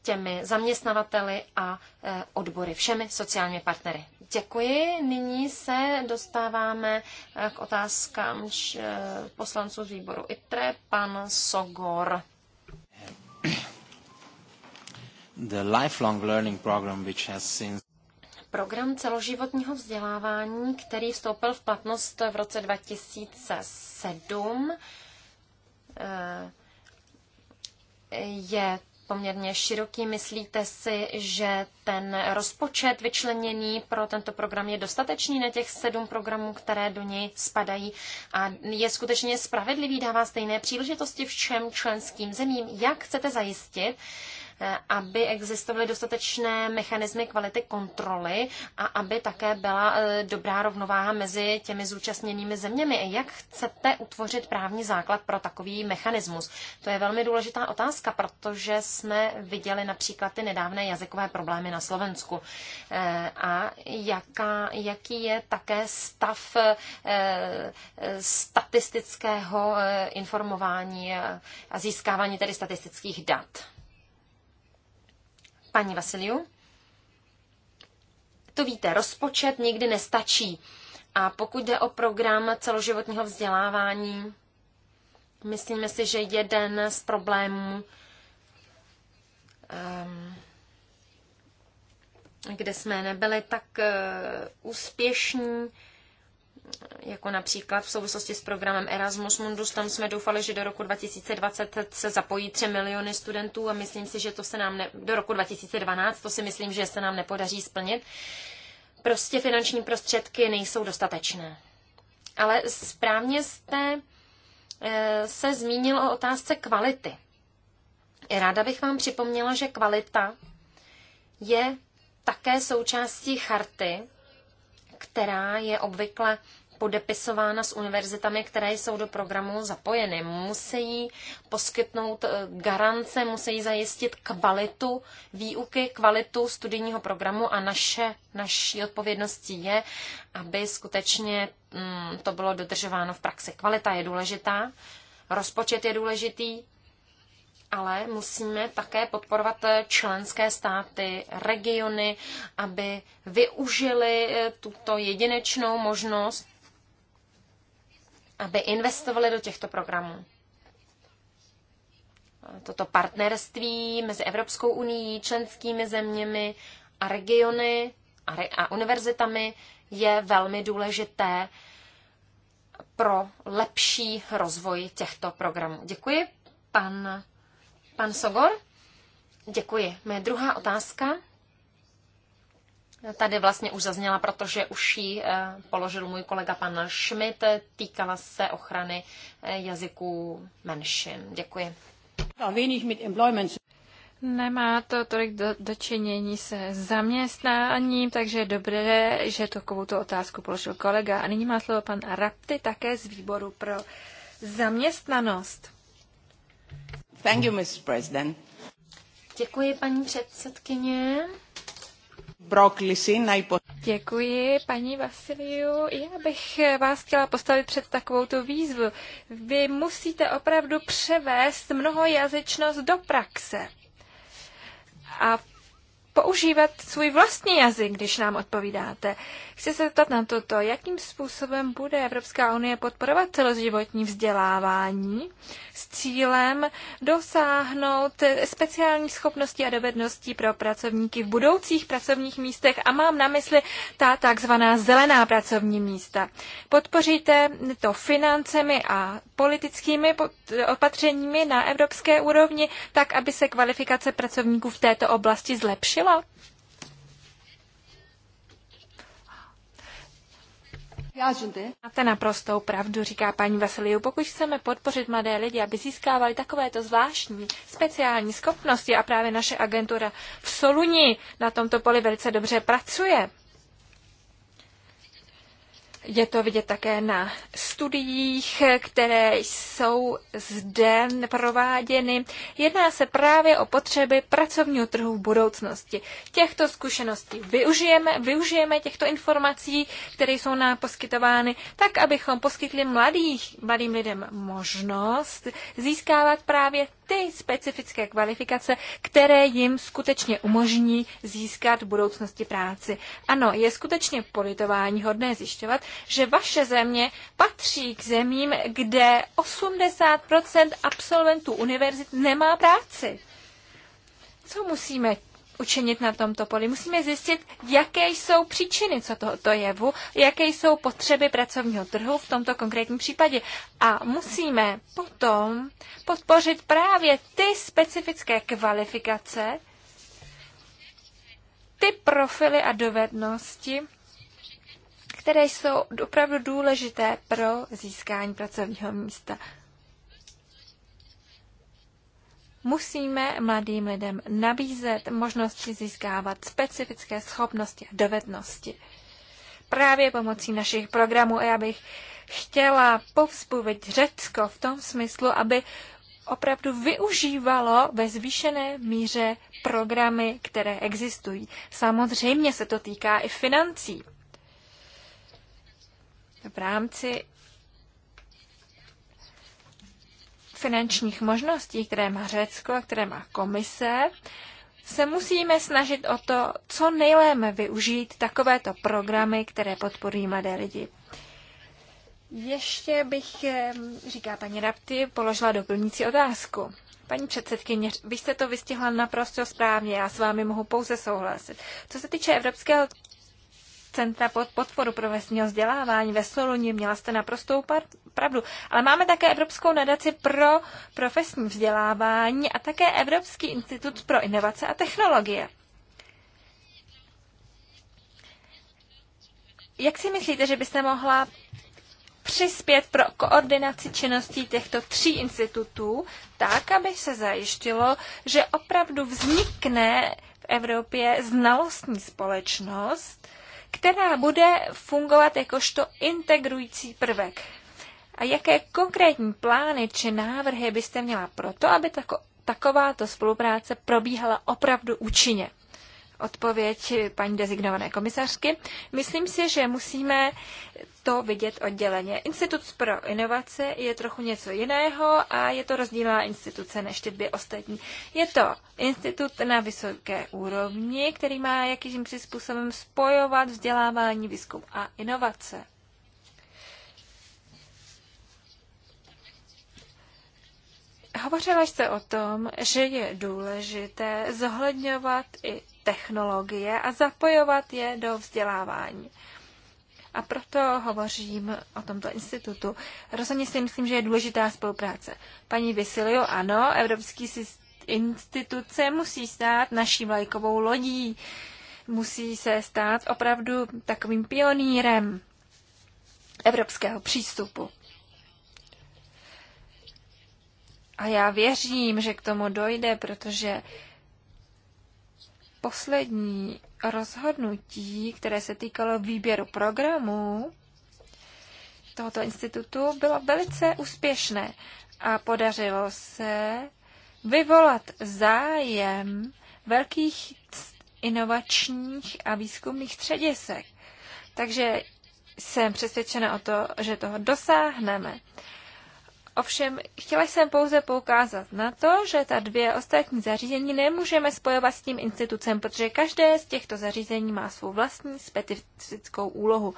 těmi zaměstnavateli a e, odbory, všemi sociálními partnery. Děkuji. Nyní se dostáváme e, k otázkám e, poslanců z výboru ITRE, pan Sogor. The lifelong learning program, which has since Program celoživotního vzdělávání, který vstoupil v platnost v roce 2007, je poměrně široký. Myslíte si, že ten rozpočet vyčleněný pro tento program je dostatečný na těch sedm programů, které do něj spadají a je skutečně spravedlivý, dává stejné příležitosti všem členským zemím? Jak chcete zajistit, Eh, aby existovaly dostatečné mechanismy kvality kontroly a aby také byla eh, dobrá rovnováha mezi těmi zúčastněnými zeměmi. Jak chcete utvořit právní základ pro takový mechanismus? To je velmi důležitá otázka, protože jsme viděli například ty nedávné jazykové problémy na Slovensku. Eh, a jaká, jaký je také stav statistického informování a získávání tedy statistických dat? Paní Vasiliu? To víte, rozpočet nikdy nestačí. A pokud jde o program celoživotního vzdělávání, myslíme si, že jeden z problémů, ehm, kde jsme nebyli tak eh, úspěšní, jako například v souvislosti s programem Erasmus Mundus, tam jsme doufali, že do roku 2020 se zapojí 3 miliony studentů a myslím si, že to se nám ne, do roku 2012, to si myslím, že se nám nepodaří splnit. Prostě finanční prostředky nejsou dostatečné. Ale správně jste eh, se zmínil o otázce kvality. Ráda bych vám připomněla, že kvalita je také součástí charty, která je obvykle podepisována s univerzitami, které jsou do programu zapojeny. Musí poskytnout eh, garance, musí zajistit kvalitu výuky, kvalitu studijního programu a naše, naší odpovědností je, aby skutečně mm, to bylo dodržováno v praxi. Kvalita je důležitá, rozpočet je důležitý, ale musíme také podporovat eh, členské státy, regiony, aby využili eh, tuto jedinečnou možnost aby investovali do těchto programů. Toto partnerství mezi Evropskou unii, členskými zeměmi a regiony a univerzitami je velmi důležité pro lepší rozvoj těchto programů. Děkuji. Pan, pan Sogor? Děkuji. Moje druhá otázka tady vlastně už zazněla, protože už ji eh, položil můj kolega pan Schmidt, týkala se ochrany eh, jazyků menšin. Děkuji. Nemá to tolik do, dočinění se zaměstnáním, takže je dobré, že takovou tu otázku položil kolega. A nyní má slovo pan Rapty, také z výboru pro zaměstnanost. Thank you, Mrs. President. Děkuji, paní předsedkyně. Děkuji, paní Vasiliu. Já bych vás chtěla postavit před takovou tu výzvu. Vy musíte opravdu převést mnohojazyčnost do praxe. A používat svůj vlastní jazyk, když nám odpovídáte. Chci se zeptat na toto, jakým způsobem bude Evropská unie podporovat celoživotní vzdělávání s cílem dosáhnout speciální schopnosti a dovedností pro pracovníky v budoucích pracovních místech a mám na mysli ta takzvaná zelená pracovní místa. Podpoříte to financemi a politickými opatřeními na evropské úrovni, tak aby se kvalifikace pracovníků v této oblasti zlepšila? udělal. Máte naprostou pravdu, říká paní Vasiliu. Pokud chceme podpořit mladé lidi, aby získávali takovéto zvláštní, speciální schopnosti a právě naše agentura v Soluni na tomto poli velice dobře pracuje. Je to vidět také na studiích, které jsou zde prováděny. Jedná se právě o potřeby pracovního trhu v budoucnosti. Těchto zkušeností využijeme, využijeme těchto informací, které jsou nám poskytovány, tak, abychom poskytli mladých, mladým lidem možnost získávat právě ty specifické kvalifikace, které jim skutečně umožní získat v budoucnosti práci. Ano, je skutečně politování hodné zjišťovat, že vaše země patří k zemím, kde 80% absolventů univerzit nemá práci. Co musíme učinit na tomto poli. Musíme zjistit, jaké jsou příčiny co tohoto jevu, jaké jsou potřeby pracovního trhu v tomto konkrétním případě. A musíme potom podpořit právě ty specifické kvalifikace, ty profily a dovednosti, které jsou opravdu důležité pro získání pracovního místa. Musíme mladým lidem nabízet možnosti získávat specifické schopnosti a dovednosti. Právě pomocí našich programů já bych chtěla povzbudit Řecko v tom smyslu, aby opravdu využívalo ve zvýšené míře programy, které existují. Samozřejmě se to týká i financí. V rámci finančních možností, které má Řecko a které má komise, se musíme snažit o to, co nejlépe využít takovéto programy, které podporují mladé lidi. Ještě bych, říká paní Rapty, položila doplňující otázku. Paní předsedkyně, vy jste to vystihla naprosto správně, já s vámi mohu pouze souhlasit. Co se týče Evropského Centra pod podporu profesního vzdělávání ve Soluni. Měla jste naprostou pravdu. Ale máme také Evropskou nadaci pro profesní vzdělávání a také Evropský institut pro inovace a technologie. Jak si myslíte, že byste mohla přispět pro koordinaci činností těchto tří institutů, tak, aby se zajištilo, že opravdu vznikne v Evropě znalostní společnost, která bude fungovat jakožto integrující prvek. A jaké konkrétní plány či návrhy byste měla proto, aby tako, takováto spolupráce probíhala opravdu účinně? odpověď paní dezignované komisařky. Myslím si, že musíme to vidět odděleně. Institut pro inovace je trochu něco jiného a je to rozdílná instituce než ty dvě ostatní. Je to institut na vysoké úrovni, který má jakým způsobem spojovat vzdělávání, výzkum a inovace. Hovořila jste o tom, že je důležité zohledňovat i technologie a zapojovat je do vzdělávání. A proto hovořím o tomto institutu. Rozhodně si myslím, že je důležitá spolupráce. Paní Vysilio, ano, Evropský instituce musí stát naší vlajkovou lodí, musí se stát opravdu takovým pionýrem evropského přístupu. A já věřím, že k tomu dojde, protože poslední rozhodnutí, které se týkalo výběru programů tohoto institutu, bylo velice úspěšné a podařilo se vyvolat zájem velkých inovačních a výzkumných středisek. Takže jsem přesvědčena o to, že toho dosáhneme. Ovšem, chtěla jsem pouze poukázat na to, že ta dvě ostatní zařízení nemůžeme spojovat s tím institucem, protože každé z těchto zařízení má svou vlastní specifickou úlohu.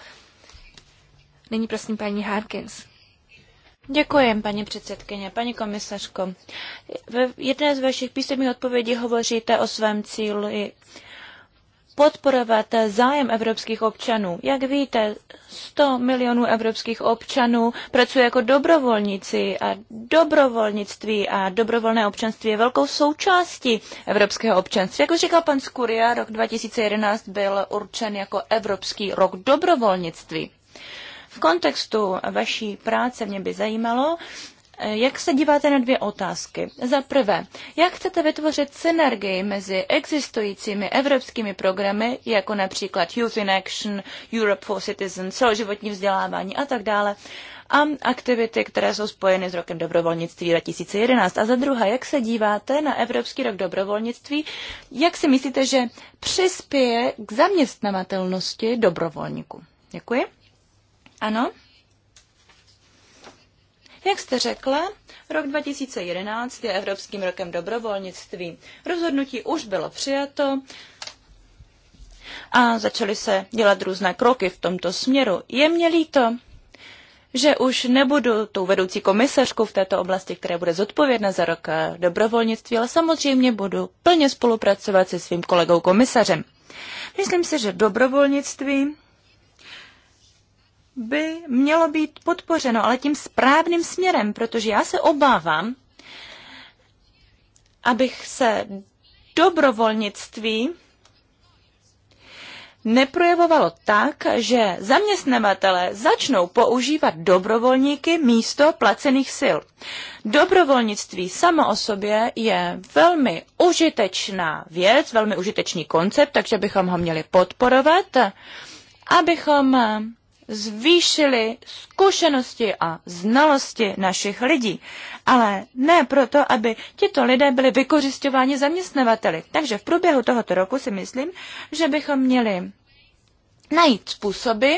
Nyní prosím paní Harkins. Děkuji, paní předsedkyně, paní komisařko. Ve jedné z vašich písemných odpovědí hovoříte o svém cíli podporovat zájem evropských občanů. Jak víte, 100 milionů evropských občanů pracuje jako dobrovolníci a dobrovolnictví a dobrovolné občanství je velkou součástí evropského občanství. Jak už říkal pan Skuria, rok 2011 byl určen jako Evropský rok dobrovolnictví. V kontextu vaší práce mě by zajímalo, jak se díváte na dvě otázky. Za prvé, jak chcete vytvořit synergii mezi existujícími evropskými programy, jako například Youth in Action, Europe for Citizens, celoživotní vzdělávání a tak dále, a aktivity, které jsou spojeny s rokem dobrovolnictví 2011. A za druhé, jak se díváte na Evropský rok dobrovolnictví, jak si myslíte, že přispěje k zaměstnavatelnosti dobrovolníků? Děkuji. Ano? Jak jste řekla, rok 2011 je Evropským rokem dobrovolnictví. Rozhodnutí už bylo přijato a začaly se dělat různé kroky v tomto směru. Je mě líto, že už nebudu tou vedoucí komisařkou v této oblasti, která bude zodpovědná za rok dobrovolnictví, ale samozřejmě budu plně spolupracovat se svým kolegou komisařem. Myslím si, že dobrovolnictví by mělo být podpořeno, ale tím správným směrem, protože já se obávám, abych se dobrovolnictví neprojevovalo tak, že zaměstnavatele začnou používat dobrovolníky místo placených sil. Dobrovolnictví samo o sobě je velmi užitečná věc, velmi užitečný koncept, takže bychom ho měli podporovat, abychom zvýšili zkušenosti a znalosti našich lidí. Ale ne proto, aby tito lidé byli vykořišťováni zaměstnavateli. Takže v průběhu tohoto roku si myslím, že bychom měli najít způsoby,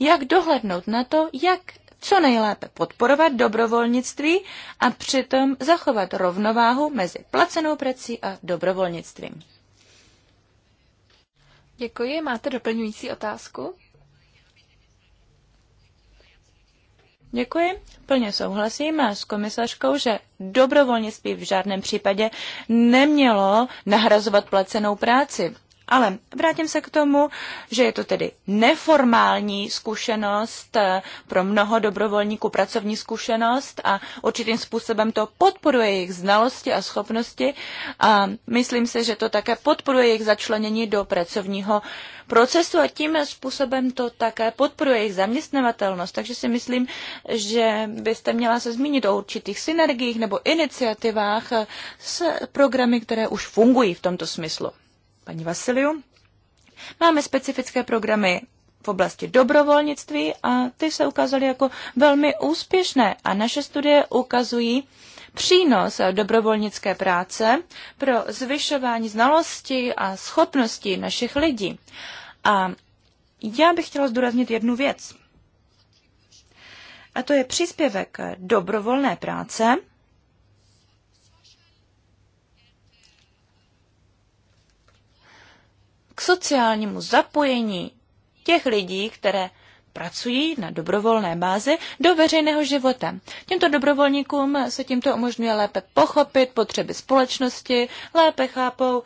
jak dohlednout na to, jak co nejlépe podporovat dobrovolnictví a přitom zachovat rovnováhu mezi placenou prací a dobrovolnictvím. Děkuji. Máte doplňující otázku? Děkuji. Plně souhlasím s komisařkou, že dobrovolnictví v žádném případě nemělo nahrazovat placenou práci. Ale vrátím se k tomu, že je to tedy neformální zkušenost eh, pro mnoho dobrovolníků, pracovní zkušenost a určitým způsobem to podporuje jejich znalosti a schopnosti a myslím si, že to také podporuje jejich začlenění do pracovního procesu a tím způsobem to také podporuje jejich zaměstnavatelnost. Takže si myslím, že byste měla se zmínit o určitých synergiích nebo iniciativách eh, s programy, které už fungují v tomto smyslu paní Vasiliu. Máme specifické programy v oblasti dobrovolnictví a ty se ukázaly jako velmi úspěšné a naše studie ukazují přínos dobrovolnické práce pro zvyšování znalostí a schopností našich lidí. A já bych chtěla zdůraznit jednu věc. A to je příspěvek dobrovolné práce k sociálnímu zapojení těch lidí, které pracují na dobrovolné bázi do veřejného života. Těmto dobrovolníkům se tímto umožňuje lépe pochopit potřeby společnosti, lépe chápou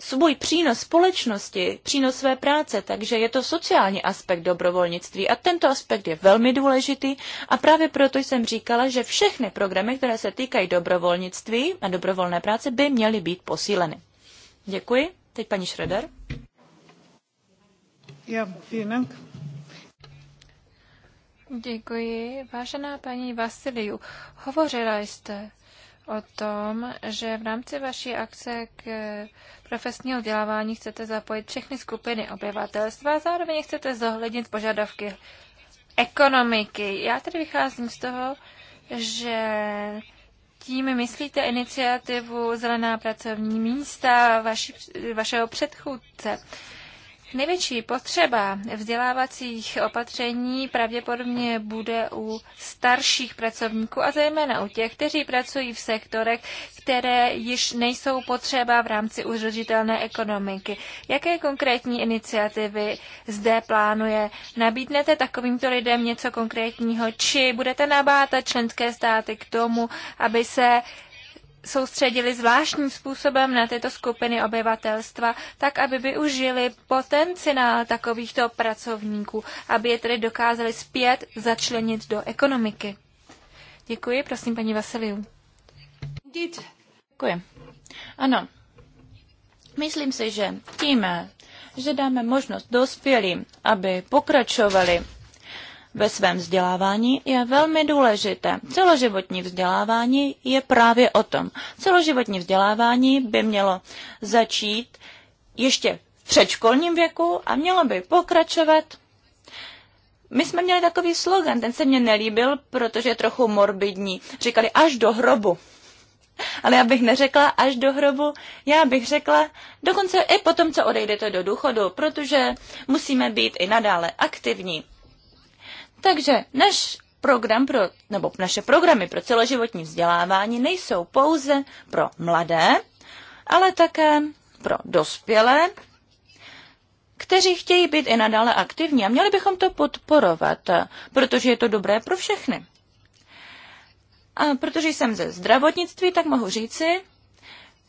svůj přínos společnosti, přínos své práce, takže je to sociální aspekt dobrovolnictví a tento aspekt je velmi důležitý a právě proto jsem říkala, že všechny programy, které se týkají dobrovolnictví a dobrovolné práce, by měly být posíleny. Děkuji. Teď paní Schroeder. Ja, Děkuji. Vážená paní Vasiliu, hovořila jste o tom, že v rámci vaší akce k profesního vzdělávání chcete zapojit všechny skupiny obyvatelstva a zároveň chcete zohlednit požadavky ekonomiky. Já tedy vycházím z toho, že tím myslíte iniciativu Zelená pracovní místa vaši, vašeho předchůdce? Největší potřeba vzdělávacích opatření pravděpodobně bude u starších pracovníků a zejména u těch, kteří pracují v sektorech, které již nejsou potřeba v rámci udržitelné ekonomiky. Jaké konkrétní iniciativy zde plánuje? Nabídnete takovýmto lidem něco konkrétního, či budete nabátat členské státy k tomu, aby se soustředili zvláštním způsobem na tyto skupiny obyvatelstva, tak aby využili potenciál takovýchto pracovníků, aby je tedy dokázali zpět začlenit do ekonomiky. Děkuji, prosím paní Vasiliu. Děkuji. Ano, myslím si, že tím, že dáme možnost dospělým, aby pokračovali ve svém vzdělávání je velmi důležité. Celoživotní vzdělávání je právě o tom. Celoživotní vzdělávání by mělo začít ještě v předškolním věku a mělo by pokračovat my jsme měli takový slogan, ten se mně nelíbil, protože je trochu morbidní. Říkali až do hrobu. Ale já bych neřekla až do hrobu, já bych řekla dokonce i potom, co odejdete do důchodu, protože musíme být i nadále aktivní. Takže naš program pro, nebo naše programy pro celoživotní vzdělávání nejsou pouze pro mladé, ale také pro dospělé, kteří chtějí být i nadále aktivní a měli bychom to podporovat, protože je to dobré pro všechny. A protože jsem ze zdravotnictví, tak mohu říci,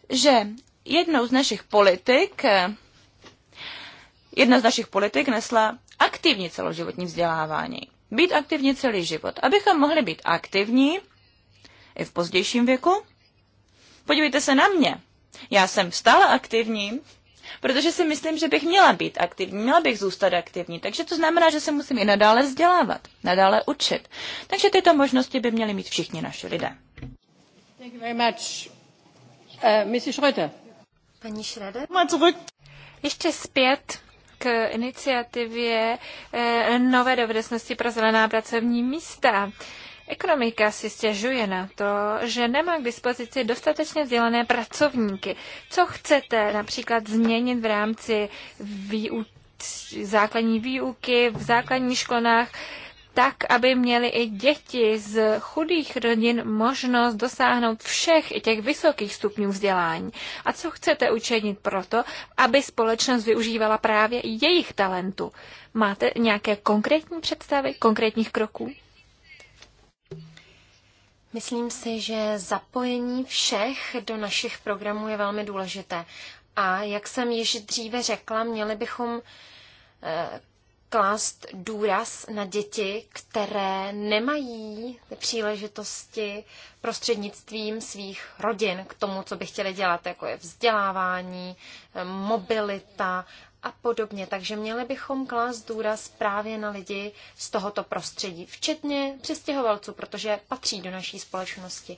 že jednou z našich politik, jedna z našich politik nesla aktivní celoživotní vzdělávání být aktivní celý život. Abychom mohli být aktivní i v pozdějším věku, podívejte se na mě. Já jsem stále aktivní, protože si myslím, že bych měla být aktivní, měla bych zůstat aktivní. Takže to znamená, že se musím i nadále vzdělávat, nadále učit. Takže tyto možnosti by měli mít všichni naši lidé. Thank you very much. Uh, Mrs. Paní Schröder. Ještě zpět k iniciativě eh, Nové dovednosti pro zelená pracovní místa. Ekonomika si stěžuje na to, že nemá k dispozici dostatečně vzdělané pracovníky. Co chcete například změnit v rámci výu- základní výuky v základních školách? tak, aby měli i děti z chudých rodin možnost dosáhnout všech i těch vysokých stupňů vzdělání. A co chcete učinit proto, aby společnost využívala právě jejich talentu? Máte nějaké konkrétní představy, konkrétních kroků? Myslím si, že zapojení všech do našich programů je velmi důležité. A jak jsem již dříve řekla, měli bychom eh, klást důraz na děti, které nemají příležitosti prostřednictvím svých rodin k tomu, co by chtěli dělat, jako je vzdělávání, mobilita a podobně. Takže měli bychom klást důraz právě na lidi z tohoto prostředí, včetně přestěhovalců, protože patří do naší společnosti.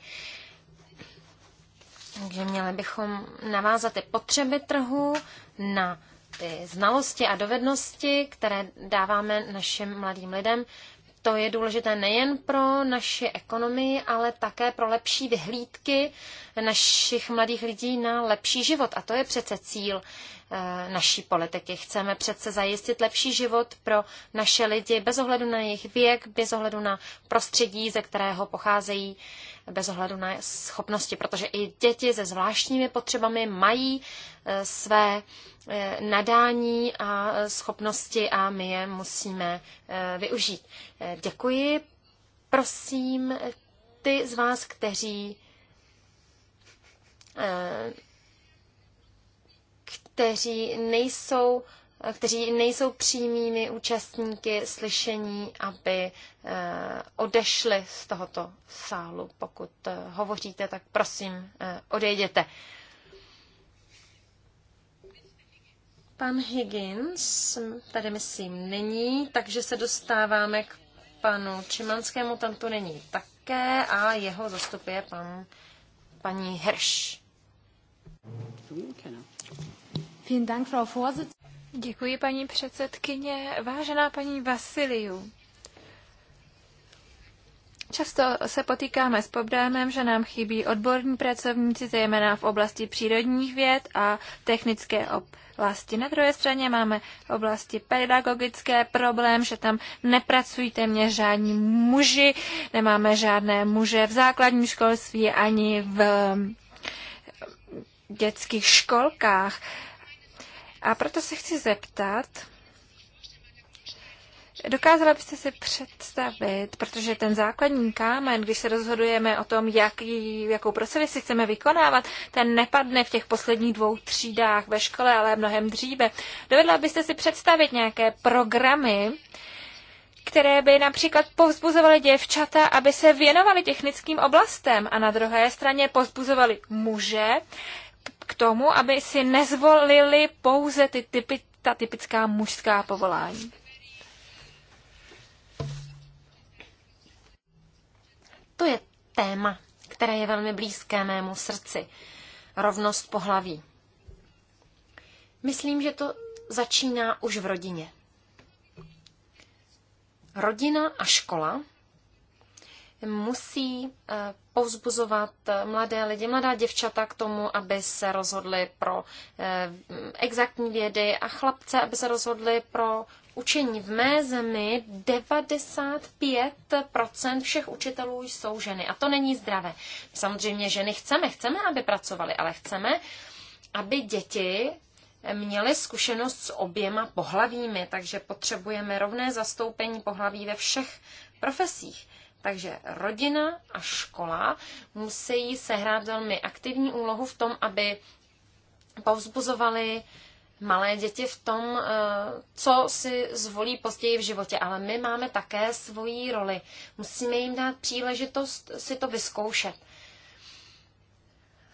Takže měli bychom navázat ty potřeby trhu na ty znalosti a dovednosti, které dáváme našim mladým lidem, to je důležité nejen pro naši ekonomii, ale také pro lepší vyhlídky našich mladých lidí na lepší život. A to je přece cíl Eh, naší politiky. Chceme přece zajistit lepší život pro naše lidi bez ohledu na jejich věk, bez ohledu na prostředí, ze kterého pocházejí, bez ohledu na schopnosti, protože i děti se zvláštními potřebami mají eh, své eh, nadání a schopnosti a my je musíme využít. Děkuji. Prosím ty z vás, kteří kteří nejsou kteří nejsou přímými účastníky slyšení, aby eh, odešli z tohoto sálu. Pokud eh, hovoříte, tak prosím, eh, odejděte. Pan Higgins tady, myslím, není, takže se dostáváme k panu Čimanskému, tam to není také a jeho zastupuje pan, paní Hirsch. Děkuji, paní předsedkyně. Vážená paní Vasiliu, Často se potýkáme s problémem, že nám chybí odborní pracovníci, zejména v oblasti přírodních věd a technické oblasti. Na druhé straně máme v oblasti pedagogické problém, že tam nepracují téměř žádní muži, nemáme žádné muže v základním školství ani v dětských školkách. A proto se chci zeptat, Dokázala byste si představit, protože ten základní kámen, když se rozhodujeme o tom, jaký, jakou si chceme vykonávat, ten nepadne v těch posledních dvou třídách ve škole, ale mnohem dříve. Dovedla byste si představit nějaké programy, které by například povzbuzovaly děvčata, aby se věnovaly technickým oblastem a na druhé straně povzbuzovaly muže, k tomu, aby si nezvolili pouze ty typy, ta typická mužská povolání. To je téma, které je velmi blízké mému srdci. Rovnost pohlaví. Myslím, že to začíná už v rodině. Rodina a škola musí eh, povzbuzovat eh, mladé lidi, mladá děvčata k tomu, aby se rozhodli pro eh, exaktní vědy a chlapce, aby se rozhodli pro učení. V mé zemi 95% všech učitelů jsou ženy a to není zdravé. Samozřejmě ženy chceme, chceme, aby pracovali, ale chceme, aby děti měli zkušenost s oběma pohlavími, takže potřebujeme rovné zastoupení pohlaví ve všech profesích. Takže rodina a škola musí sehrát velmi aktivní úlohu v tom, aby povzbuzovali malé děti v tom, eh, co si zvolí později v životě. Ale my máme také svoji roli. Musíme jim dát příležitost si to vyzkoušet.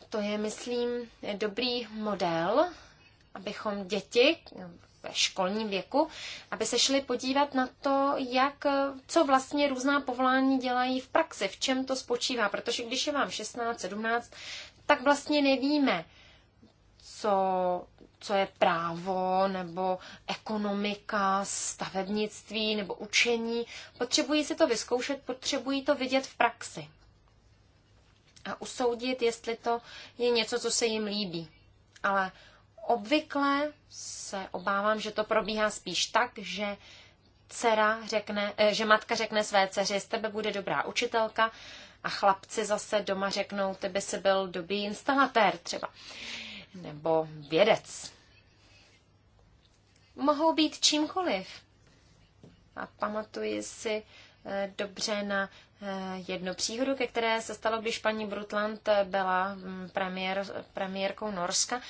To je, myslím, dobrý model, abychom děti, ve školním věku, aby se šli podívat na to, jak, co vlastně různá povolání dělají v praxi, v čem to spočívá, protože když je vám 16, 17, tak vlastně nevíme, co, co je právo nebo ekonomika, stavebnictví nebo učení. Potřebují si to vyzkoušet, potřebují to vidět v praxi a usoudit, jestli to je něco, co se jim líbí. Ale Obvykle se obávám, že to probíhá spíš tak, že dcera řekne, eh, že matka řekne své dceři, z tebe bude dobrá učitelka a chlapci zase doma řeknou, ty by si byl dobrý instalatér třeba, nebo vědec. Mohou být čímkoliv. A pamatuji si eh, dobře na eh, jednu příhodu, ke které se stalo, když paní Brutland byla mm, premiér, premiérkou Norska,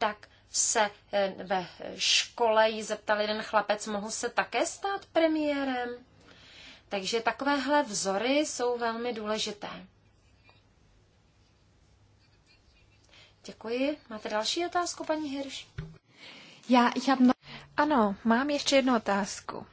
tak se eh, ve škole jí zeptal jeden chlapec, mohu se také stát premiérem? Takže takovéhle vzory jsou velmi důležité. Děkuji. Máte další otázku, paní Hirš? Já, já no... Ano, mám ještě jednu otázku.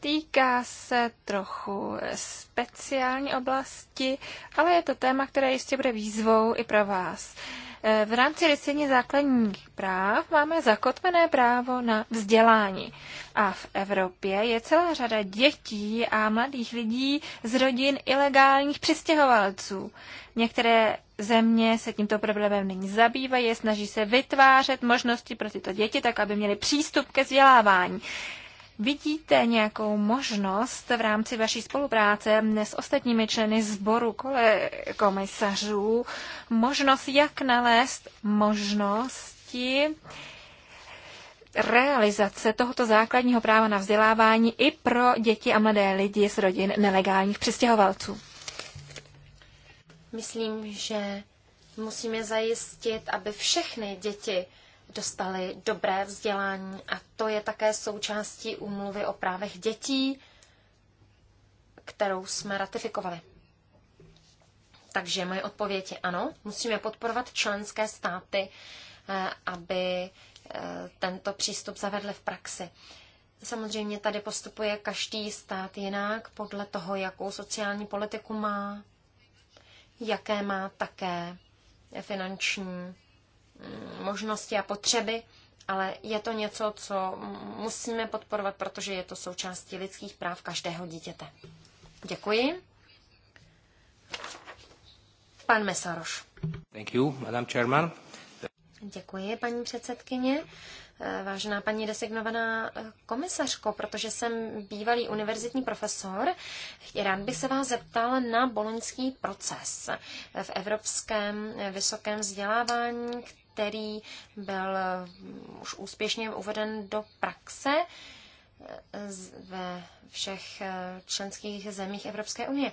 Týká se trochu eh, speciální oblasti, ale je to téma, které jistě bude výzvou i pro vás. Uh, v rámci listině základních práv máme zakotvené právo na vzdělání. A v Evropě je celá řada dětí a mladých lidí z rodin ilegálních přistěhovalců. Některé země se tímto problémem nyní zabývají, snaží se vytvářet možnosti pro tyto děti, tak aby měly přístup ke vzdělávání. Vidíte nějakou možnost v rámci vaší spolupráce s ostatními členy sboru kole komisařů, možnost, jak nalézt možnosti realizace tohoto základního práva na vzdělávání i pro děti a mladé lidi z rodin nelegálních přistěhovalců? Myslím, že musíme zajistit, aby všechny děti dostali dobré vzdělání a to je také součástí úmluvy o právech dětí, kterou jsme ratifikovali. Takže moje odpověď je ano, musíme podporovat členské státy, eh, aby eh, tento přístup zavedli v praxi. Samozřejmě tady postupuje každý stát jinak podle toho, jakou sociální politiku má, jaké má také finanční Mm, možnosti a potřeby, ale je to něco, co musíme podporovat, protože je to součástí lidských práv každého dítěte. Děkuji. Pan Mesaroš. Thank you, Madam Chairman. Děkuji, paní předsedkyně. Vážená paní designovaná komisařko, protože jsem bývalý univerzitní profesor, rád bych se vás zeptal na boloňský proces v evropském vysokém vzdělávání, který byl eh, už úspěšně uveden do praxe eh, ve všech eh, členských zemích Evropské unie.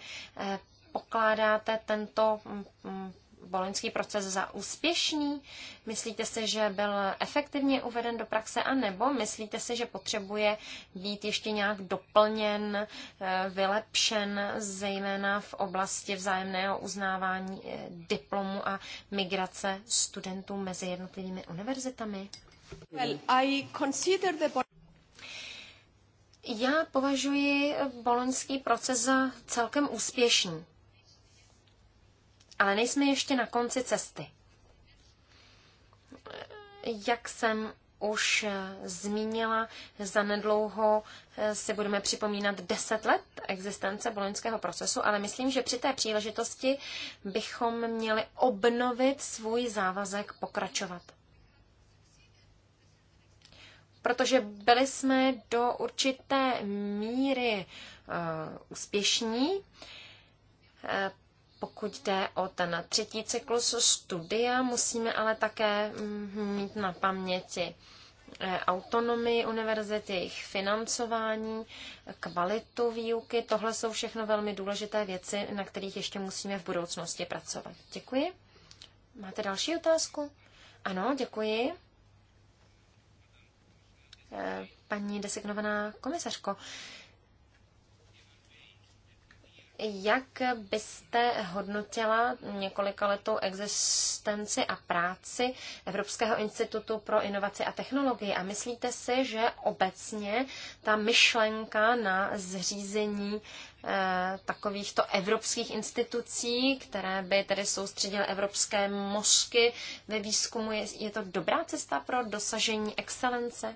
Pokládáte tento mm, mm, boloňský proces za úspěšný? Myslíte si, že byl efektivně uveden do praxe, anebo myslíte si, že potřebuje být ještě nějak doplněn, eh, vylepšen, zejména v oblasti vzájemného uznávání eh, diplomu a migrace studentů mezi jednotlivými univerzitami? Well, I consider the... Já považuji boloňský proces za celkem úspěšný. Ale nejsme ještě na konci cesty. Jak jsem už eh, zmínila, nedlouho eh, si budeme připomínat 10 let existence boloňského procesu, ale myslím, že při té příležitosti bychom měli obnovit svůj závazek pokračovat. Protože byli jsme do určité míry uh, úspěšní, pokud jde o ten třetí cyklus studia, musíme ale také mm, mít na paměti eh, autonomii univerzity, jejich financování, kvalitu výuky. Tohle jsou všechno velmi důležité věci, na kterých ještě musíme v budoucnosti pracovat. Děkuji. Máte další otázku? Ano, děkuji. Eh, paní designovaná komisařko, jak byste hodnotila několika letou existenci a práci Evropského institutu pro inovaci a technologii? A myslíte si, že obecně ta myšlenka na zřízení eh, takovýchto evropských institucí, které by tedy soustředily evropské mozky ve výzkumu, je, je to dobrá cesta pro dosažení excelence?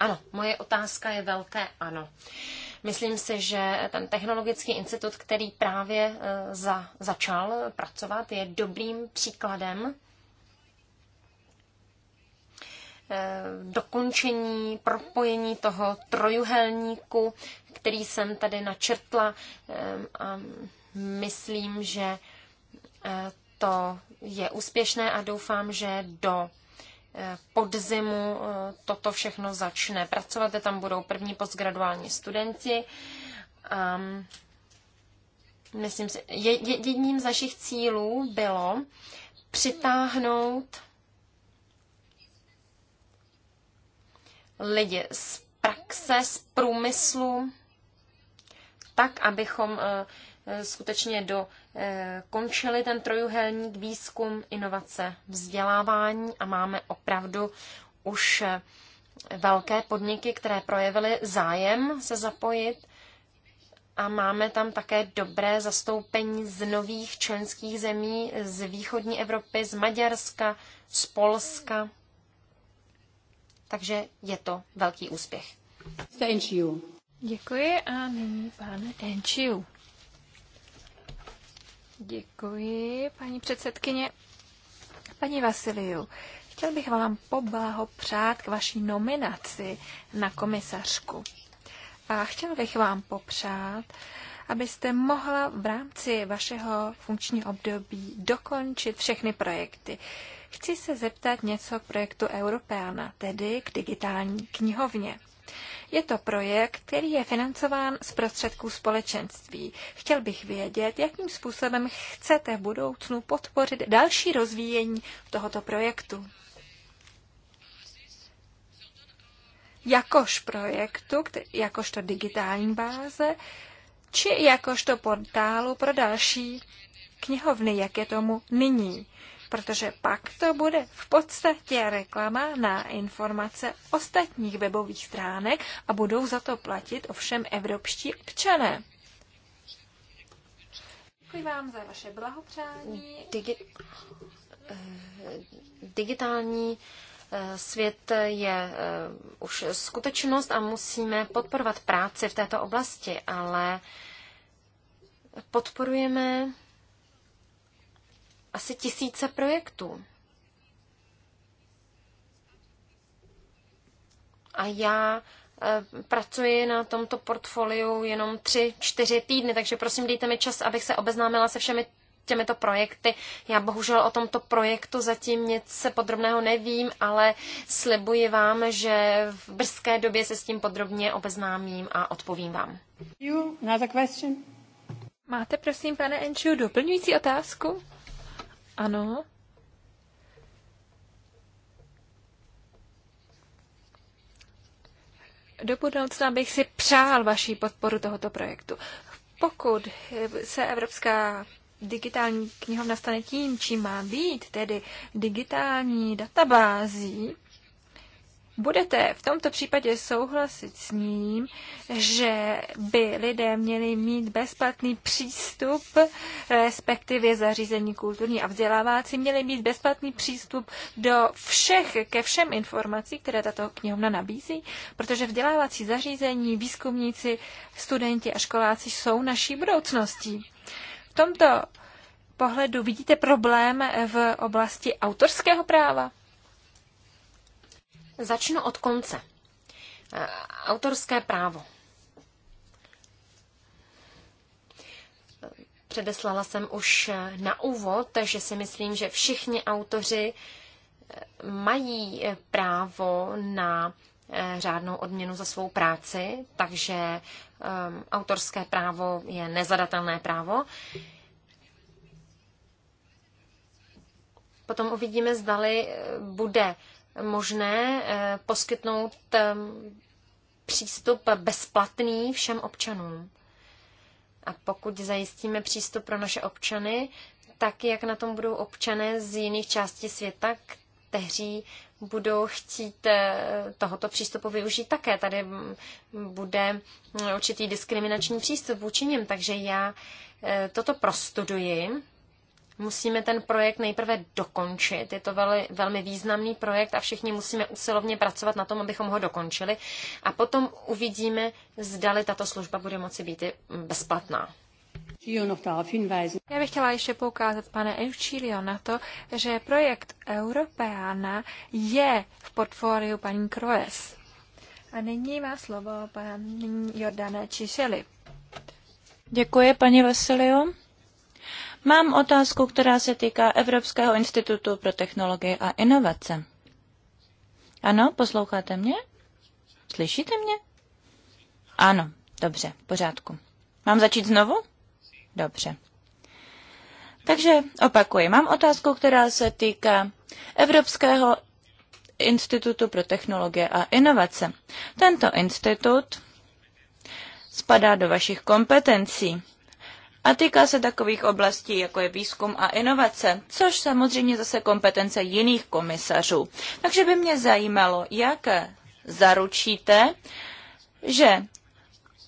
Ano, moje otázka je velké ano. Uh, Myslím si, že ten technologický institut, který právě e, za, začal pracovat, je dobrým příkladem e, dokončení, propojení toho trojuhelníku, který jsem tady načrtla e, a myslím, že to je úspěšné a doufám, že do Eh, podzimu eh, toto všechno začne pracovat. Tam budou první postgraduální studenti. Um, myslím si, jedním z našich cílů bylo přitáhnout lidi z praxe, z průmyslu, tak, abychom uh, Eh, skutečně dokončili eh, ten trojuhelník výzkum, inovace, vzdělávání a máme opravdu už eh, velké podniky, které projevily zájem se zapojit a máme tam také dobré zastoupení z nových členských zemí, z východní Evropy, z Maďarska, z Polska. Takže je to velký úspěch. Děkuji a nyní pan Enčiu. Děkuji, paní předsedkyně. Paní Vasiliu, chtěl bych vám poblahopřát k vaší nominaci na komisařku. A chtěl bych vám popřát, abyste mohla v rámci vašeho funkčního období dokončit všechny projekty. Chci se zeptat něco k projektu Europeana, tedy k digitální knihovně. Je to projekt, který je financován z prostředků společenství. Chtěl bych vědět, jakým způsobem chcete v budoucnu podpořit další rozvíjení tohoto projektu. Jakož projektu, jakožto digitální báze, či jakožto portálu pro další knihovny, jak je tomu nyní protože pak to bude v podstatě reklama na informace ostatních webových stránek a budou za to platit ovšem evropští občané. Děkuji vám za vaše blahopřání. Digi- eh, digitální eh, svět je eh, už skutečnost a musíme podporovat práci v této oblasti, ale podporujeme asi tisíce projektů. A já eh, pracuji na tomto portfoliu jenom tři, čtyři týdny, takže prosím dejte mi čas, abych se obeznámila se všemi těmito projekty. Já bohužel o tomto projektu zatím nic podrobného nevím, ale slibuji vám, že v brzké době se s tím podrobně obeznámím a odpovím vám. You, Máte prosím, pane Enčiu, doplňující otázku? Ano. Do budoucna bych si přál vaší podporu tohoto projektu. Pokud se Evropská digitální knihovna stane tím, čím má být, tedy digitální databází, Budete v tomto případě souhlasit s ním, že by lidé měli mít bezplatný přístup, respektive zařízení kulturní a vzdělávací měli mít bezplatný přístup do všech, ke všem informací, které tato knihovna nabízí, protože vzdělávací zařízení, výzkumníci, studenti a školáci jsou naší budoucností. V tomto pohledu vidíte problém v oblasti autorského práva? Začnu od konce. Eh, autorské právo. Předeslala jsem už eh, na úvod, že si myslím, že všichni autoři eh, mají právo na řádnou odměnu za svou práci, takže um, autorské právo je nezadatelné právo. Potom uvidíme, zdali bude možné eh, poskytnout ehm, přístup bezplatný všem občanům. A pokud zajistíme přístup pro naše občany, tak jak na tom budou občané z jiných částí světa, kteří budou chtít eh, tohoto přístupu využít také. Tady mm, bude mm, určitý diskriminační přístup vůči nim, takže já eh, toto prostuduji musíme ten projekt nejprve dokončit. Je to veli, velmi významný projekt a všichni musíme usilovně pracovat na tom, abychom ho dokončili. A potom uvidíme, zdali tato služba bude moci být bezplatná. Já bych chtěla ještě poukázat, pane Eucilio, na to, že projekt Europeana je v portfoliu paní Kroes. A nyní má slovo pan Jordana Čišeli. Děkuji, paní Vasilio. Mám otázku, která se týká Evropského institutu pro technologie a inovace. Ano, posloucháte mě? Slyšíte mě? Ano, dobře, v pořádku. Mám začít znovu? Dobře. Takže opakuji, mám otázku, která se týká Evropského institutu pro technologie a inovace. Tento institut spadá do vašich kompetencí a týká se takových oblastí, jako je výzkum a inovace, což samozřejmě zase kompetence jiných komisařů. Takže by mě zajímalo, jak zaručíte, že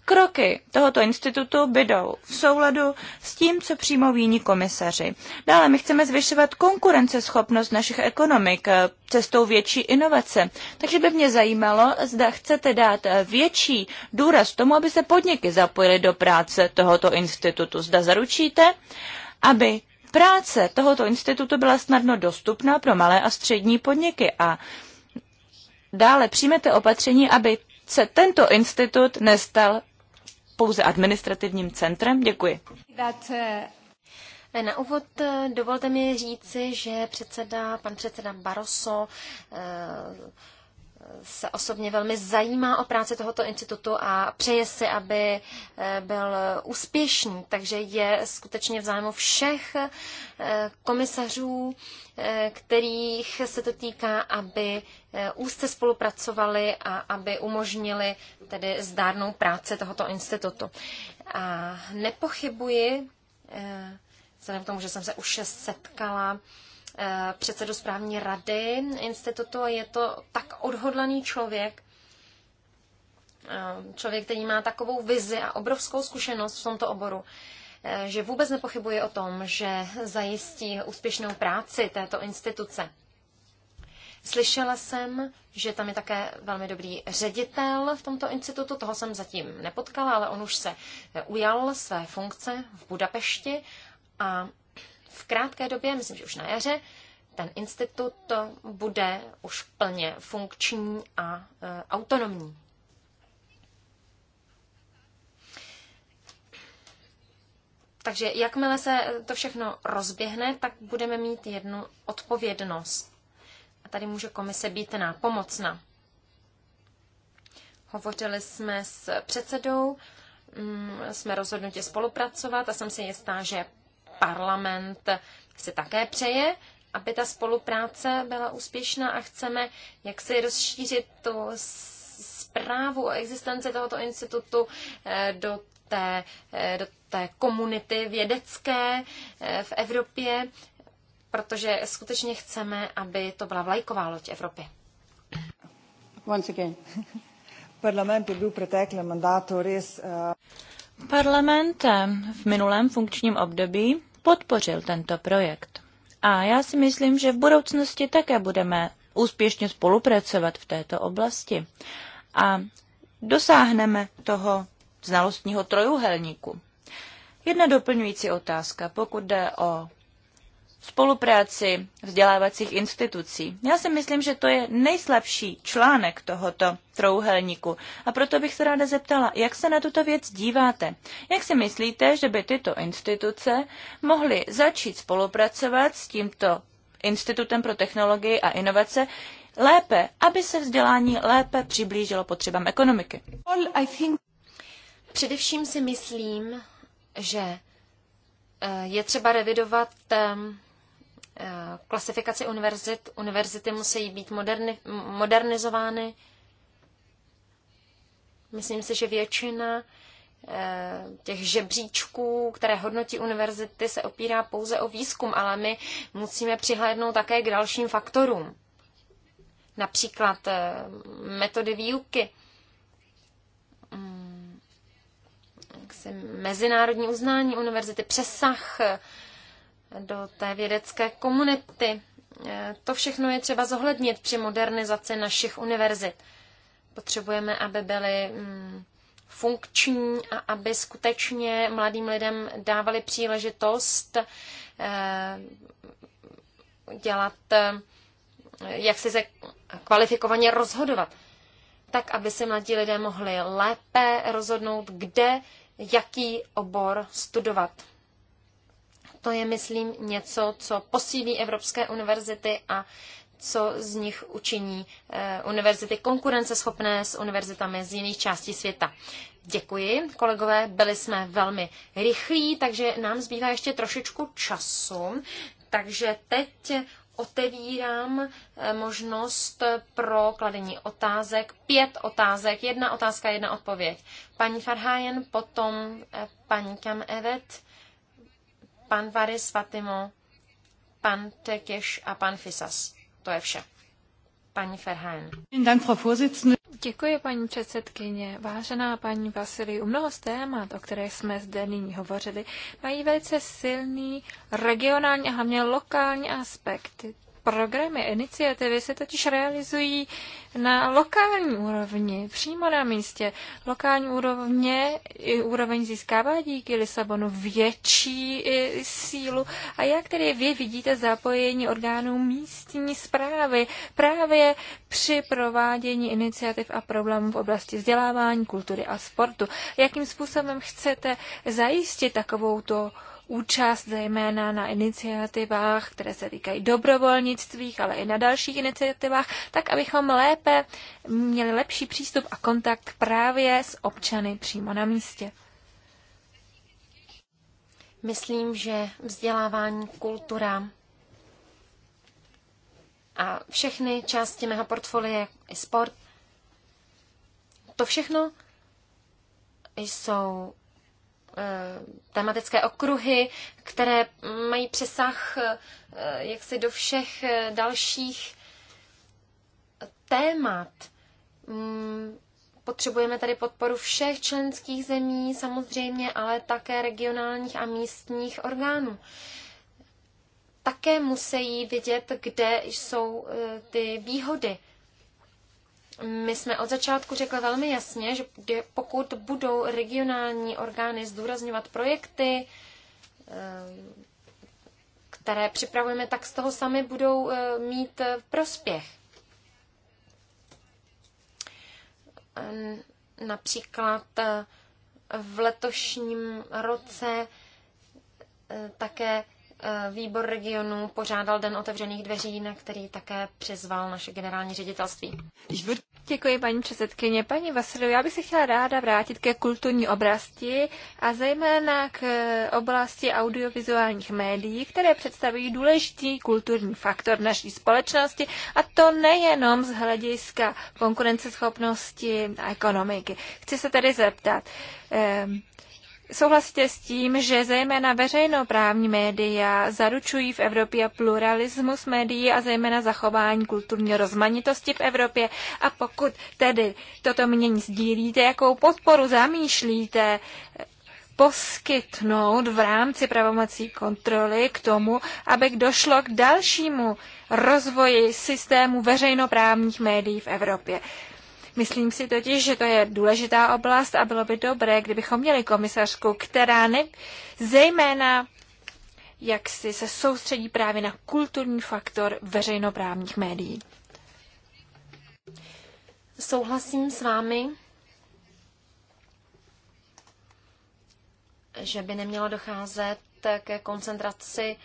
Kroky tohoto institutu bydou v souladu s tím, co přijmou jiní komisaři. Dále my chceme zvyšovat konkurenceschopnost našich ekonomik cestou větší inovace. Takže by mě zajímalo, zda chcete dát větší důraz tomu, aby se podniky zapojily do práce tohoto institutu. Zda zaručíte, aby práce tohoto institutu byla snadno dostupná pro malé a střední podniky a dále přijmete opatření, aby se tento institut nestal pouze administrativním centrem? Děkuji. Eh, eh, na úvod eh, dovolte mi říci, že předseda, pan předseda Barroso se osobně velmi zajímá o práci tohoto institutu a přeje si, aby eh, byl úspěšný. Takže je skutečně v zájmu všech eh, komisařů, eh, kterých se to týká, aby úzce spolupracovali a aby umožnili tedy zdárnou práci tohoto institutu. A nepochybuji, vzhledem k tomu, že jsem se už setkala Eh, předsedu správní rady institutu. Je to tak odhodlaný člověk, eh, člověk, který má takovou vizi a obrovskou zkušenost v tomto oboru, eh, že vůbec nepochybuje o tom, že zajistí úspěšnou práci této instituce. Slyšela jsem, že tam je také velmi dobrý ředitel v tomto institutu, toho jsem zatím nepotkala, ale on už se ujal své funkce v Budapešti a v krátké době, myslím, že už na jaře, ten institut bude už plně funkční a e, autonomní. Takže jakmile se to všechno rozběhne, tak budeme mít jednu odpovědnost. A tady může komise být nápomocna. Hovořili jsme s předsedou, mm, jsme rozhodnutě spolupracovat a jsem si jistá, že parlament si také přeje, aby ta spolupráce byla úspěšná a chceme jak si rozšířit tu zprávu o existenci tohoto institutu eh, do té, eh, do té komunity vědecké eh, v Evropě, protože skutečně chceme, aby to byla vlajková loď Evropy. Once again. Parlament byl mandátu res. Uh... Parlament v minulém funkčním období podpořil tento projekt. A já si myslím, že v budoucnosti také budeme úspěšně spolupracovat v této oblasti a dosáhneme toho znalostního trojuhelníku. Jedna doplňující otázka, pokud jde o spolupráci vzdělávacích institucí. Já si myslím, že to je nejslabší článek tohoto trouhelníku a proto bych se ráda zeptala, jak se na tuto věc díváte. Jak si myslíte, že by tyto instituce mohly začít spolupracovat s tímto Institutem pro technologii a inovace lépe, aby se vzdělání lépe přiblížilo potřebám ekonomiky? Především si myslím, že eh, je třeba revidovat ehm, Eh, klasifikaci univerzit. Univerzity musí být moderni, modernizovány. Myslím si, že většina eh, těch žebříčků, které hodnotí univerzity, se opírá pouze o výzkum, ale my musíme přihlédnout také k dalším faktorům. Například eh, metody výuky, hmm. mezinárodní uznání univerzity, přesah do té vědecké komunity. Eh, to všechno je třeba zohlednit při modernizaci našich univerzit. Potřebujeme, aby byly mm, funkční a aby skutečně mladým lidem dávali příležitost eh, dělat, eh, jak si se kvalifikovaně rozhodovat, tak aby si mladí lidé mohli lépe rozhodnout, kde, jaký obor studovat to je, myslím, něco, co posílí evropské univerzity a co z nich učiní eh, univerzity konkurenceschopné s univerzitami z jiných částí světa. Děkuji, kolegové, byli jsme velmi rychlí, takže nám zbývá ještě trošičku času. Takže teď otevírám eh, možnost pro kladení otázek. Pět otázek, jedna otázka, jedna odpověď. Paní Farhajen, potom eh, paní Kam Evet, pan Varis Fatimo, pan Tekeš a pan Fisas. To je vše. Paní Ferhán. Děkuji, paní předsedkyně. Vážená paní Vasily, u mnoho z témat, o které jsme zde nyní hovořili, mají velice silný regionální a hlavně lokální aspekt programy, iniciativy se totiž realizují na lokální úrovni, přímo na místě. Lokální úrovně, úroveň získává díky Lisabonu větší sílu. A jak tedy vy vidíte zapojení orgánů místní zprávy právě při provádění iniciativ a problémů v oblasti vzdělávání, kultury a sportu? Jakým způsobem chcete zajistit takovou to účast zejména na iniciativách, které se týkají dobrovolnictvích, ale i na dalších iniciativách, tak abychom lépe měli lepší přístup a kontakt právě s občany přímo na místě. Myslím, že vzdělávání, kultura a všechny části mého portfolia, i sport, to všechno jsou Eh, tematické okruhy, které mají přesah eh, jaksi do všech eh, dalších témat. Mm, potřebujeme tady podporu všech členských zemí, samozřejmě, ale také regionálních a místních orgánů. Také musí vidět, kde jsou ty výhody my jsme od začátku řekli velmi jasně, že pokud budou regionální orgány zdůrazňovat projekty, eh, které připravujeme, tak z toho sami budou eh, mít eh, prospěch. Například v letošním roce také Eh, výbor regionu pořádal Den otevřených dveří, na který také přizval naše generální ředitelství. Děkuji, paní předsedkyně. Paní Vasilu, já bych se chtěla ráda vrátit ke kulturní oblasti a zejména k eh, oblasti audiovizuálních médií, které představují důležitý kulturní faktor naší společnosti a to nejenom z hlediska konkurenceschopnosti a ekonomiky. Chci se tedy zeptat, eh, Souhlasíte s tím, že zejména veřejnoprávní média zaručují v Evropě pluralismus médií a zejména zachování kulturní rozmanitosti v Evropě? A pokud tedy toto mění sdílíte, jakou podporu zamýšlíte poskytnout v rámci pravomocí kontroly k tomu, aby došlo k dalšímu rozvoji systému veřejnoprávních médií v Evropě. Myslím si totiž, že to je důležitá oblast a bylo by dobré, kdybychom měli komisařku, která ne, zejména jak si se soustředí právě na kulturní faktor veřejnoprávních médií. Souhlasím s vámi, že by nemělo docházet ke koncentraci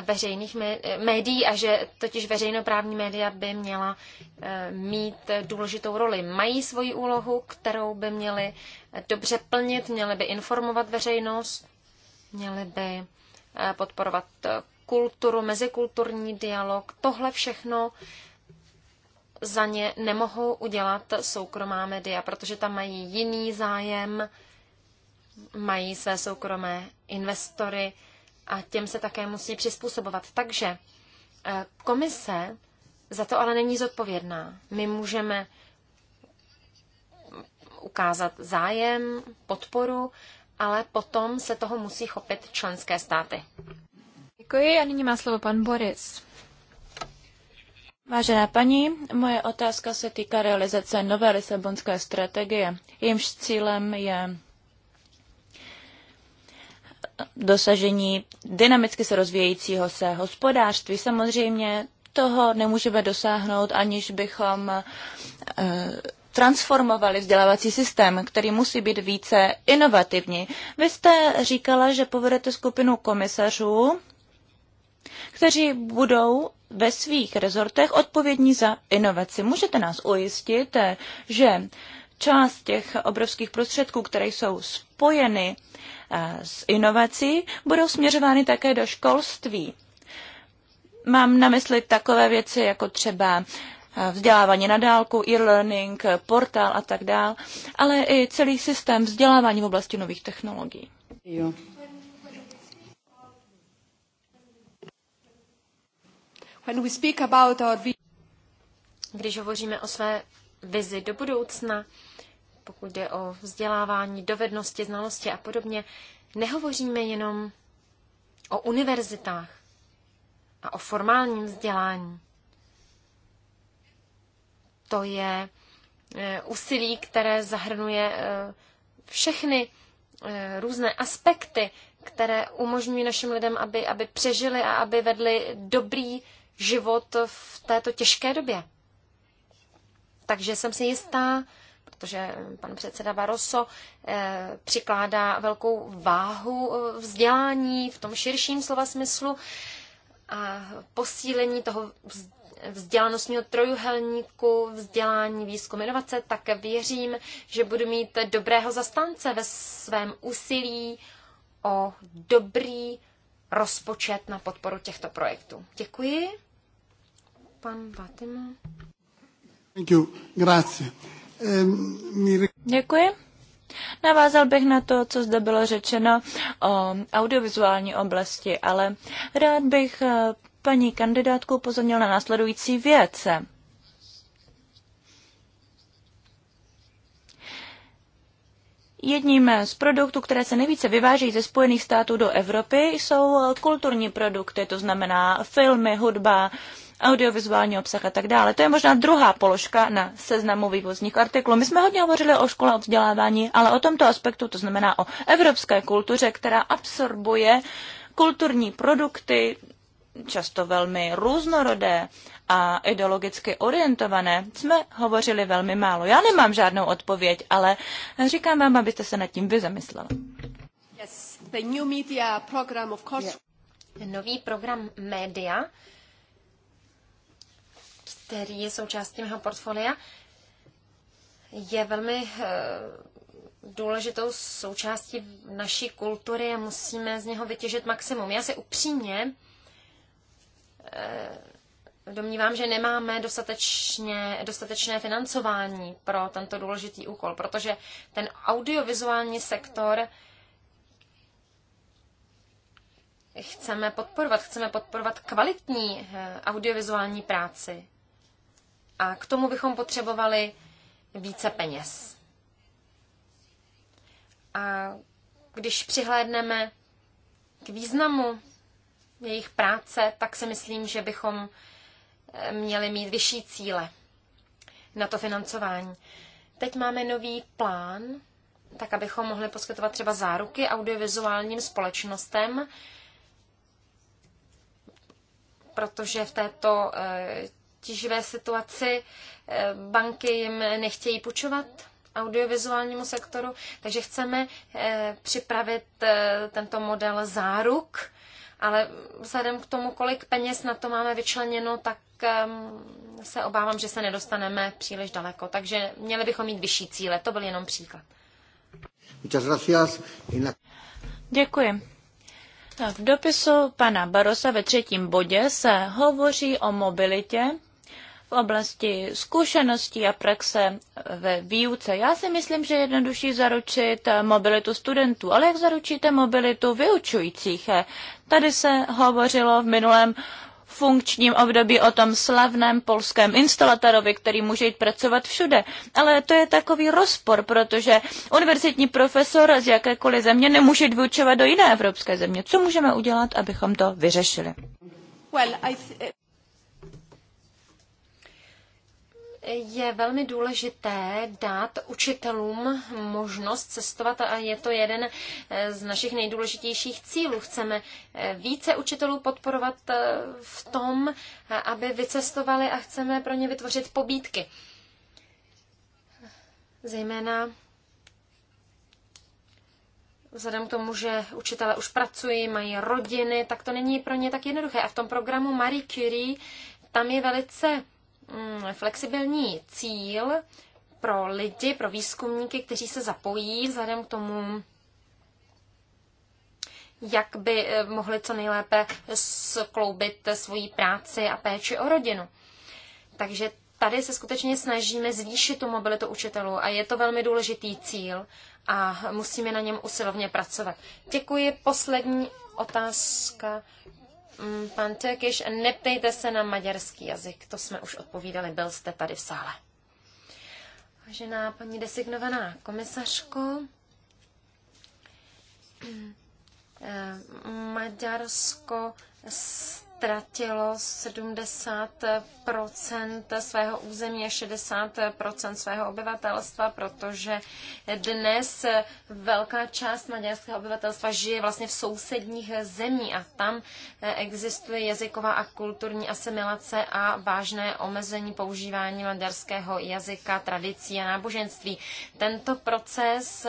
veřejných médií a že totiž veřejnoprávní média by měla eh, mít důležitou roli. Mají svoji úlohu, kterou by měly eh, dobře plnit, měly by informovat veřejnost, měly by eh, podporovat kulturu, mezikulturní dialog. Tohle všechno za ně nemohou udělat soukromá média, protože tam mají jiný zájem, mají své soukromé investory, a těm se také musí přizpůsobovat. Takže eh, komise za to ale není zodpovědná. My můžeme ukázat zájem, podporu, ale potom se toho musí chopit členské státy. Děkuji a nyní má slovo pan Boris. Vážená paní, moje otázka se týká realizace nové Lisabonské strategie. Jejímž cílem je dosažení dynamicky se rozvíjejícího se hospodářství. Samozřejmě toho nemůžeme dosáhnout, aniž bychom eh, transformovali vzdělávací systém, který musí být více inovativní. Vy jste říkala, že povedete skupinu komisařů, kteří budou ve svých rezortech odpovědní za inovaci. Můžete nás ujistit, že část těch obrovských prostředků, které jsou spojeny z inovací budou směřovány také do školství. Mám na mysli takové věci jako třeba vzdělávání na dálku, e-learning, portál a tak dál, ale i celý systém vzdělávání v oblasti nových technologií. Jo. Když hovoříme o své vizi do budoucna, pokud jde o vzdělávání, dovednosti, znalosti a podobně, nehovoříme jenom o univerzitách a o formálním vzdělání. To je e, úsilí, které zahrnuje e, všechny e, různé aspekty, které umožňují našim lidem, aby, aby přežili a aby vedli dobrý život v této těžké době. Takže jsem si jistá, protože pan předseda Barroso eh, přikládá velkou váhu eh, vzdělání v tom širším slova smyslu a posílení toho vzdělanostního trojuhelníku, vzdělání, výzkum, inovace, tak věřím, že budu mít dobrého zastánce ve svém úsilí o dobrý rozpočet na podporu těchto projektů. Děkuji. Pan Vatima. Thank you. Grazie. Děkuji. Navázal bych na to, co zde bylo řečeno o audiovizuální oblasti, ale rád bych eh, paní kandidátku upozornil na následující věc. Jedním z produktů, které se nejvíce vyváží ze Spojených států do Evropy, jsou kulturní produkty, to znamená filmy, hudba, audiovizuální obsah a tak dále. To je možná druhá položka na seznamu vývozních artiklů. My jsme hodně hovořili o škole o vzdělávání, ale o tomto aspektu, to znamená o evropské kultuře, která absorbuje kulturní produkty, často velmi různorodé a ideologicky orientované, jsme hovořili velmi málo. Já nemám žádnou odpověď, ale říkám vám, abyste se nad tím vy zamysleli. Yes, the new media program, of course. Yeah. Nový program média který je součástí mého portfolia, je velmi eh, důležitou součástí naší kultury a musíme z něho vytěžit maximum. Já se upřímně eh, domnívám, že nemáme dostatečně, dostatečné financování pro tento důležitý úkol, protože ten audiovizuální sektor chceme podporovat. Chceme podporovat kvalitní eh, audiovizuální práci. A k tomu bychom potřebovali více peněz. A když přihlédneme k významu jejich práce, tak si myslím, že bychom eh, měli mít vyšší cíle na to financování. Teď máme nový plán, tak abychom mohli poskytovat třeba záruky audiovizuálním společnostem, protože v této eh, tíživé situaci, eh, banky jim nechtějí půjčovat audiovizuálnímu sektoru, takže chceme eh, připravit eh, tento model záruk, ale vzhledem k tomu, kolik peněz na to máme vyčleněno, tak ehm, se obávám, že se nedostaneme příliš daleko. Takže měli bychom mít vyšší cíle. To byl jenom příklad. Děkuji. V dopisu pana Barosa ve třetím bodě se hovoří o mobilitě v oblasti zkušeností a praxe ve výuce. Já si myslím, že je jednodušší zaručit mobilitu studentů, ale jak zaručíte mobilitu vyučujících? Tady se hovořilo v minulém funkčním období o tom slavném polském instalatorovi, který může jít pracovat všude. Ale to je takový rozpor, protože univerzitní profesor z jakékoliv země nemůže jít vyučovat do jiné evropské země. Co můžeme udělat, abychom to vyřešili? Well, I je velmi důležité dát učitelům možnost cestovat a je to jeden eh, z našich nejdůležitějších cílů. Chceme eh, více učitelů podporovat eh, v tom, aby vycestovali a chceme pro ně vytvořit pobídky. Zejména vzhledem k tomu, že učitele už pracují, mají rodiny, tak to není pro ně tak jednoduché. A v tom programu Marie Curie tam je velice Mm, flexibilní cíl pro lidi, pro výzkumníky, kteří se zapojí vzhledem k tomu, jak by eh, mohli co nejlépe skloubit svoji práci a péči o rodinu. Takže tady se skutečně snažíme zvýšit tu mobilitu učitelů a je to velmi důležitý cíl a musíme na něm usilovně pracovat. Děkuji. Poslední otázka Mm, pan Turkish, neptejte se na maďarský jazyk, to jsme už odpovídali, byl jste tady v sále. Vážená paní designovaná komisařko, eh, Maďarsko ztratilo 70 svého území a 60 svého obyvatelstva, protože dnes velká část maďarského obyvatelstva žije vlastně v sousedních zemí a tam existuje jazyková a kulturní asimilace a vážné omezení používání maďarského jazyka, tradicí a náboženství. Tento proces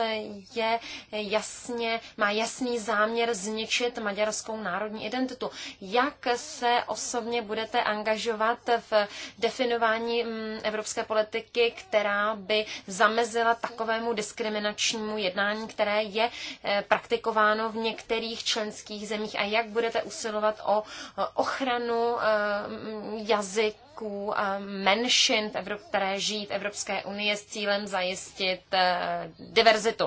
je jasně, má jasný záměr zničit maďarskou národní identitu. Jak se osobně budete angažovat v definování mm, evropské politiky, která by zamezila takovému diskriminačnímu jednání, které je eh, praktikováno v některých členských zemích a jak budete usilovat o eh, ochranu eh, jazyk a menšin, které žijí v Evropské unii s cílem zajistit diverzitu.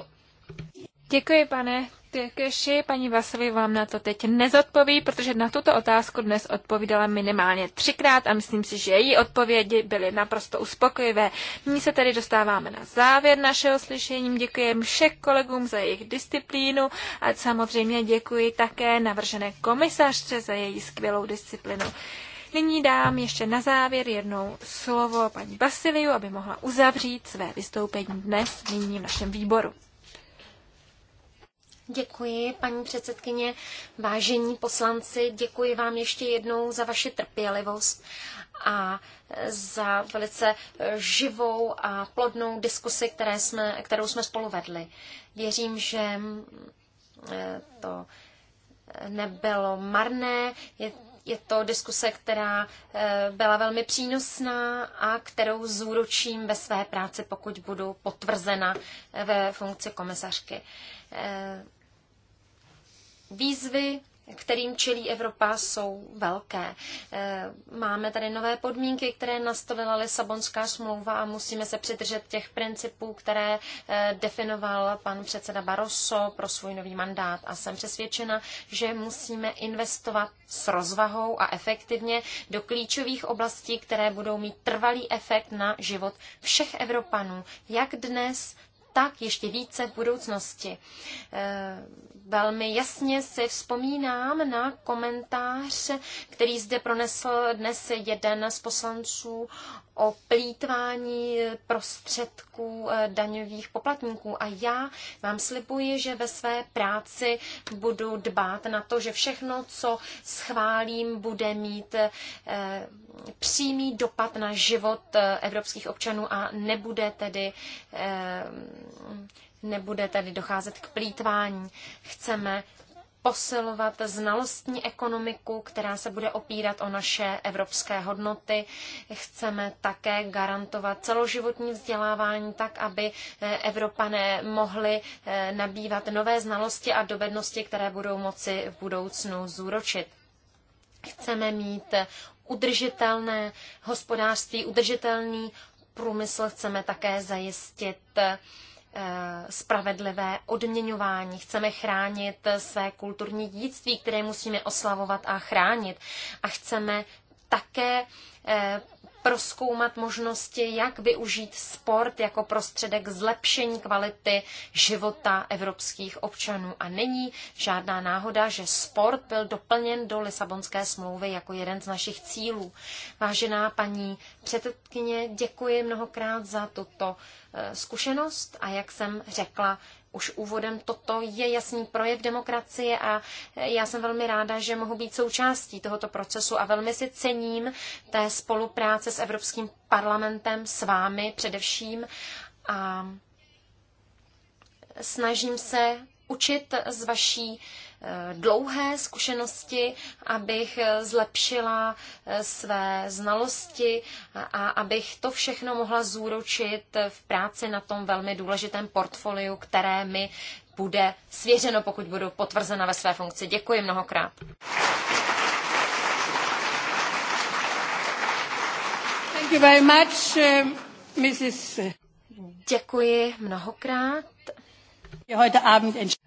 Děkuji, pane Kirkeši, paní Vasovi vám na to teď nezodpoví, protože na tuto otázku dnes odpovídala minimálně třikrát a myslím si, že její odpovědi byly naprosto uspokojivé. Nyní se tedy dostáváme na závěr našeho slyšení. Děkuji všem kolegům za jejich disciplínu a samozřejmě děkuji také navržené komisařce za její skvělou disciplinu. Nyní dám ještě na závěr jednou slovo paní Basiliu, aby mohla uzavřít své vystoupení dnes nyní v našem výboru. Děkuji, paní předsedkyně, vážení poslanci, děkuji vám ještě jednou za vaši trpělivost a za velice živou a plodnou diskusi, které jsme, kterou jsme spolu vedli. Věřím, že eh, to nebylo marné, je, je to diskuse, která eh, byla velmi přínosná a kterou zúročím ve své práci, pokud budu potvrzena eh, ve funkci komisařky. Výzvy, kterým čelí Evropa, jsou velké. Eh, máme tady nové podmínky, které nastolila Lisabonská smlouva a musíme se přidržet těch principů, které eh, definoval pan předseda Barroso pro svůj nový mandát. A jsem přesvědčena, že musíme investovat s rozvahou a efektivně do klíčových oblastí, které budou mít trvalý efekt na život všech Evropanů, jak dnes, tak ještě více v budoucnosti. Eh, velmi jasně si vzpomínám na komentář, který zde pronesl dnes jeden z poslanců o plítvání prostředků eh, daňových poplatníků. A já vám slibuji, že ve své práci budu dbát na to, že všechno, co schválím, bude mít eh, přímý dopad na život eh, evropských občanů a nebude tedy nebude tedy docházet k plítvání. Chceme posilovat znalostní ekonomiku, která se bude opírat o naše evropské hodnoty. Chceme také garantovat celoživotní vzdělávání tak, aby eh, Evropané mohli eh, nabývat nové znalosti a dovednosti, které budou moci v budoucnu zúročit. Chceme mít eh, udržitelné hospodářství, udržitelný průmysl, chceme také zajistit spravedlivé odměňování. Chceme chránit své kulturní dědictví, které musíme oslavovat a chránit. A chceme také eh, proskoumat možnosti, jak využít sport jako prostředek zlepšení kvality života evropských občanů. A není žádná náhoda, že sport byl doplněn do Lisabonské smlouvy jako jeden z našich cílů. Vážená paní předsedkyně, děkuji mnohokrát za tuto eh, zkušenost a jak jsem řekla, už úvodem, toto je jasný projekt demokracie a já jsem velmi ráda, že mohu být součástí tohoto procesu a velmi si cením té spolupráce s Evropským parlamentem, s vámi především a snažím se učit z vaší Eh, dlouhé zkušenosti, abych eh, zlepšila eh, své znalosti a abych to všechno mohla zúročit v práci na tom velmi důležitém portfoliu, které mi bude svěřeno, pokud budu potvrzena ve své funkci. Děkuji mnohokrát. Thank you very much, Mrs. Děkuji mnohokrát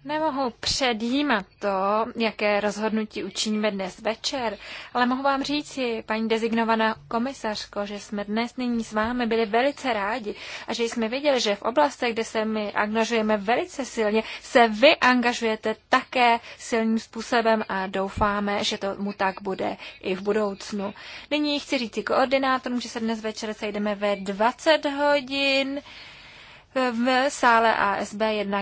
Nemohu předjímat to, jaké rozhodnutí učiníme dnes večer, ale mohu vám říci, paní dezignovaná komisařko, že jsme dnes nyní s vámi byli velice rádi a že jsme viděli, že v oblastech, kde se my angažujeme velice silně, se vy angažujete také silným způsobem a doufáme, že to mu tak bude i v budoucnu. Nyní chci říci koordinátorům, že se dnes večer sejdeme ve 20 hodin v sále ASB 1